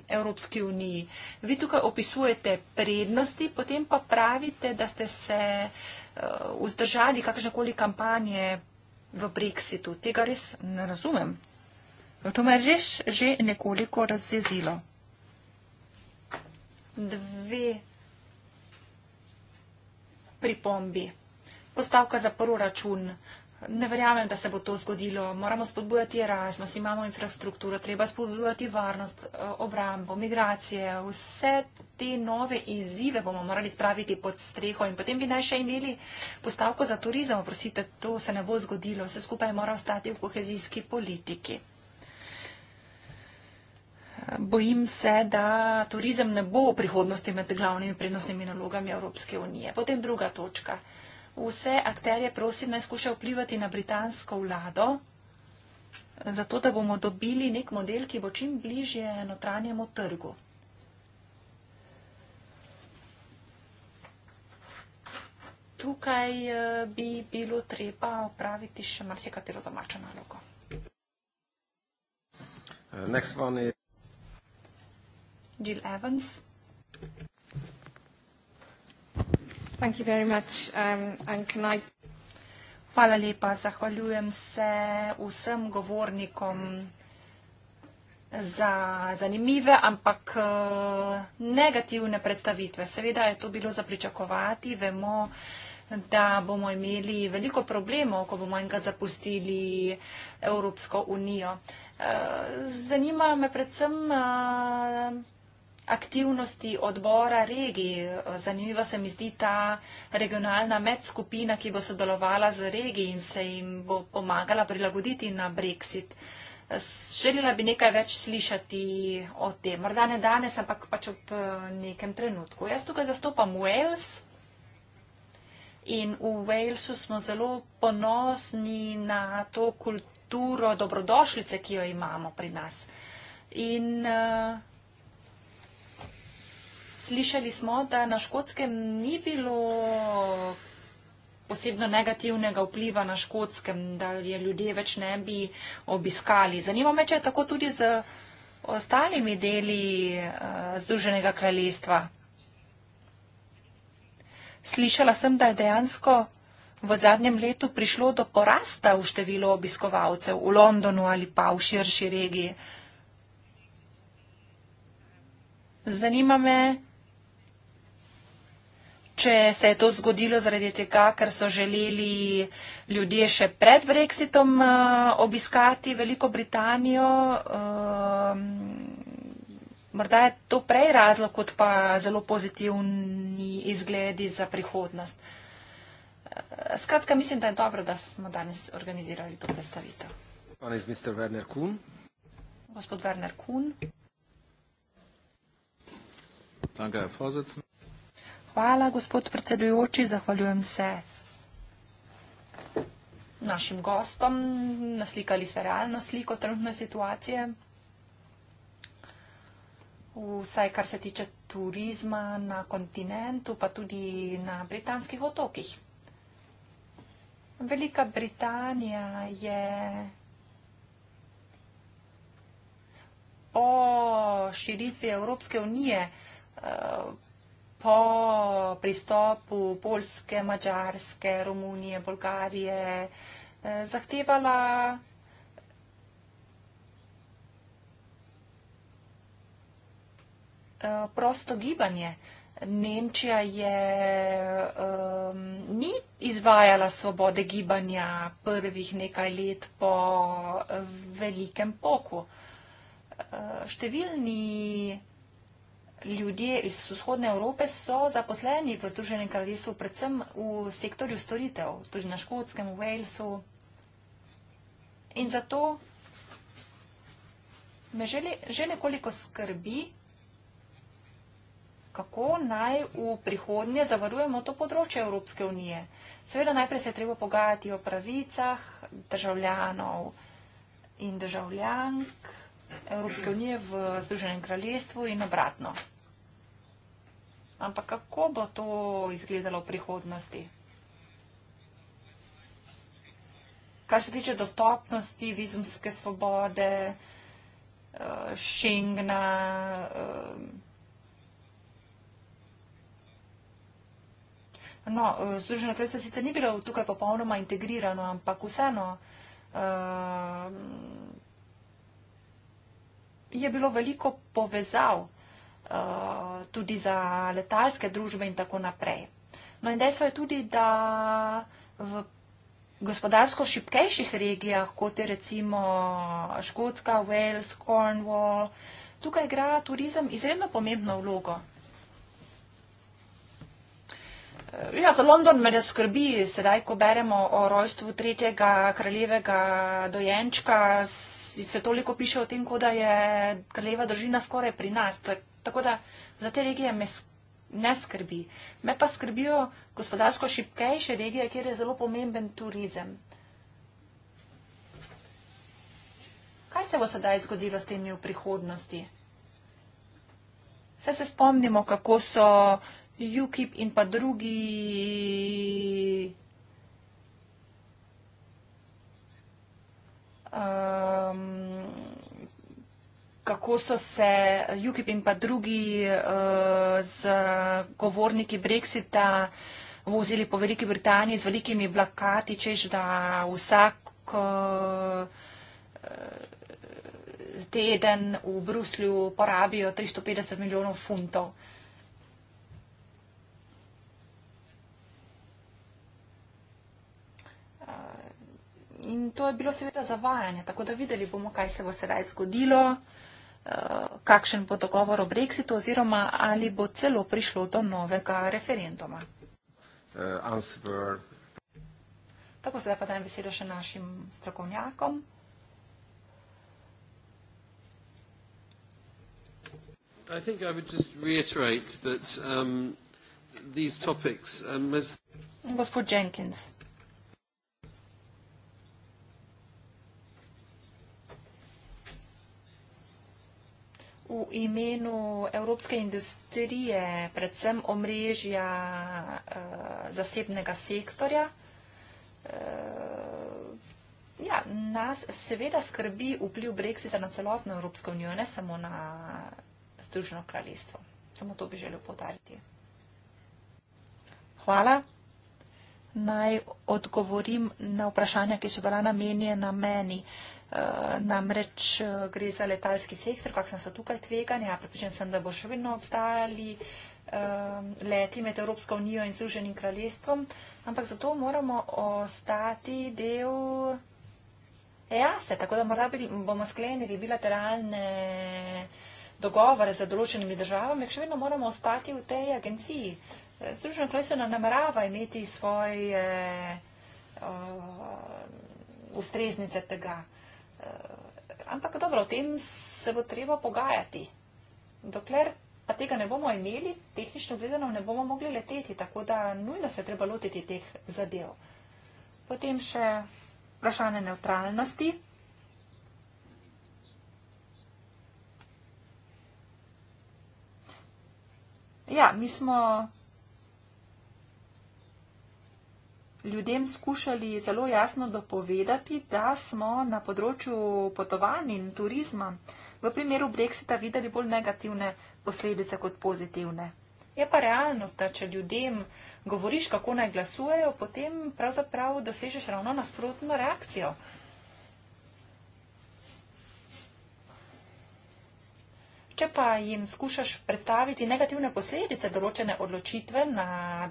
Evropski uniji. Vi tukaj opisujete prednosti, potem pa pravite, da ste se eh, vzdržali kakršnekoli kampanje v Brexitu. Tega res ne razumem. To me je res že nekoliko razjezilo. Dve pripombi. Postavka za prvo račun ne verjamem, da se bo to zgodilo. Moramo spodbujati Erasmus, imamo infrastrukturo, treba spodbujati varnost, eh, obrambo, migracije. Vse te nove izzive bomo morali spraviti pod streho in potem bi naj še imeli postavko za turizem. Oprostite, to se ne bo zgodilo. Vse skupaj mora ostati v kohezijski politiki. Bojim se, da turizem ne bo v prihodnosti med glavnimi prednostnimi nalogami Evropske unije. Potem druga točka vse akterje prosim, naj skuša vplivati na britansko vlado, zato da bomo dobili nek model, ki bo čim bližje notranjemu trgu. Tukaj eh, bi bilo treba opraviti še marsikatero domačo nalogo. Uh, next one is Jill Evans. Thank you very much. Um, and can I... Hvala lepa. Zahvaljujem se vsem govornikom za zanimive, ampak uh, negativne predstavitve. Seveda je to bilo zapričakovati. Vemo, da bomo imeli veliko problemov, ko bomo enkrat zapustili Evropsko unijo. Uh, zanima me predvsem uh, aktivnosti odbora regij. Zanimiva se mi zdi ta regionalna medskupina, ki bo sodelovala z regij in se jim bo pomagala prilagoditi na Brexit. Želela bi nekaj več slišati o tem, morda ne danes, ampak pač ob eh, nekem trenutku. Jaz tukaj zastopam Wales in v Walesu smo zelo ponosni na to kulturo dobrodošljice, ki jo imamo pri nas. In uh, slišali smo, da na škotskem ni bilo posebno negativnega vpliva na škotskem, da je ljudje več ne bi obiskali. Zanima me, če je tako tudi z ostalimi deli eh, Združenega kraljestva. Slišala sem, da je dejansko v zadnjem letu prišlo do porasta v številu obiskovalcev v Londonu ali pa v širši regiji. Zanima me, če se je to zgodilo zaradi tega, ker so želeli ljudje še pred Brexitom eh, obiskati Veliko Britanijo. Ehm, morda je to prej razlog, kot pa zelo pozitivni izgledi za prihodnost. Eh, skratka, mislim, da je dobro, da smo danes organizirali to predstavitev. Werner Kuhn. Gospod Werner Kuhn. Danke, Herr Vorsitzender. Hvala, gospod predsedujoči, zahvaljujem se našim gostom. Naslikali ste realno sliko trenutne situacije. Vsaj kar se tiče turizma na kontinentu, pa tudi na britanskih otokih. Velika Britanija je po širitvi Evropske unije eh, po pristopu Polske, Mačarske, Romunije, Bolgarije eh, zahtevala eh, prosto gibanje. Nemčija je, um, ni izvajala svobode gibanja prvih nekaj let po eh, velikem poku. Številni ljudje iz vzhodne Evrope so zaposleni v Združenem kraljestvu, predvsem v sektorju storitev, tudi na škotskem, v Walesu. In zato me želi, že nekoliko skrbi, kako naj v prihodnje zavarujemo to področje Evropske unije. Seveda najprej se je treba pogajati o pravicah državljanov in državljank. Evropske unije v Združenem kraljestvu in obratno. Ampak kako bo to izgledalo v prihodnosti? Kar se tiče dostopnosti, vizumske svobode, šengna. Eh, eh, no, eh, Združeno kraljestvo sicer ni bilo tukaj popolnoma integrirano, ampak vseeno je bilo veliko povezav uh, tudi za letalske družbe in tako naprej. No in dejstvo je tudi, da v gospodarsko šipkejših regijah, kot je recimo Škotska, Wales, Cornwall, tukaj igra turizem izredno pomembno vlogo. Eh, ja, za London me res skrbi, sedaj, ko beremo o rojstvu tretjega kraljevega dojenčka, se toliko piše o tem, kot da je kraljeva držina skoraj pri nas. Tako da za te regije me ne skrbi. Me pa skrbijo gospodarsko šipkejše regije, kjer je zelo pomemben turizem. Kaj se bo sedaj zgodilo s temi v prihodnosti? Vse se spomnimo, kako so. UKIP in pa drugi um, kako so se UKIP in pa drugi uh, z govorniki Brexita vozili po Veliki Britaniji z velikimi blakati, čež da vsak uh, teden v Bruslju porabijo 350 milijonov funtov. Uh, in to je bilo seveda zavajanje, tako da videli bomo, kaj se bo sedaj zgodilo, eh, kakšen bo dogovor o brexitu oziroma ali bo celo prišlo do novega referenduma. Eh, tako sedaj pa dajem besedo še našim strokovnjakom. Um, um, Gospod Jenkins. v imenu evropske industrije, predvsem omrežja uh, zasebnega sektorja. Uh, ja, nas seveda skrbi vpliv Brexita na celotno Evropsko unijo, ne samo na Združeno kraljestvo. Samo to bi želel podariti. Hvala. Naj odgovorim na vprašanja, ki so bila namenjena meni. Uh, namreč eh, gre za letalski sektor, kakšne so tukaj tveganja, ja, pripričan sem, da bo še vedno obstajali ehm, leti med Evropsko unijo in Združenim kraljestvom, ampak zato moramo ostati del EASE, e, tako da morda bomo sklenili bilateralne dogovore z določenimi državami, še vedno moramo ostati v tej agenciji. Združeno kraljestvo namerava imeti svoje uh, ustreznice tega. Eh, ampak dobro, o tem se bo treba pogajati. Dokler pa tega ne bomo imeli, tehnično gledano ne bomo mogli leteti, tako da nujno se treba lotiti teh zadev. Potem še vprašanje neutralnosti. Ja, mi smo ljudem skušali zelo jasno dopovedati, da smo na področju potovanj in turizma v primeru Brexita videli bolj negativne posledice kot pozitivne. Je pa realnost, da če ljudem govoriš, kako naj glasujejo, potem pravzaprav dosežeš ravno nasprotno reakcijo. Če pa jim skušaš predstaviti negativne posledice določene odločitve na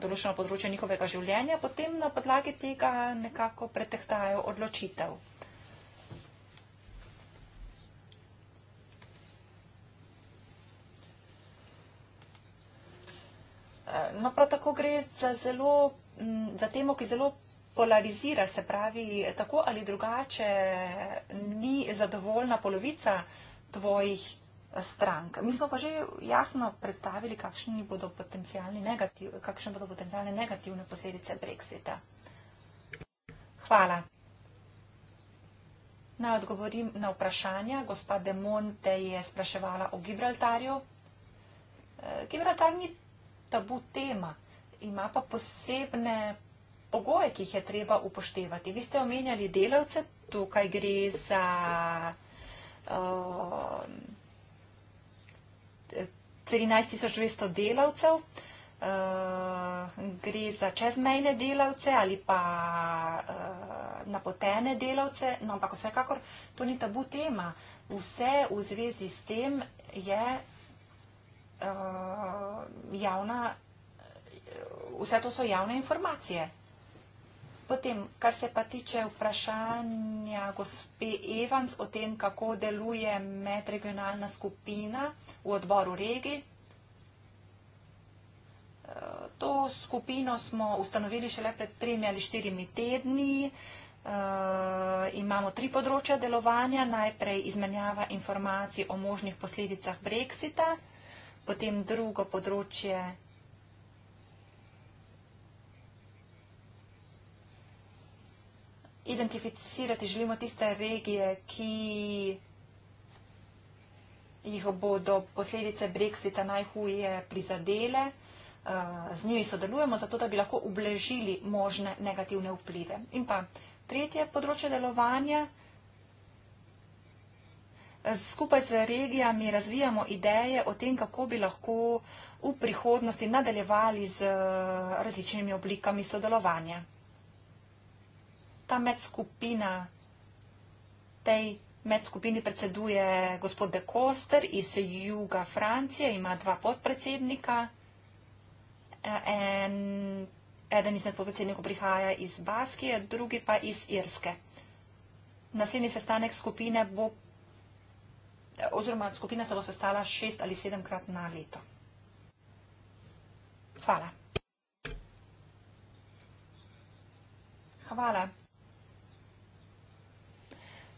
določeno področje njihovega življenja, potem na podlagi tega nekako pretehtajo odločitev. Eh, no, prav tako gre za, zelo, za temo, ki zelo polarizira, se pravi, tako ali drugače ni zadovoljna polovica tvojih strank. Mi smo pa že jasno predstavili, bodo negativ, kakšne bodo potencijalne negativne posledice Brexita. Hvala. Naj odgovorim na vprašanja. Gospa De Monte je spraševala o Gibraltarju. E, Gibraltar ni tabu tema, ima pa posebne pogoje, ki jih je treba upoštevati. Vi ste omenjali delavce, tukaj gre za. Uh, 13200 delavcev. Uh, gre za čezmejne delavce ali pa uh, napotene delavce, no, ampak vsekakor to ni tabu tema. Vse v zvezi s tem je uh, javna, vse to so javne informacije. Potem, kar se pa tiče vprašanja gospe Evans o tem, kako deluje medregionalna skupina v odboru regij. Eh, to skupino smo ustanovili šele pred tremi ali štirimi tedni. Eh, imamo tri področja delovanja. Najprej izmenjava informacij o možnih posledicah Brexita, potem drugo področje identificirati, želimo tiste regije, ki jih bodo posledice Brexita najhuje prizadele. Eh, z njimi sodelujemo, zato da bi lahko ublažili možne negativne vplive. In pa tretje področje delovanja. Eh, skupaj z regijami razvijamo ideje o tem, kako bi lahko v prihodnosti nadaljevali z eh, različnimi oblikami sodelovanja ta medskupina, tej medskupini predseduje gospod De Koster iz juga Francije, ima dva podpredsednika. E, en, eden izmed podpredsednikov prihaja iz Baskije, drugi pa iz Irske. Naslednji sestanek skupine bo, e, oziroma skupina se bo sestala šest ali sedemkrat na leto. Hvala. Hvala.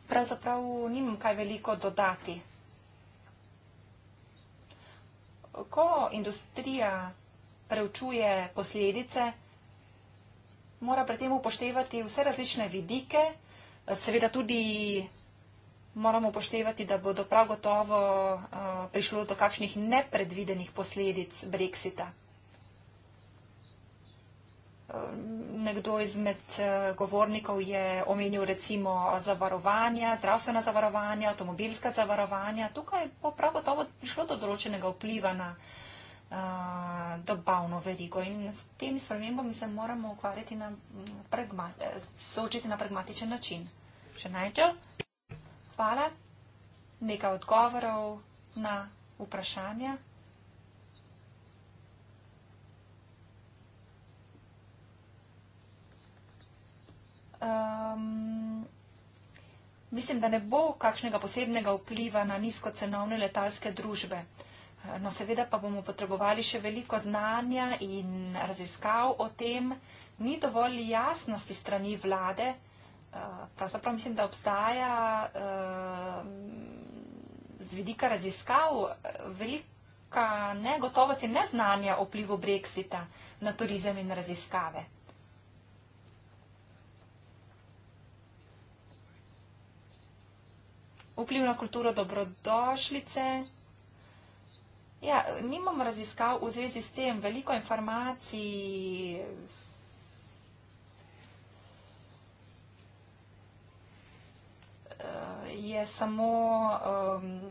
Pravzaprav nimam kaj veliko dodati. Ko industrija preučuje posledice, mora pri tem upoštevati vse različne vidike, seveda tudi moramo upoštevati, da bo do prav gotovo eh, prišlo do kakšnih nepredvidenih posledic Brexita. Nekdo izmed eh, govornikov je omenil recimo zavarovanja, zdravstvena zavarovanja, avtomobilska zavarovanja. Tukaj bo prav gotovo prišlo do določenega vpliva na eh, dobavno verigo in s temi spremembami se moramo ukvarjati na, pragma, na pragmatičen način. Še najčel? Hvala. Nekaj odgovorov na vprašanja. Um, mislim, da ne bo kakšnega posebnega vpliva na nizkocenovne letalske družbe. Eh, no, seveda pa bomo potrebovali še veliko znanja in raziskav o tem. Ni dovolj jasnosti strani vlade. Eh, pravzaprav mislim, da obstaja ehm, z vidika raziskav eh, velika negotovost in neznanja o vplivu Brexita na turizem in raziskave. vpliv na kulturo dobrodošlice. Ja, nimam raziskav v zvezi s tem, veliko informacij. Eh, je samo um,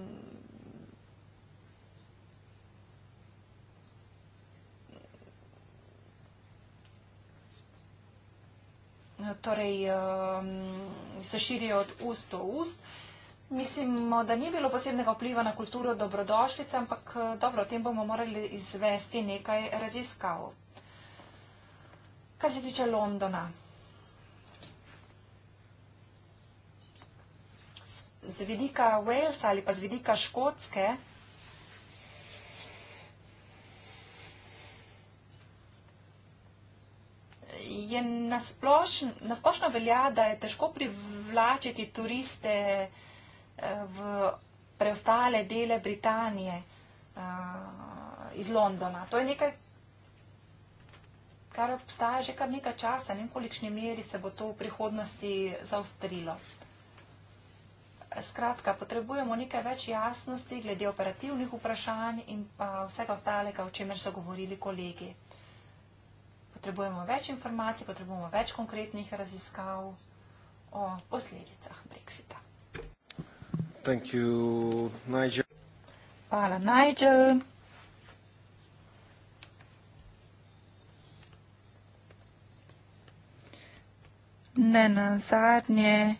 torej, um, se širijo od ust do ust. Uh, Mislimo, da ni bilo posebnega vpliva na kulturo dobrodošlice, ampak eh, dobro, o tem bomo morali izvesti nekaj raziskav. Kaj se tiče Londona? Z vidika Wales ali pa z vidika Škotske je nasplošno, nasplošno velja, da je težko privlačiti turiste, v preostale dele Britanije eh, iz Londona. To je nekaj, kar obstaja že kar nekaj časa, ne vem, kolikšni meri se bo to v prihodnosti zaustrilo. Skratka, potrebujemo nekaj več jasnosti glede operativnih vprašanj in pa vsega ostalega, o čemer so govorili kolegi. Potrebujemo več informacij, potrebujemo več konkretnih raziskav o posledicah Brexita. Thank you, Nigel. Hvala, Nigel. Ne na zadnje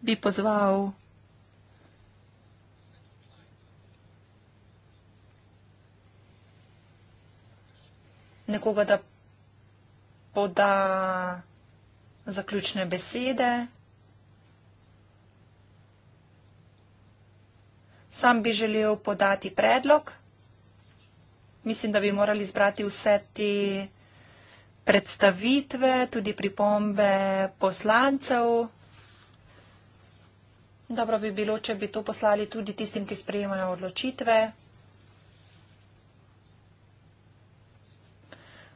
bi pozval nekoga, da poda zaključne besede. Sam bi želel podati predlog. Mislim, da bi morali zbrati vse te predstavitve, tudi pripombe poslancev. Dobro bi bilo, če bi to poslali tudi tistim, ki sprejemajo odločitve.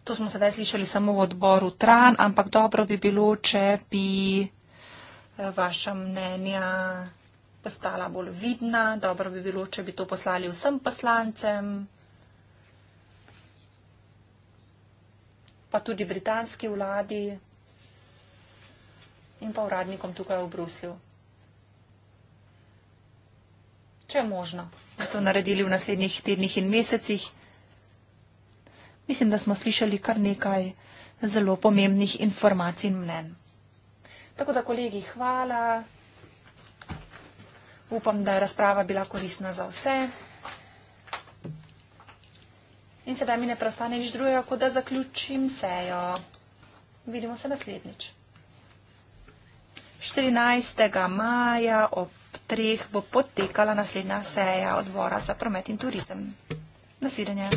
To smo sedaj slišali samo v odboru Tran, ampak dobro bi bilo, če bi eh, vaša mnenja postala bolj vidna. Dobro bi bilo, če bi to poslali vsem poslancem. pa tudi britanski vladi in pa uradnikom tukaj v Bruslju. Če je možno, bi to naredili v naslednjih tednih in mesecih. Mislim, da smo slišali kar nekaj zelo pomembnih informacij in mnen. Tako da, kolegi, hvala. Upam, da je razprava bila koristna za vse. In sedaj mi ne preostane nič drugega, kot da zaključim sejo. Vidimo se naslednjič. 14. maja ob treh bo potekala naslednja seja odbora za promet in turizem. Nasvidenje.